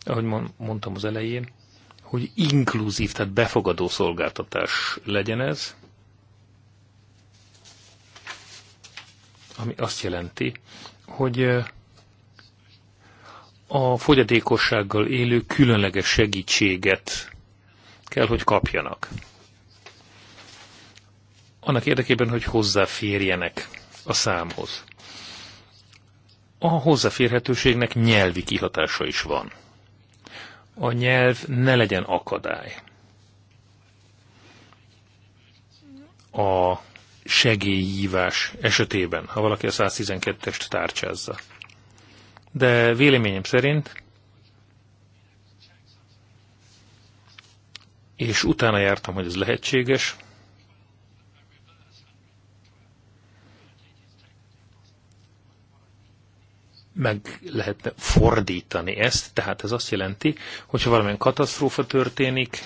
ahogy mondtam az elején, hogy inkluzív, tehát befogadó szolgáltatás legyen ez, ami azt jelenti, hogy a fogyatékossággal élő különleges segítséget kell, hogy kapjanak. Annak érdekében, hogy hozzáférjenek a számhoz. A hozzáférhetőségnek nyelvi kihatása is van. A nyelv ne legyen akadály. A segélyhívás esetében, ha valaki a 112-est tárcsázza. De véleményem szerint, és utána jártam, hogy ez lehetséges, meg lehetne fordítani ezt, tehát ez azt jelenti, hogyha valamilyen katasztrófa történik,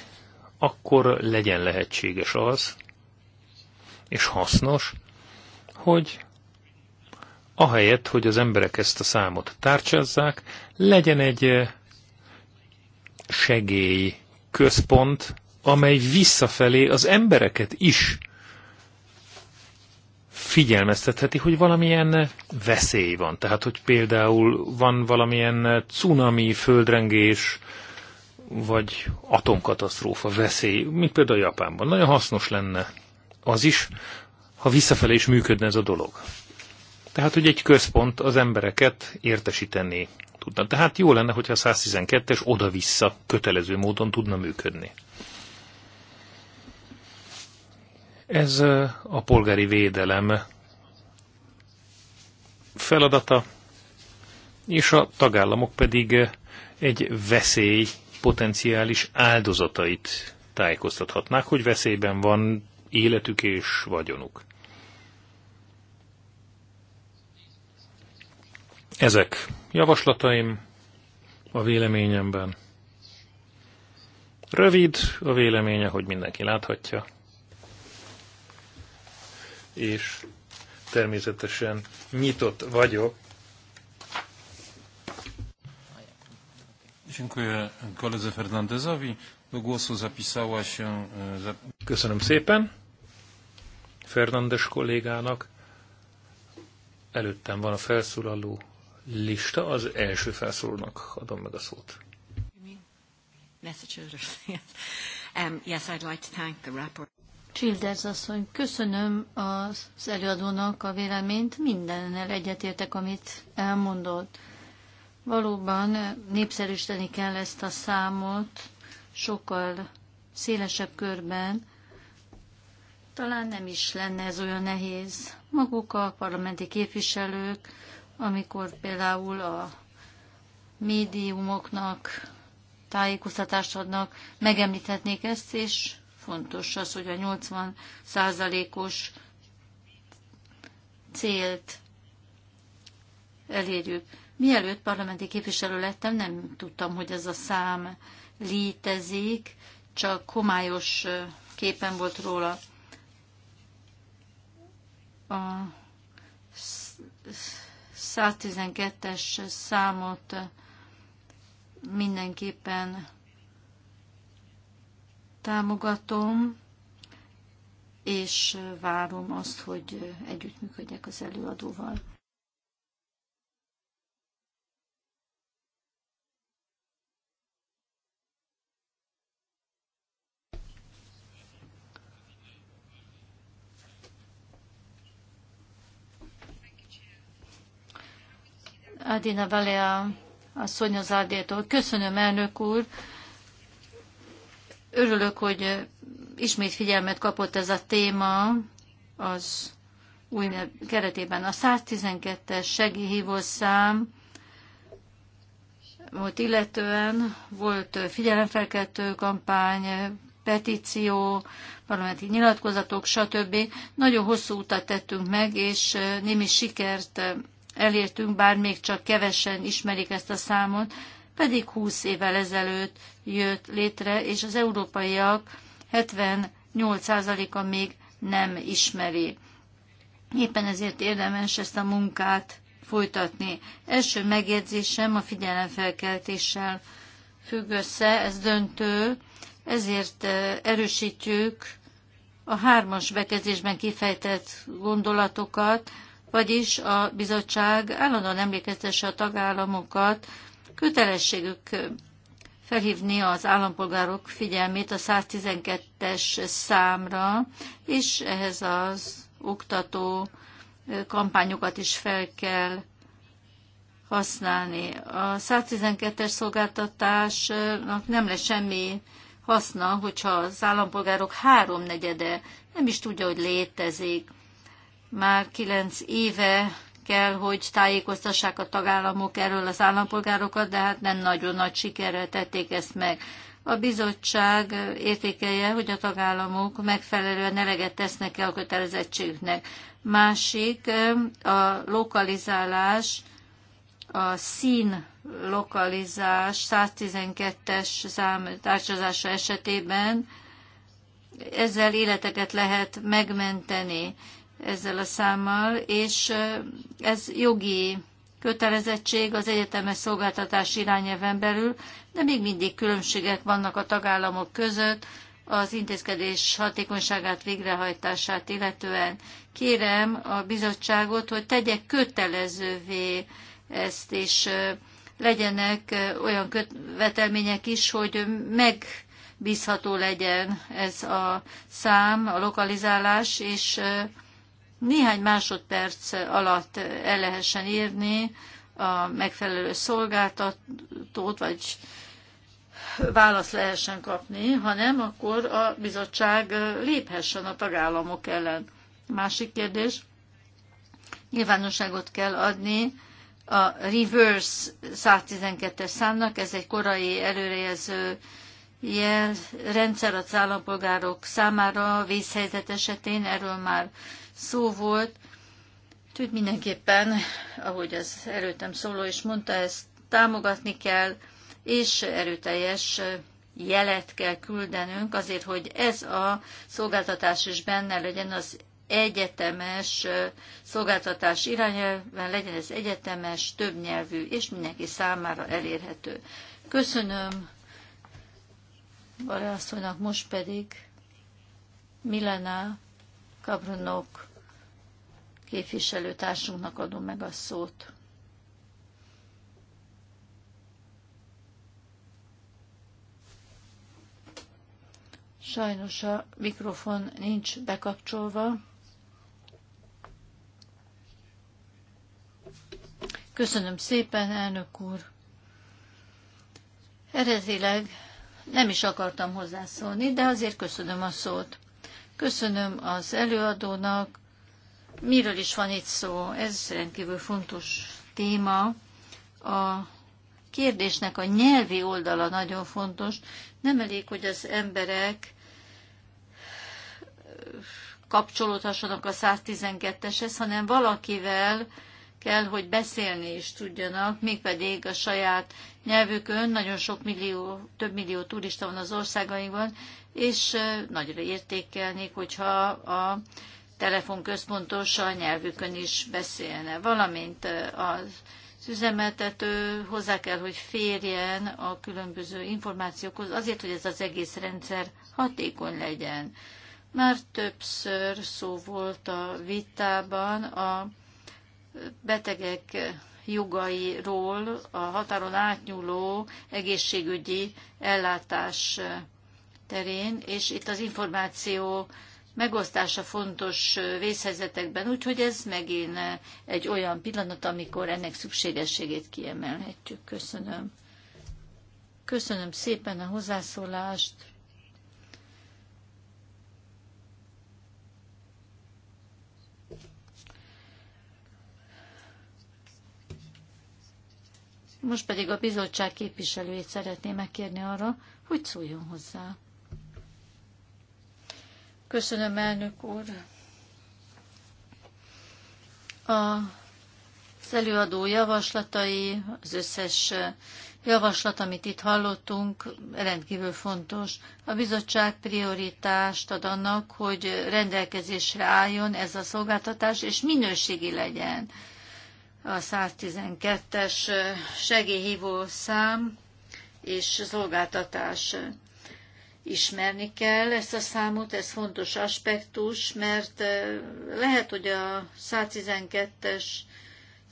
akkor legyen lehetséges az, és hasznos, hogy ahelyett, hogy az emberek ezt a számot tárcsázzák, legyen egy eh, segély központ, amely visszafelé az embereket is figyelmeztetheti, hogy valamilyen veszély van. Tehát, hogy például van valamilyen cunami, földrengés, vagy atomkatasztrófa veszély, mint például Japánban. Nagyon hasznos lenne az is, ha visszafelé is működne ez a dolog. Tehát, hogy egy központ az embereket értesíteni tudna. Tehát jó lenne, hogyha a 112-es oda-vissza kötelező módon tudna működni. Ez a polgári védelem feladata, és a tagállamok pedig egy veszély potenciális áldozatait tájékoztathatnák, hogy veszélyben van, életük és vagyonuk. Ezek javaslataim a véleményemben. Rövid a véleménye, hogy mindenki láthatja. És természetesen nyitott vagyok. Dziękuję koledze Fernandezowi. Do głosu zapisała się... E, köszönöm szépen Fernandes kollégának. Előttem van a felszólaló lista, az első felszólónak adom meg a szót. Um, Childers asszony, köszönöm az előadónak a véleményt, mindennel egyetértek, amit elmondott. Valóban népszerűsíteni kell ezt a számot, sokkal szélesebb körben, talán nem is lenne ez olyan nehéz. Maguk a parlamenti képviselők, amikor például a médiumoknak tájékoztatást adnak, megemlíthetnék ezt, és fontos az, hogy a 80 százalékos célt elérjük. Mielőtt parlamenti képviselő lettem, nem tudtam, hogy ez a szám létezik, csak homályos képen volt róla. A 112-es számot mindenképpen támogatom, és várom azt, hogy együttműködjek az előadóval. Adina Balea asszony az ad Köszönöm, elnök úr. Örülök, hogy ismét figyelmet kapott ez a téma az új keretében. A 112-es segélyhívószám volt illetően volt figyelemfelkeltő kampány, petíció, parlamenti nyilatkozatok, stb. Nagyon hosszú utat tettünk meg, és némi sikert elértünk, bár még csak kevesen ismerik ezt a számot, pedig 20 évvel ezelőtt jött létre, és az európaiak 78%-a még nem ismeri. Éppen ezért érdemes ezt a munkát folytatni. Első megjegyzésem a figyelemfelkeltéssel függ össze, ez döntő, ezért eh, erősítjük a hármas bekezdésben kifejtett gondolatokat, vagyis a bizottság állandóan emlékeztesse a tagállamokat kötelességük felhívni az állampolgárok figyelmét a 112-es számra, és ehhez az oktató kampányokat is fel kell használni. A 112-es szolgáltatásnak nem lesz semmi haszna, hogyha az állampolgárok háromnegyede nem is tudja, hogy létezik már kilenc éve kell, hogy tájékoztassák a tagállamok erről az állampolgárokat, de hát nem nagyon nagy sikerrel tették ezt meg. A bizottság értékelje, hogy a tagállamok megfelelően eleget tesznek-e a kötelezettségüknek. Másik a lokalizálás, a szín lokalizás 112-es szám tárcsozása esetében ezzel életeket lehet megmenteni ezzel a számmal, és ez jogi kötelezettség az egyetemes szolgáltatás irányelven belül, de még mindig különbségek vannak a tagállamok között az intézkedés hatékonyságát, végrehajtását illetően. Kérem a bizottságot, hogy tegye kötelezővé ezt, és legyenek olyan követelmények is, hogy bízható legyen ez a szám, a lokalizálás, és néhány másodperc alatt el lehessen érni a megfelelő szolgáltatót, vagy választ lehessen kapni, hanem akkor a bizottság léphessen a tagállamok ellen. Másik kérdés, nyilvánosságot kell adni a reverse 112-es számnak, ez egy korai előrejelző jel, rendszer az állampolgárok számára vészhelyzet esetén, erről már szó volt. Úgyhogy mindenképpen, ahogy az előttem szóló is mondta, ezt támogatni kell, és erőteljes jelet kell küldenünk azért, hogy ez a szolgáltatás is benne legyen az egyetemes szolgáltatás irányelven, legyen ez egyetemes, többnyelvű és mindenki számára elérhető. Köszönöm Barászónak, most pedig Milena Kabronok képviselőtársunknak adom meg a szót. Sajnos a mikrofon nincs bekapcsolva. Köszönöm szépen, elnök úr. Eredetileg nem is akartam hozzászólni, de azért köszönöm a szót. Köszönöm az előadónak, Miről is van itt szó? Ez rendkívül fontos téma. A kérdésnek a nyelvi oldala nagyon fontos. Nem elég, hogy az emberek kapcsolódhassanak a 112-eshez, hanem valakivel kell, hogy beszélni is tudjanak, mégpedig a saját nyelvükön, nagyon sok millió, több millió turista van az országainkban, és nagyra értékelnék, hogyha a telefonközpontossal nyelvükön is beszélne, valamint az üzemeltető hozzá kell, hogy férjen a különböző információkhoz, azért, hogy ez az egész rendszer hatékony legyen. Már többször szó volt a vitában a betegek jogairól a határon átnyúló egészségügyi ellátás terén, és itt az információ megosztása fontos vészhelyzetekben, úgyhogy ez megint egy olyan pillanat, amikor ennek szükségességét kiemelhetjük. Köszönöm. Köszönöm szépen a hozzászólást. Most pedig a bizottság képviselőjét szeretném megkérni arra, hogy szóljon hozzá. Köszönöm, elnök úr. A az előadó javaslatai, az összes javaslat, amit itt hallottunk, rendkívül fontos. A bizottság prioritást ad annak, hogy rendelkezésre álljon ez a szolgáltatás, és minőségi legyen. A 112-es segélyhívó szám és szolgáltatás ismerni kell ezt a számot, ez fontos aspektus, mert lehet, hogy a 112-es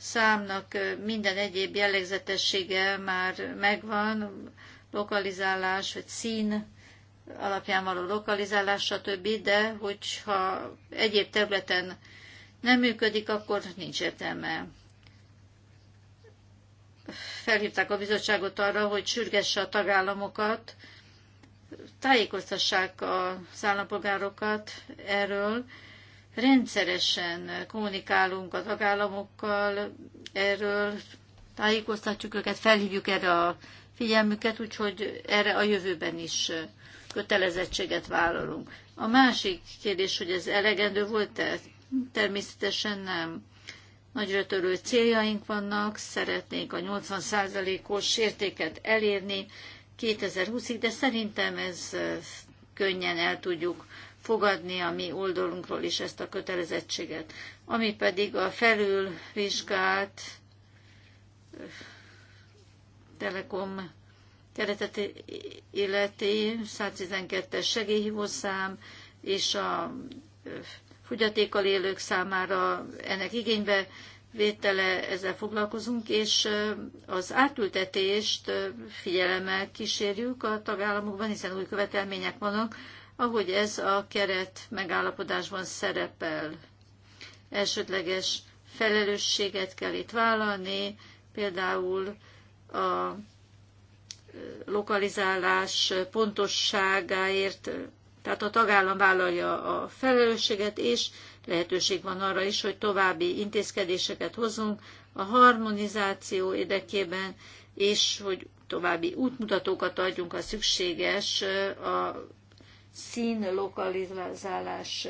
számnak minden egyéb jellegzetessége már megvan, lokalizálás vagy szín alapján való lokalizálás, stb., de hogyha egyéb területen nem működik, akkor nincs értelme. Felhívták a bizottságot arra, hogy sürgesse a tagállamokat, tájékoztassák az állampolgárokat erről. Rendszeresen kommunikálunk a tagállamokkal erről, tájékoztatjuk őket, felhívjuk erre a figyelmüket, úgyhogy erre a jövőben is kötelezettséget vállalunk. A másik kérdés, hogy ez elegendő volt-e? Természetesen nem. Nagyra törő céljaink vannak, szeretnénk a 80%-os értéket elérni, 2020-ig, de szerintem ez könnyen el tudjuk fogadni a mi oldalunkról is ezt a kötelezettséget. Ami pedig a felülvizsgált telekom keretet illeti 112-es segélyhívószám és a fogyatékkal élők számára ennek igénybe vétele ezzel foglalkozunk, és az átültetést figyelemmel kísérjük a tagállamokban, hiszen új követelmények vannak, ahogy ez a keret megállapodásban szerepel. Elsődleges felelősséget kell itt vállalni, például a lokalizálás pontosságáért, tehát a tagállam vállalja a felelősséget, és lehetőség van arra is, hogy további intézkedéseket hozunk a harmonizáció érdekében, és hogy további útmutatókat adjunk a szükséges a szín lokalizálás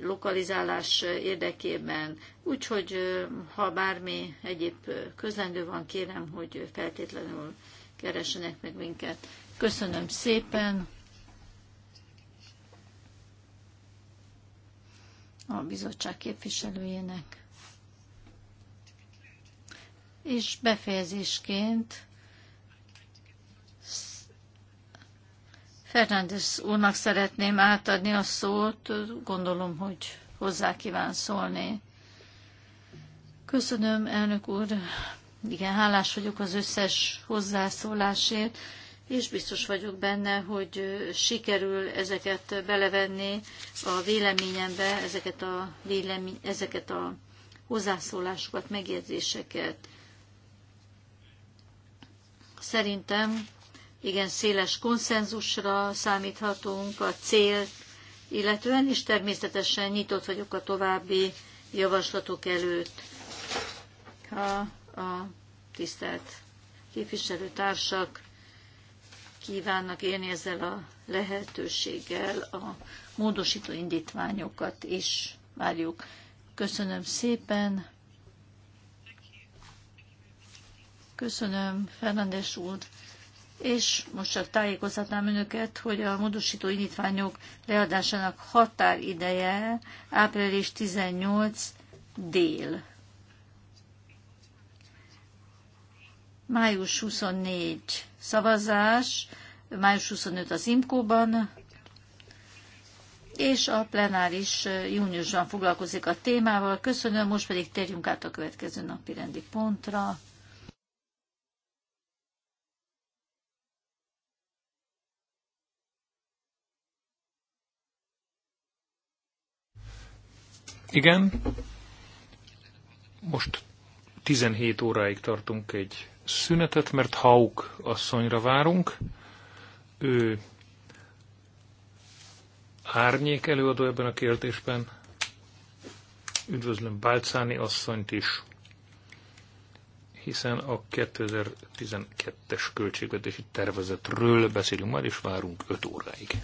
lokalizálás érdekében. Úgyhogy ha bármi egyéb közlendő van, kérem, hogy feltétlenül keressenek meg minket. Köszönöm szépen! a bizottság képviselőjének. És befejezésként Fernández úrnak szeretném átadni a szót, gondolom, hogy hozzá kíván szólni. Köszönöm, elnök úr. Igen, hálás vagyok az összes hozzászólásért és biztos vagyok benne, hogy sikerül ezeket belevenni a véleményembe, ezeket a, vélemény, ezeket a hozzászólásokat, megjegyzéseket. Szerintem igen széles konszenzusra számíthatunk a cél, illetően is természetesen nyitott vagyok a további javaslatok előtt. Ha a tisztelt képviselőtársak kívánnak élni ezzel a lehetőséggel a módosító indítványokat is várjuk. Köszönöm szépen. Köszönöm, Fernandes úr. És most csak tájékozhatnám önöket, hogy a módosító indítványok leadásának határideje április 18 dél. Május 24 szavazás, május 25 az IMKO-ban, és a plenáris júniusban foglalkozik a témával. Köszönöm, most pedig térjünk át a következő napi rendi pontra. Igen, most 17 óráig tartunk egy szünetet, mert Hauk asszonyra várunk. Ő árnyék előadó ebben a kérdésben. Üdvözlöm Bálcáni asszonyt is, hiszen a 2012-es költségvetési tervezetről beszélünk majd, és várunk 5 óráig.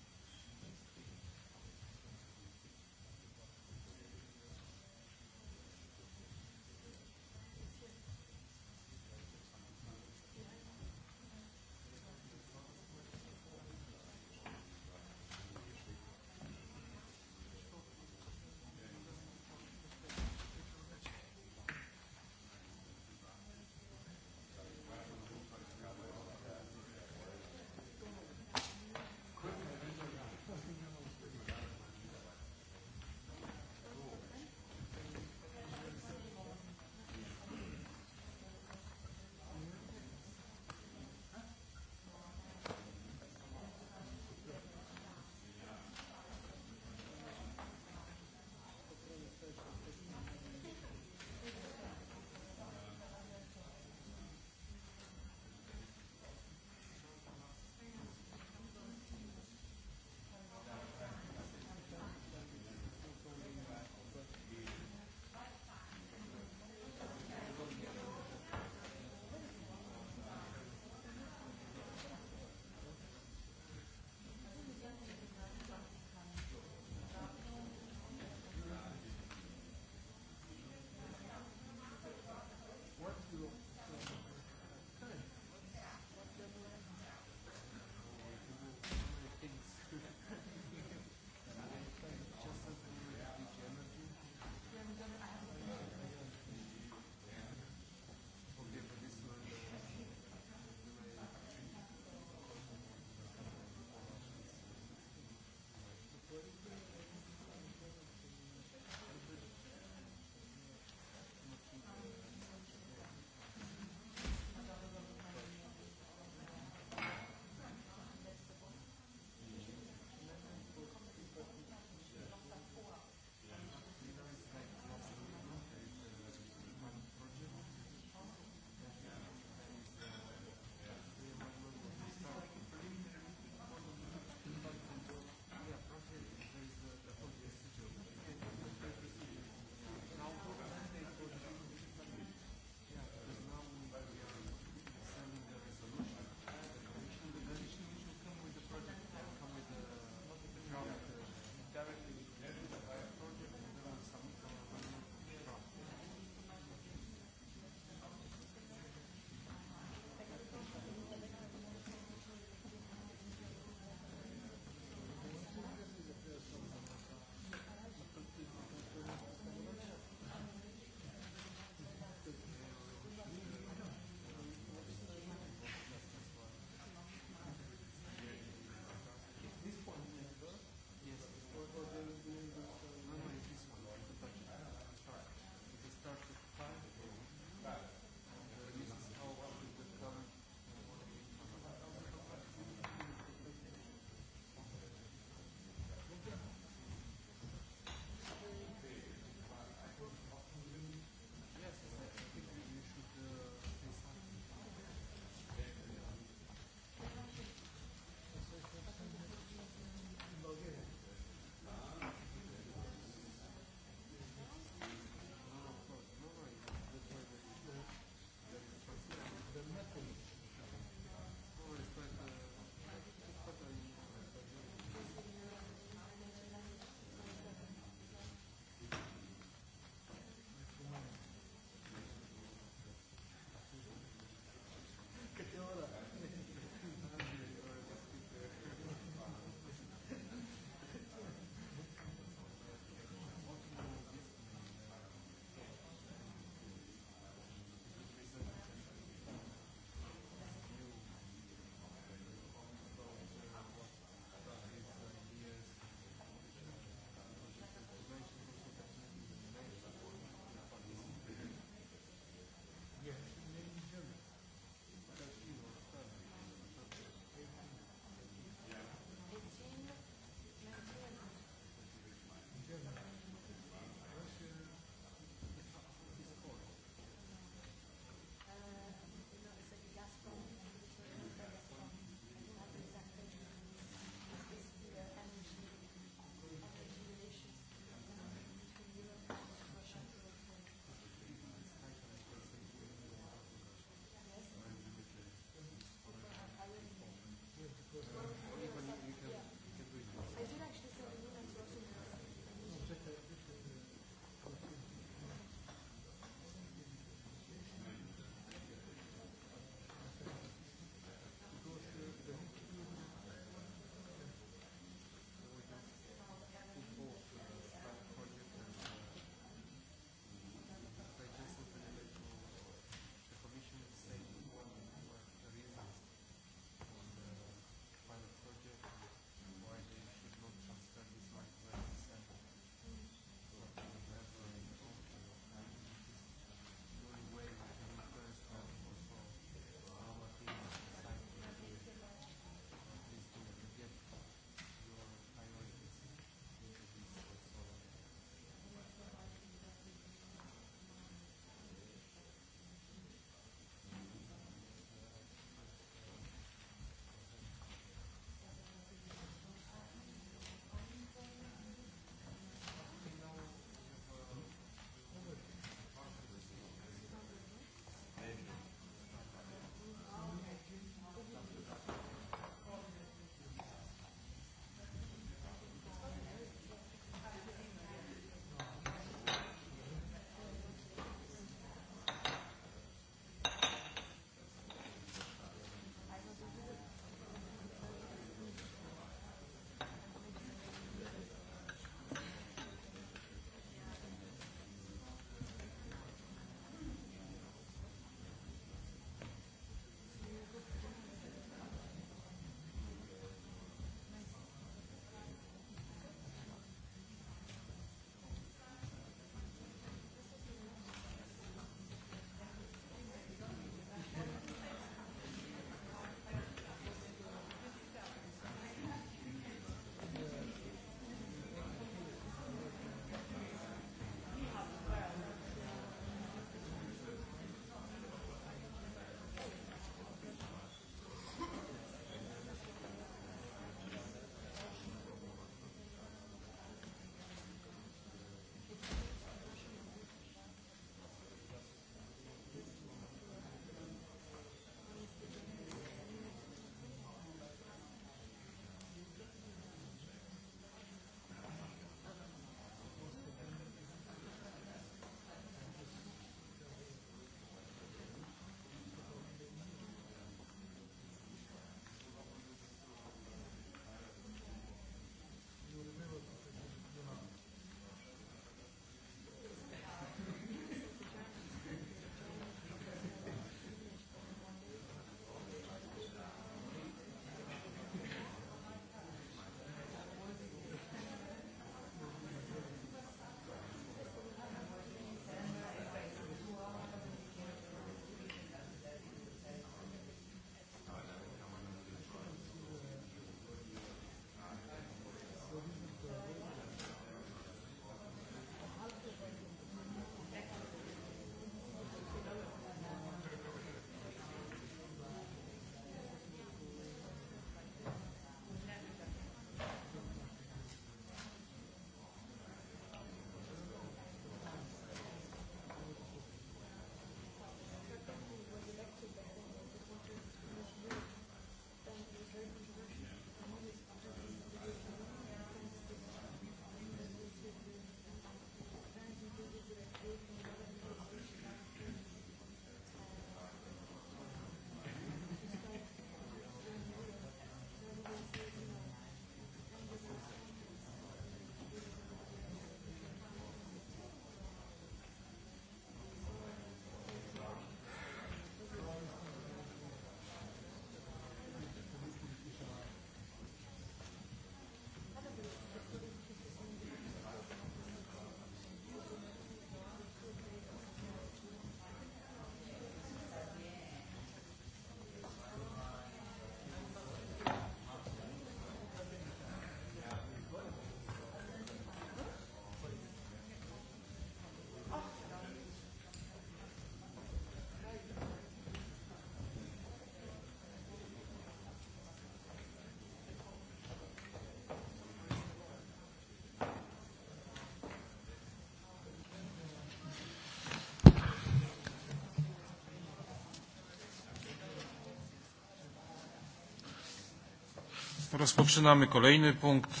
Rozpoczynamy kolejny punkt.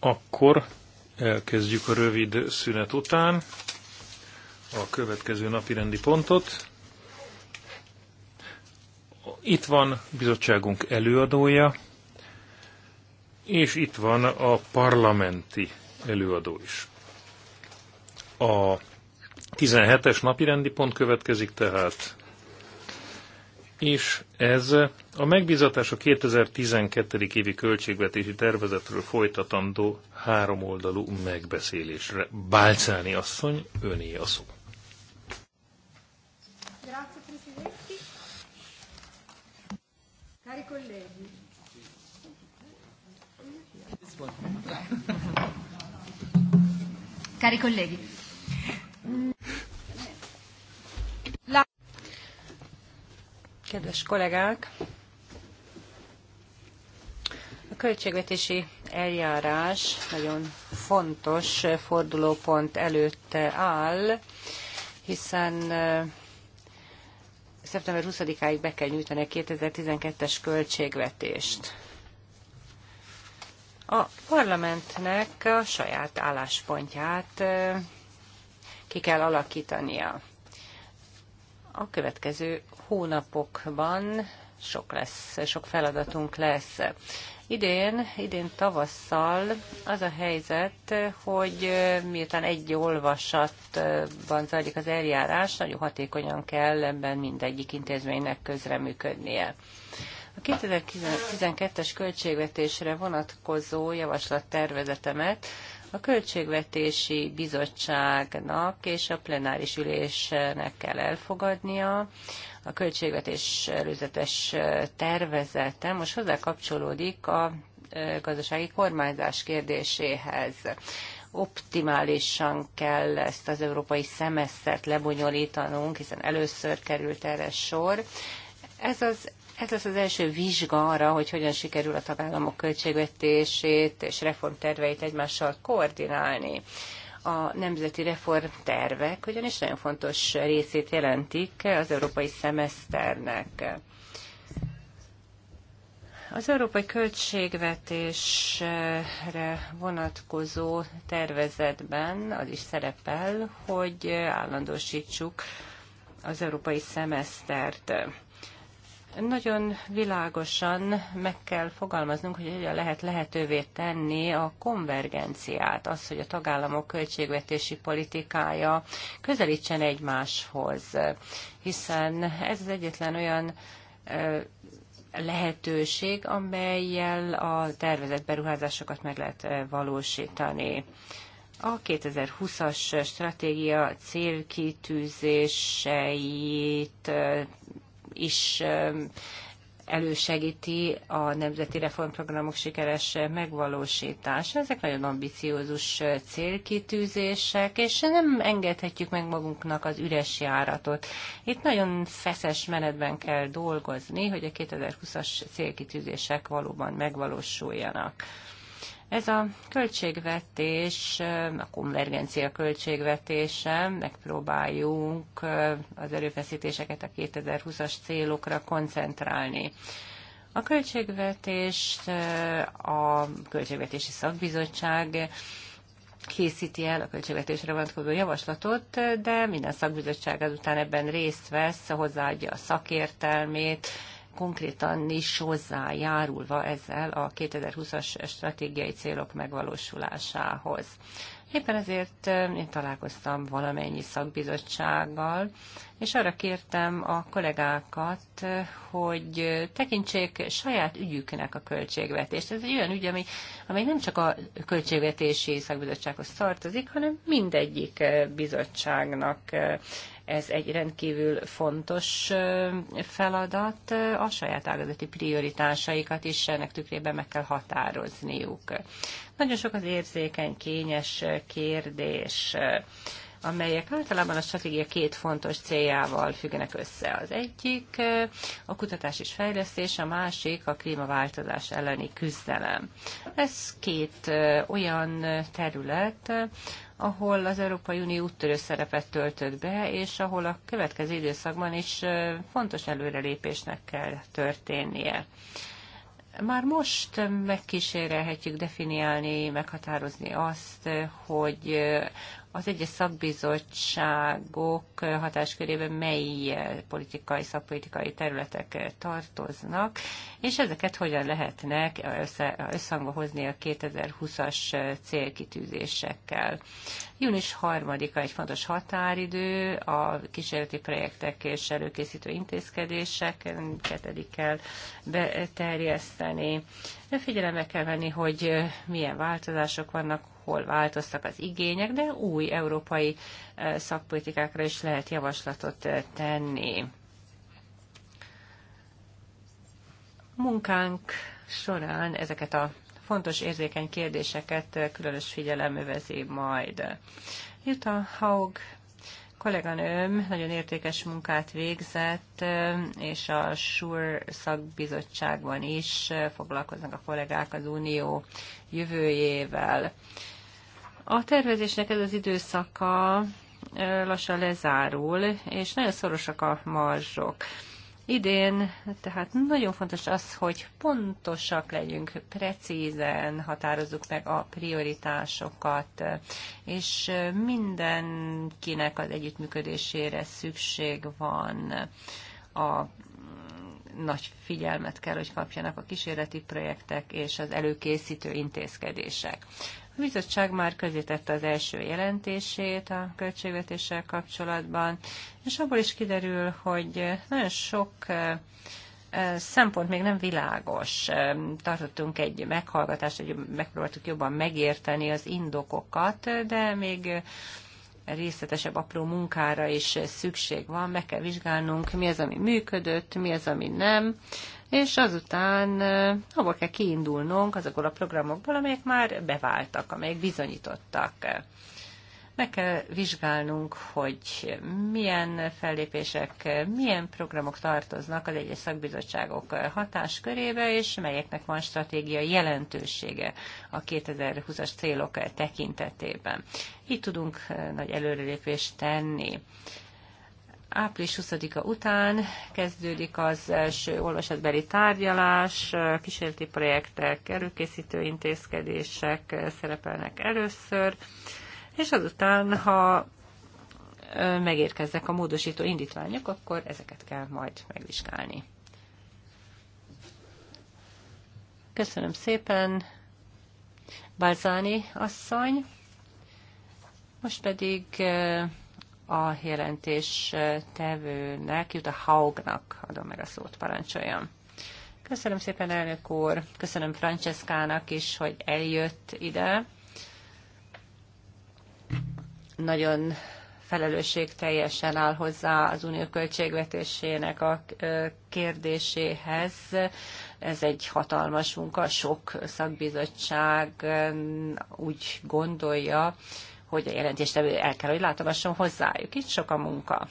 Akkor elkezdjük a rövid szünet után a következő napi rendi pontot. Itt van bizottságunk előadója, és itt van a parlamenti előadó is. A 17-es napirendi pont következik tehát, és ez a megbízatás a 2012. évi költségvetési tervezetről folytatandó háromoldalú megbeszélésre. Bálcáni asszony, öné a szó. Cari colleghi. Kedves kollégák, a költségvetési eljárás nagyon fontos fordulópont előtt áll, hiszen eh, szeptember 20-áig be kell nyújtani a 2012-es költségvetést. A parlamentnek a saját álláspontját eh, ki kell alakítania. A következő hónapokban sok lesz, sok feladatunk lesz. Idén, idén tavasszal az a helyzet, hogy miután egy olvasatban zajlik az eljárás, nagyon hatékonyan kell ebben mindegyik intézménynek közreműködnie. A 2012-es költségvetésre vonatkozó javaslattervezetemet a Költségvetési Bizottságnak és a plenáris ülésnek kell elfogadnia, a költségvetés előzetes tervezete most hozzá kapcsolódik a gazdasági kormányzás kérdéséhez optimálisan kell ezt az európai szemesztert lebonyolítanunk, hiszen először került erre sor. Ez az ez lesz az első vizsga arra, hogy hogyan sikerül a tagállamok költségvetését és reformterveit egymással koordinálni a nemzeti reformtervek, ugyanis nagyon fontos részét jelentik az európai szemeszternek. Az európai költségvetésre vonatkozó tervezetben az is szerepel, hogy állandósítsuk az európai szemesztert. Nagyon világosan meg kell fogalmaznunk, hogy hogyan lehet lehetővé tenni a konvergenciát, az, hogy a tagállamok költségvetési politikája közelítsen egymáshoz, hiszen ez az egyetlen olyan lehetőség, amelyel a tervezett beruházásokat meg lehet valósítani. A 2020-as stratégia célkitűzéseit is elősegíti a nemzeti reformprogramok sikeres megvalósítása. Ezek nagyon ambiciózus célkitűzések, és nem engedhetjük meg magunknak az üres járatot. Itt nagyon feszes menetben kell dolgozni, hogy a 2020-as célkitűzések valóban megvalósuljanak. Ez a költségvetés, a konvergencia költségvetése, megpróbáljunk az erőfeszítéseket a 2020-as célokra koncentrálni. A költségvetést a Költségvetési Szakbizottság készíti el a költségvetésre vonatkozó javaslatot, de minden szakbizottság azután ebben részt vesz, hozzáadja a szakértelmét, konkrétan is hozzájárulva ezzel a 2020-as stratégiai célok megvalósulásához. Éppen ezért én találkoztam valamennyi szakbizottsággal, és arra kértem a kollégákat, hogy tekintsék saját ügyüknek a költségvetést. Ez egy olyan ügy, ami, amely nem csak a költségvetési szakbizottsághoz tartozik, hanem mindegyik bizottságnak ez egy rendkívül fontos feladat, a saját ágazati prioritásaikat is ennek tükrében meg kell határozniuk. Nagyon sok az érzékeny, kényes kérdés amelyek általában a stratégia két fontos céljával függenek össze. Az egyik a kutatás és fejlesztés, a másik a klímaváltozás elleni küzdelem. Ez két olyan terület, ahol az Európai Unió úttörő szerepet töltött be, és ahol a következő időszakban is fontos előrelépésnek kell történnie. Már most megkísérelhetjük definiálni, meghatározni azt, hogy az egyes szakbizottságok hatáskörében mely politikai, szakpolitikai területek tartoznak, és ezeket hogyan lehetnek össze, összhangba hozni a 2020-as célkitűzésekkel. Június 3-a egy fontos határidő, a kísérleti projektek és előkészítő intézkedések ketedik beterjeszteni. De figyelembe kell venni, hogy milyen változások vannak, hol változtak az igények, de új európai e, szakpolitikákra is lehet javaslatot e, tenni. Munkánk során ezeket a fontos érzékeny kérdéseket e, különös figyelem övezi majd. Jutta Haug kolléganőm nagyon értékes munkát végzett, és a SUR szakbizottságban is foglalkoznak a kollégák az unió jövőjével. A tervezésnek ez az időszaka lassan lezárul, és nagyon szorosak a marzsok. Idén, tehát nagyon fontos az, hogy pontosak legyünk, precízen határozzuk meg a prioritásokat, és mindenkinek az együttműködésére szükség van. A nagy figyelmet kell, hogy kapjanak a kísérleti projektek és az előkészítő intézkedések. A bizottság már közítette az első jelentését a költségvetéssel kapcsolatban, és abból is kiderül, hogy nagyon sok szempont még nem világos. Tartottunk egy meghallgatást, hogy megpróbáltuk jobban megérteni az indokokat, de még részletesebb apró munkára is szükség van, meg kell vizsgálnunk, mi az, ami működött, mi az, ami nem és azután abból kell kiindulnunk azokból a programokból, amelyek már beváltak, amelyek bizonyítottak. Meg kell vizsgálnunk, hogy milyen fellépések, milyen programok tartoznak az egyes szakbizottságok hatáskörébe, és melyeknek van stratégiai jelentősége a 2020-as célok tekintetében. Így tudunk nagy előrelépést tenni április 20-a után kezdődik az első olvasatbeli tárgyalás, kísérleti projektek, előkészítő intézkedések szerepelnek először, és azután, ha megérkeznek a módosító indítványok, akkor ezeket kell majd megvizsgálni. Köszönöm szépen, Balzáni asszony. Most pedig a jelentés tevőnek, Juta Haugnak adom meg a szót, parancsoljam. Köszönöm szépen, elnök úr, köszönöm Franceskának is, hogy eljött ide. Nagyon felelősség teljesen áll hozzá az unió költségvetésének a kérdéséhez. Ez egy hatalmas munka, sok szakbizottság úgy gondolja, hogy a jelentést el kell, hogy látogasson hozzájuk. Itt sok a munka.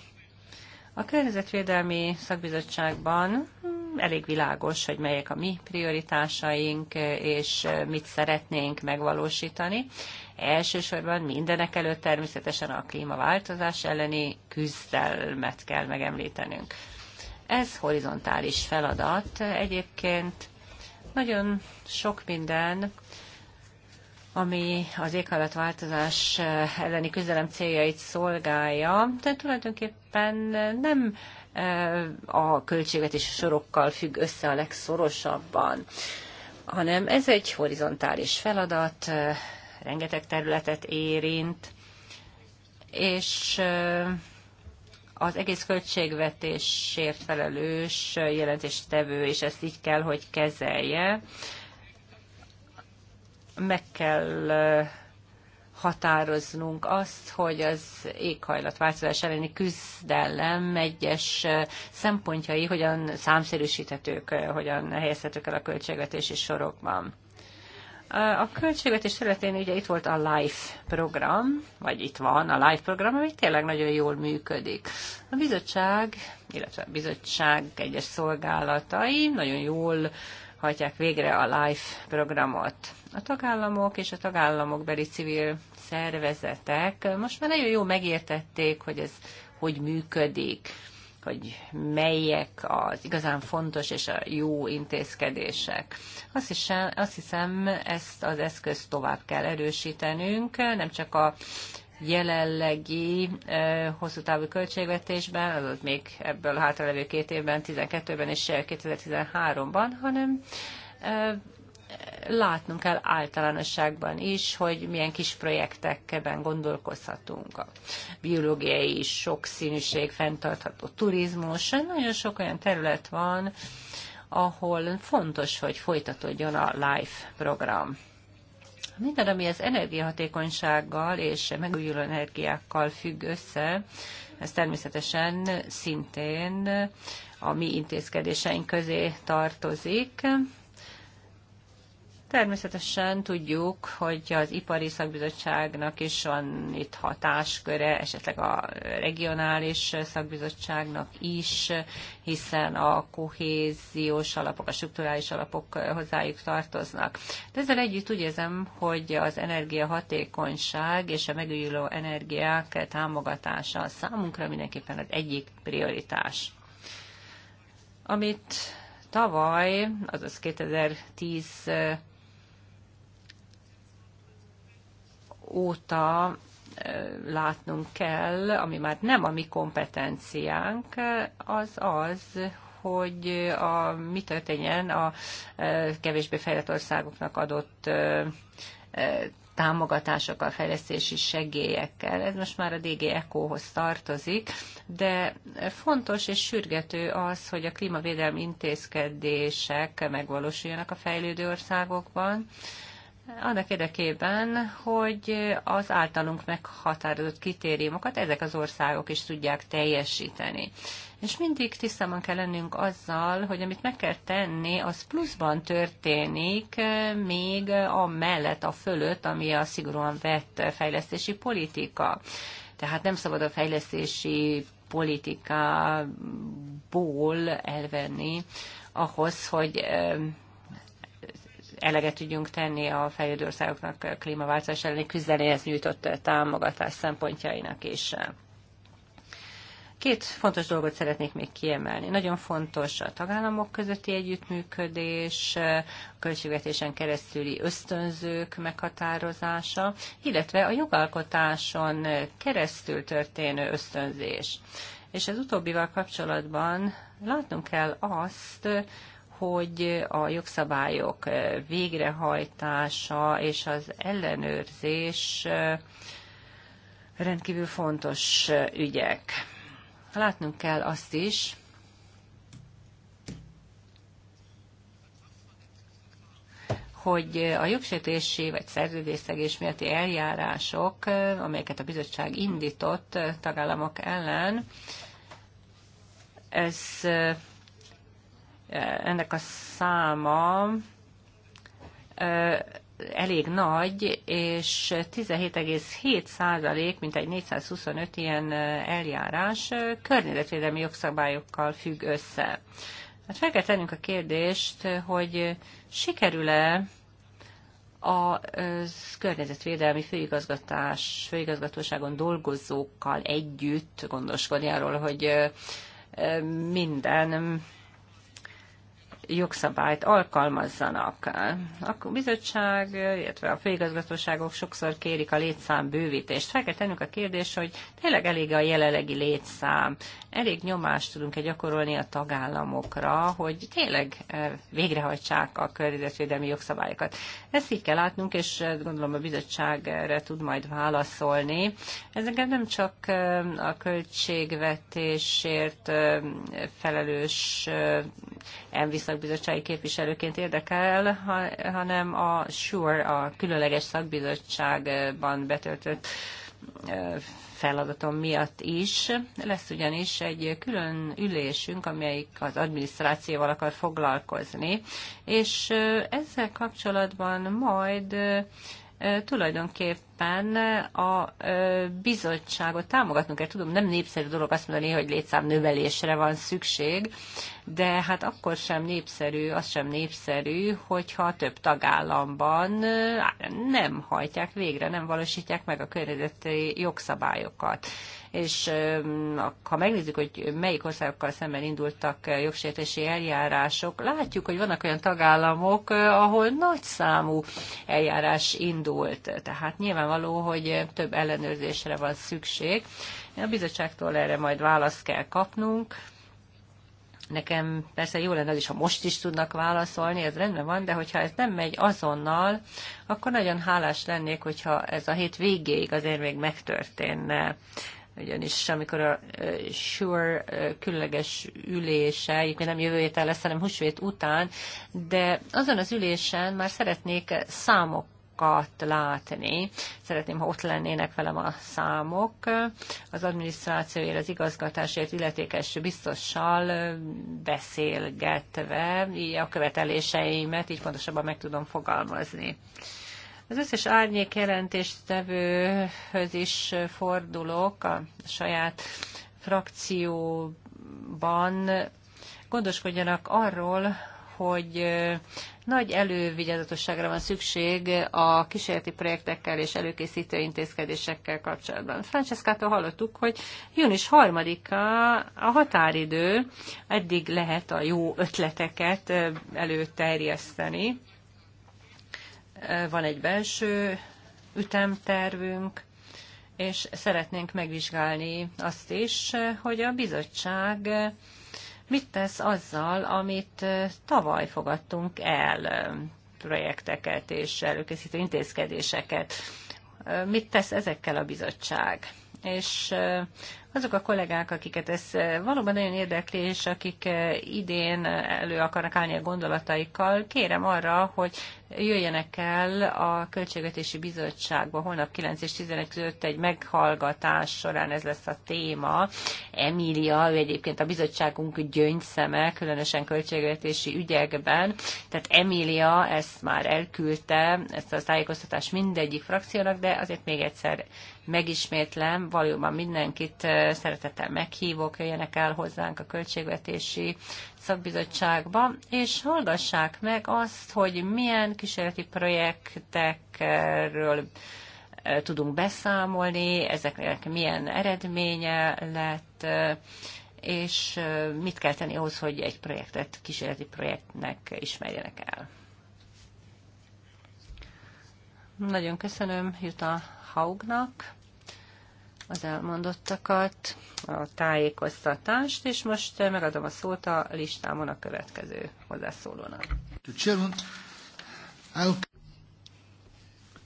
A Környezetvédelmi Szakbizottságban elég világos, hogy melyek a mi prioritásaink, és mit szeretnénk megvalósítani. Elsősorban mindenek előtt természetesen a klímaváltozás elleni küzdelmet kell megemlítenünk. Ez horizontális feladat. Egyébként nagyon sok minden ami az éghajlatváltozás elleni küzdelem céljait szolgálja, de tulajdonképpen nem e, a a sorokkal függ össze a legszorosabban, hanem ez egy horizontális feladat, e, rengeteg területet érint, és e, az egész költségvetésért felelős jelentéstevő, és ezt így kell, hogy kezelje meg kell határoznunk azt, hogy az éghajlatváltozás elleni küzdelem egyes szempontjai hogyan számszerűsíthetők, hogyan helyezhetők el a költségvetési sorokban. A költségvetés területén ugye itt volt a LIFE program, vagy itt van a LIFE program, ami tényleg nagyon jól működik. A bizottság, illetve a bizottság egyes szolgálatai nagyon jól hajtják végre a LIFE programot. A tagállamok és a tagállamok beli civil szervezetek most már nagyon jó megértették, hogy ez hogy működik, hogy melyek az igazán fontos és a jó intézkedések. Azt hiszem, azt hiszem ezt az eszközt tovább kell erősítenünk, nem csak a jelenlegi hosszú távú költségvetésben, az ott még ebből a hátralevő két évben, 12-ben és 2013-ban, hanem látnunk kell általánosságban is, hogy milyen kis projektekben gondolkozhatunk. A biológiai sokszínűség, fenntartható turizmus, nagyon sok olyan terület van, ahol fontos, hogy folytatódjon a LIFE program. Minden, ami az energiahatékonysággal és megújuló energiákkal függ össze, ez természetesen szintén a mi intézkedéseink közé tartozik, Természetesen tudjuk, hogy az ipari szakbizottságnak is van itt hatásköre, esetleg a regionális szakbizottságnak is, hiszen a kohéziós alapok, a strukturális alapok hozzájuk tartoznak. De ezzel együtt úgy érzem, hogy az energiahatékonyság és a megújuló energiák támogatása számunkra mindenképpen az egyik prioritás. Amit tavaly, azaz 2010 óta látnunk kell, ami már nem a mi kompetenciánk, az az, hogy a, mi történjen a kevésbé fejlett országoknak adott támogatásokkal, fejlesztési segélyekkel. Ez most már a DG ECO-hoz tartozik, de fontos és sürgető az, hogy a klímavédelmi intézkedések megvalósuljanak a fejlődő országokban, annak érdekében, hogy az általunk meghatározott kritériumokat ezek az országok is tudják teljesíteni. És mindig tisztában kell lennünk azzal, hogy amit meg kell tenni, az pluszban történik, eh, még a mellett, a fölött, ami a szigorúan vett fejlesztési politika. Tehát nem szabad a fejlesztési politikából elvenni ahhoz, hogy eh, eleget tudjunk tenni a fejlődő országoknak klímaváltozás elleni küzdeléhez nyújtott támogatás szempontjainak is. Két fontos dolgot szeretnék még kiemelni. Nagyon fontos a tagállamok közötti együttműködés, a költségvetésen keresztüli ösztönzők meghatározása, illetve a jogalkotáson keresztül történő ösztönzés. És az utóbbival kapcsolatban látnunk kell azt, hogy a jogszabályok végrehajtása és az ellenőrzés rendkívül fontos ügyek. Látnunk kell azt is, hogy a jogsértési vagy szerződésszegés miatti eljárások, amelyeket a bizottság indított tagállamok ellen, ez ennek a száma elég nagy, és 17,7 mint egy 425 ilyen eljárás környezetvédelmi jogszabályokkal függ össze. Hát fel kell tennünk a kérdést, hogy sikerül-e a környezetvédelmi főigazgatás, főigazgatóságon dolgozókkal együtt gondoskodni arról, hogy minden jogszabályt alkalmazzanak. A bizottság, illetve a főigazgatóságok sokszor kérik a létszám bővítést. Fel kell tennünk a kérdés, hogy tényleg elég a jelenlegi létszám. Elég nyomást tudunk-e gyakorolni a tagállamokra, hogy tényleg eh, végrehajtsák a környezetvédelmi jogszabályokat. Ezt így kell látnunk, és eh, gondolom a bizottság erre tud majd válaszolni. Ezeket nem csak eh, a költségvetésért felelős enviszak szakbizottsági képviselőként érdekel, hanem a SURE, a különleges szakbizottságban betöltött feladatom miatt is. Lesz ugyanis egy külön ülésünk, amelyik az adminisztrációval akar foglalkozni, és ezzel kapcsolatban majd tulajdonképpen a bizottságot támogatnunk kell. Tudom, nem népszerű dolog azt mondani, hogy létszámnövelésre van szükség, de hát akkor sem népszerű, az sem népszerű, hogyha több tagállamban nem hajtják végre, nem valósítják meg a környezeti jogszabályokat és ha megnézzük, hogy melyik országokkal szemben indultak jogsértési eljárások, látjuk, hogy vannak olyan tagállamok, ahol nagy számú eljárás indult. Tehát nyilvánvaló, hogy több ellenőrzésre van szükség. A bizottságtól erre majd választ kell kapnunk. Nekem persze jó lenne az is, ha most is tudnak válaszolni, ez rendben van, de hogyha ez nem megy azonnal, akkor nagyon hálás lennék, hogyha ez a hét végéig azért még megtörténne ugyanis amikor a e, SURE e, különleges ülése, egyébként nem jövő héten lesz, hanem húsvét után, de azon az ülésen már szeretnék számok látni. Szeretném, ha ott lennének velem a számok. Az adminisztrációért, az igazgatásért illetékes biztossal e, beszélgetve így a követeléseimet, így pontosabban meg tudom fogalmazni. Az összes árnyék jelentéstevőhöz is fordulok a saját frakcióban. Gondoskodjanak arról, hogy nagy elővigyázatosságra van szükség a kísérleti projektekkel és előkészítő intézkedésekkel kapcsolatban. Francescától hallottuk, hogy június harmadika a határidő, eddig lehet a jó ötleteket előterjeszteni. Van egy belső ütemtervünk, és szeretnénk megvizsgálni azt is, hogy a bizottság mit tesz azzal, amit tavaly fogadtunk el, projekteket és előkészítő intézkedéseket. Mit tesz ezekkel a bizottság? És azok a kollégák, akiket ez eh, valóban nagyon érdekli, és akik eh, idén elő akarnak állni a gondolataikkal, kérem arra, hogy jöjjenek el a Költségvetési Bizottságba holnap 9 és 11 között egy meghallgatás során ez lesz a téma. Emília, ő egyébként a bizottságunk gyöngyszeme, különösen költségvetési ügyekben. Tehát Emília ezt már elküldte, ezt a tájékoztatást mindegyik frakciónak, de azért még egyszer megismétlem, valóban mindenkit szeretettel meghívok, jöjjenek el hozzánk a költségvetési szakbizottságba, és hallgassák meg azt, hogy milyen kísérleti projektekről tudunk beszámolni, ezeknek milyen eredménye lett, és mit kell tenni ahhoz, hogy egy projektet kísérleti projektnek ismerjenek el. Nagyon köszönöm Juta Haugnak az elmondottakat, a tájékoztatást, és most megadom a szót a listámon a következő hozzászólónak.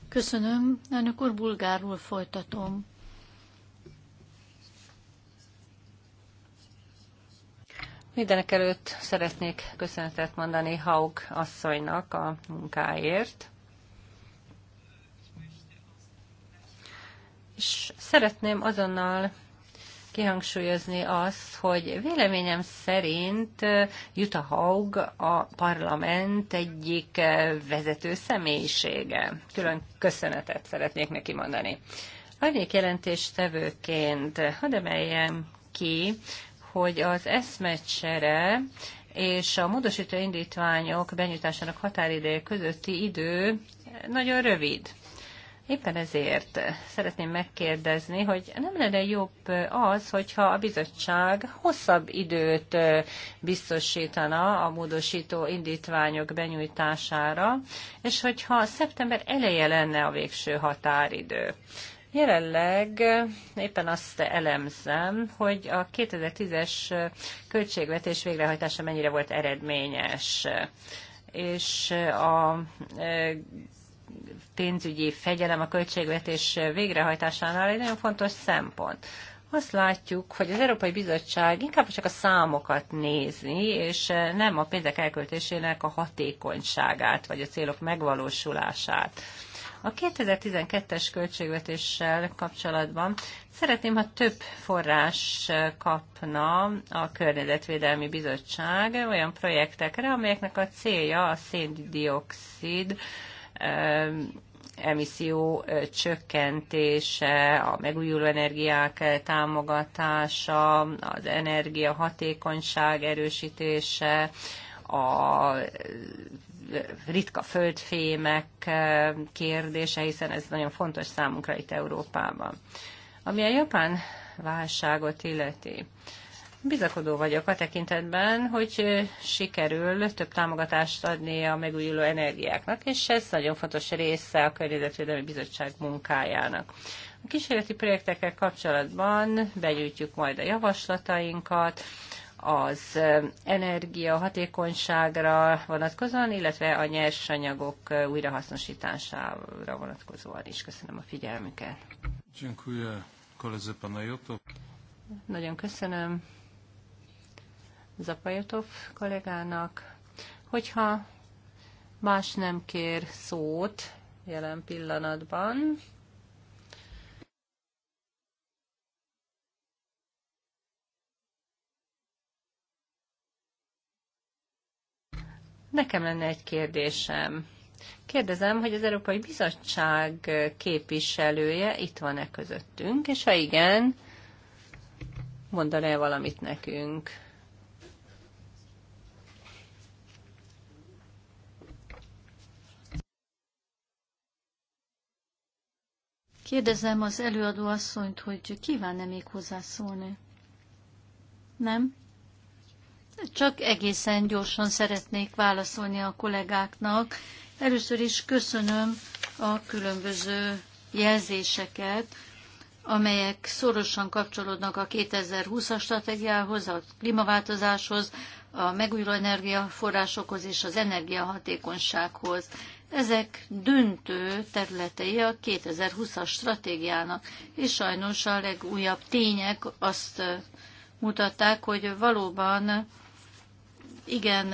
Köszönöm. Elnök úr, bulgárul folytatom. Mindenek előtt szeretnék köszönetet mondani Haug asszonynak a munkáért. És Szeretném azonnal kihangsúlyozni azt, hogy véleményem szerint Jutta Haug a parlament egyik vezető személyisége. Külön köszönetet szeretnék neki mondani. Annyi jelentéstevőként hadd emeljem ki, hogy az eszmecsere és a módosító indítványok benyújtásának határideje közötti idő nagyon rövid. Éppen ezért szeretném megkérdezni, hogy nem lenne jobb az, hogyha a bizottság hosszabb időt biztosítana a módosító indítványok benyújtására, és hogyha szeptember eleje lenne a végső határidő. Jelenleg éppen azt elemzem, hogy a 2010-es költségvetés végrehajtása mennyire volt eredményes, és a pénzügyi fegyelem a költségvetés végrehajtásánál egy nagyon fontos szempont azt látjuk, hogy az Európai Bizottság inkább csak a számokat nézi, és nem a pénzek elköltésének a hatékonyságát, vagy a célok megvalósulását. A 2012-es költségvetéssel kapcsolatban szeretném, ha több forrás kapna a Környezetvédelmi Bizottság olyan projektekre, amelyeknek a célja a széndiokszid emisszió csökkentése, a megújuló energiák támogatása, az energia hatékonyság erősítése, a ritka földfémek kérdése, hiszen ez nagyon fontos számunkra itt Európában. Ami a japán válságot illeti, bizakodó vagyok a tekintetben, hogy sikerül több támogatást adni a megújuló energiáknak, és ez nagyon fontos része a Környezetvédelmi Bizottság munkájának. A kísérleti projektekkel kapcsolatban begyűjtjük majd a javaslatainkat, az energia hatékonyságra vonatkozóan, illetve a nyersanyagok újrahasznosítására vonatkozóan is. Köszönöm a figyelmüket. Dziękuję Nagyon köszönöm. Zapajatov kollégának, hogyha más nem kér szót jelen pillanatban, Nekem lenne egy kérdésem. Kérdezem, hogy az Európai Bizottság képviselője itt van-e közöttünk, és ha igen, mondaná -e valamit nekünk. Kérdezem az előadó asszonyt, hogy kíván-e még hozzászólni? Nem? Csak egészen gyorsan szeretnék válaszolni a kollégáknak. Először is köszönöm a különböző jelzéseket, amelyek szorosan kapcsolódnak a 2020-as stratégiához, a klímaváltozáshoz, a megújuló energiaforrásokhoz és az energiahatékonysághoz. Ezek döntő területei a 2020-as stratégiának, és sajnos a legújabb tények azt mutatták, hogy valóban igen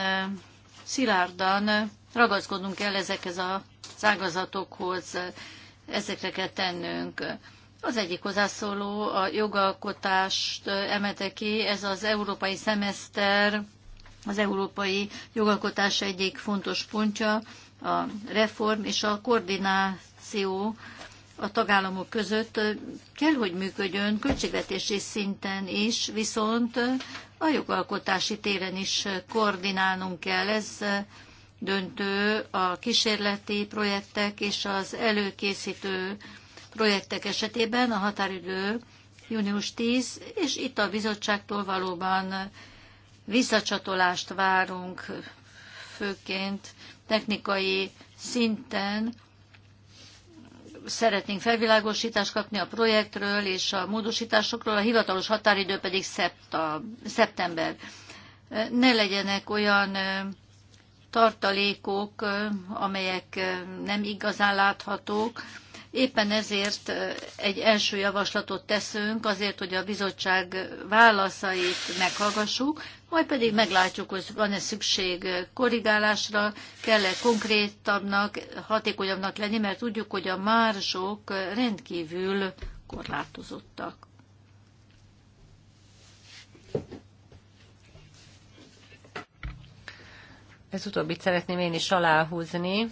szilárdan ragaszkodnunk kell ezekhez a ágazatokhoz, ezekre kell tennünk. Az egyik hozzászóló a jogalkotást emelte ki, ez az európai szemeszter, az európai jogalkotás egyik fontos pontja, a reform és a koordináció a tagállamok között kell, hogy működjön költségvetési szinten is, viszont a jogalkotási téren is koordinálnunk kell. Ez döntő a kísérleti projektek és az előkészítő projektek esetében a határidő június 10, és itt a bizottságtól valóban visszacsatolást várunk főként technikai szinten szeretnénk felvilágosítást kapni a projektről és a módosításokról, a hivatalos határidő pedig szepta, szeptember. Ne legyenek olyan tartalékok, amelyek nem igazán láthatók. Éppen ezért egy első javaslatot teszünk, azért, hogy a bizottság válaszait meghallgassuk, majd pedig meglátjuk, hogy van-e szükség korrigálásra, kell-e konkrétabbnak, hatékonyabbnak lenni, mert tudjuk, hogy a márzsok rendkívül korlátozottak. Ez utóbbit szeretném én is aláhúzni,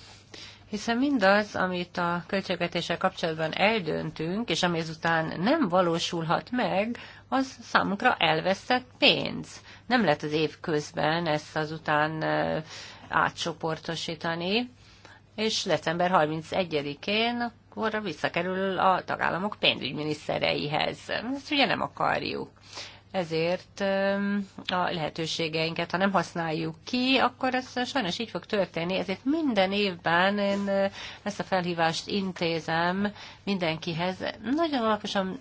hiszen mindaz, amit a költségvetéssel kapcsolatban eldöntünk, és ami ezután nem valósulhat meg, az számunkra elveszett pénz nem lehet az év közben ezt azután átcsoportosítani, és december 31-én akkor visszakerül a tagállamok pénzügyminisztereihez. Ezt ugye nem akarjuk. Ezért a lehetőségeinket, ha nem használjuk ki, akkor ez sajnos így fog történni. Ezért minden évben én ezt a felhívást intézem mindenkihez. Nagyon alaposan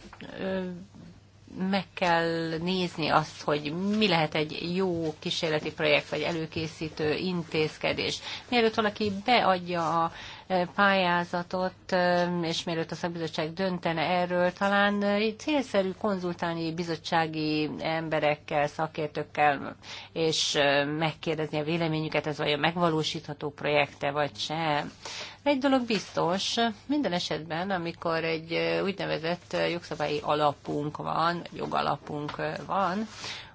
meg kell nézni azt, hogy mi lehet egy jó kísérleti projekt, vagy előkészítő intézkedés. Mielőtt valaki beadja a e, pályázatot, e, és mielőtt a szakbizottság döntene erről, talán e, célszerű konzultálni bizottsági emberekkel, szakértőkkel, és megkérdezni a véleményüket, ez vajon megvalósítható projekte, vagy sem. Egy dolog biztos, minden esetben, amikor egy úgynevezett jogszabályi alapunk van, jogalapunk van,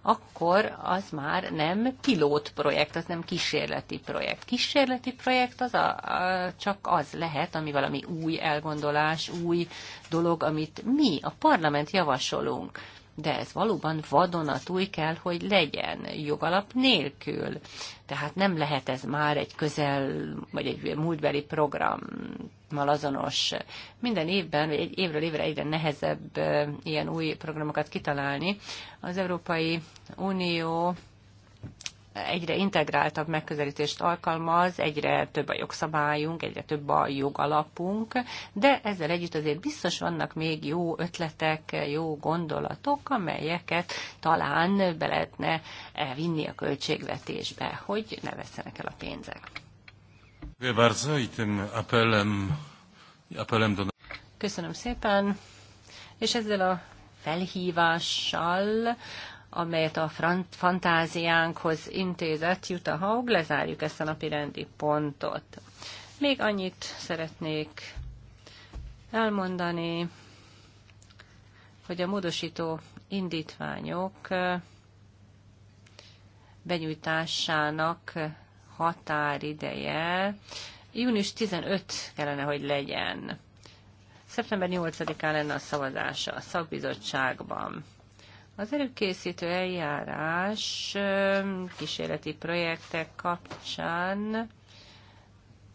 akkor az már nem pilót projekt, az nem kísérleti projekt. Kísérleti projekt az a, a, csak az lehet, ami valami új elgondolás, új dolog, amit mi, a parlament javasolunk de ez valóban vadonatúj kell, hogy legyen jogalap nélkül. Tehát nem lehet ez már egy közel, vagy egy múltbeli programmal azonos. Minden évben, vagy egy évről évre egyre nehezebb ilyen új programokat kitalálni. Az Európai Unió egyre integráltabb megközelítést alkalmaz, egyre több a jogszabályunk, egyre több a jogalapunk, de ezzel együtt azért biztos vannak még jó ötletek, jó gondolatok, amelyeket talán be lehetne vinni a költségvetésbe, hogy ne vesztenek el a pénzek. Köszönöm szépen, és ezzel a felhívással amelyet a fantáziánkhoz intézett Jutta Haug, lezárjuk ezt a napi rendi pontot. Még annyit szeretnék elmondani, hogy a módosító indítványok benyújtásának határideje június 15 kellene, hogy legyen. Szeptember 8-án lenne a szavazása a szakbizottságban. Az előkészítő eljárás kísérleti projektek kapcsán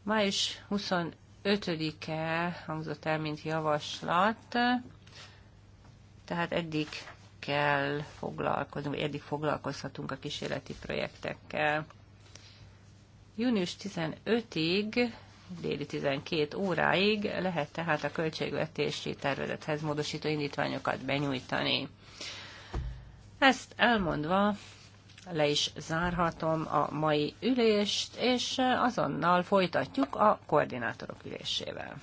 május 25-e hangzott el, mint javaslat, tehát eddig kell foglalkozni, vagy eddig foglalkozhatunk a kísérleti projektekkel. Június 15-ig, déli 12 óráig lehet tehát a költségvetési tervezethez módosító indítványokat benyújtani. Ezt elmondva le is zárhatom a mai ülést, és azonnal folytatjuk a koordinátorok ülésével.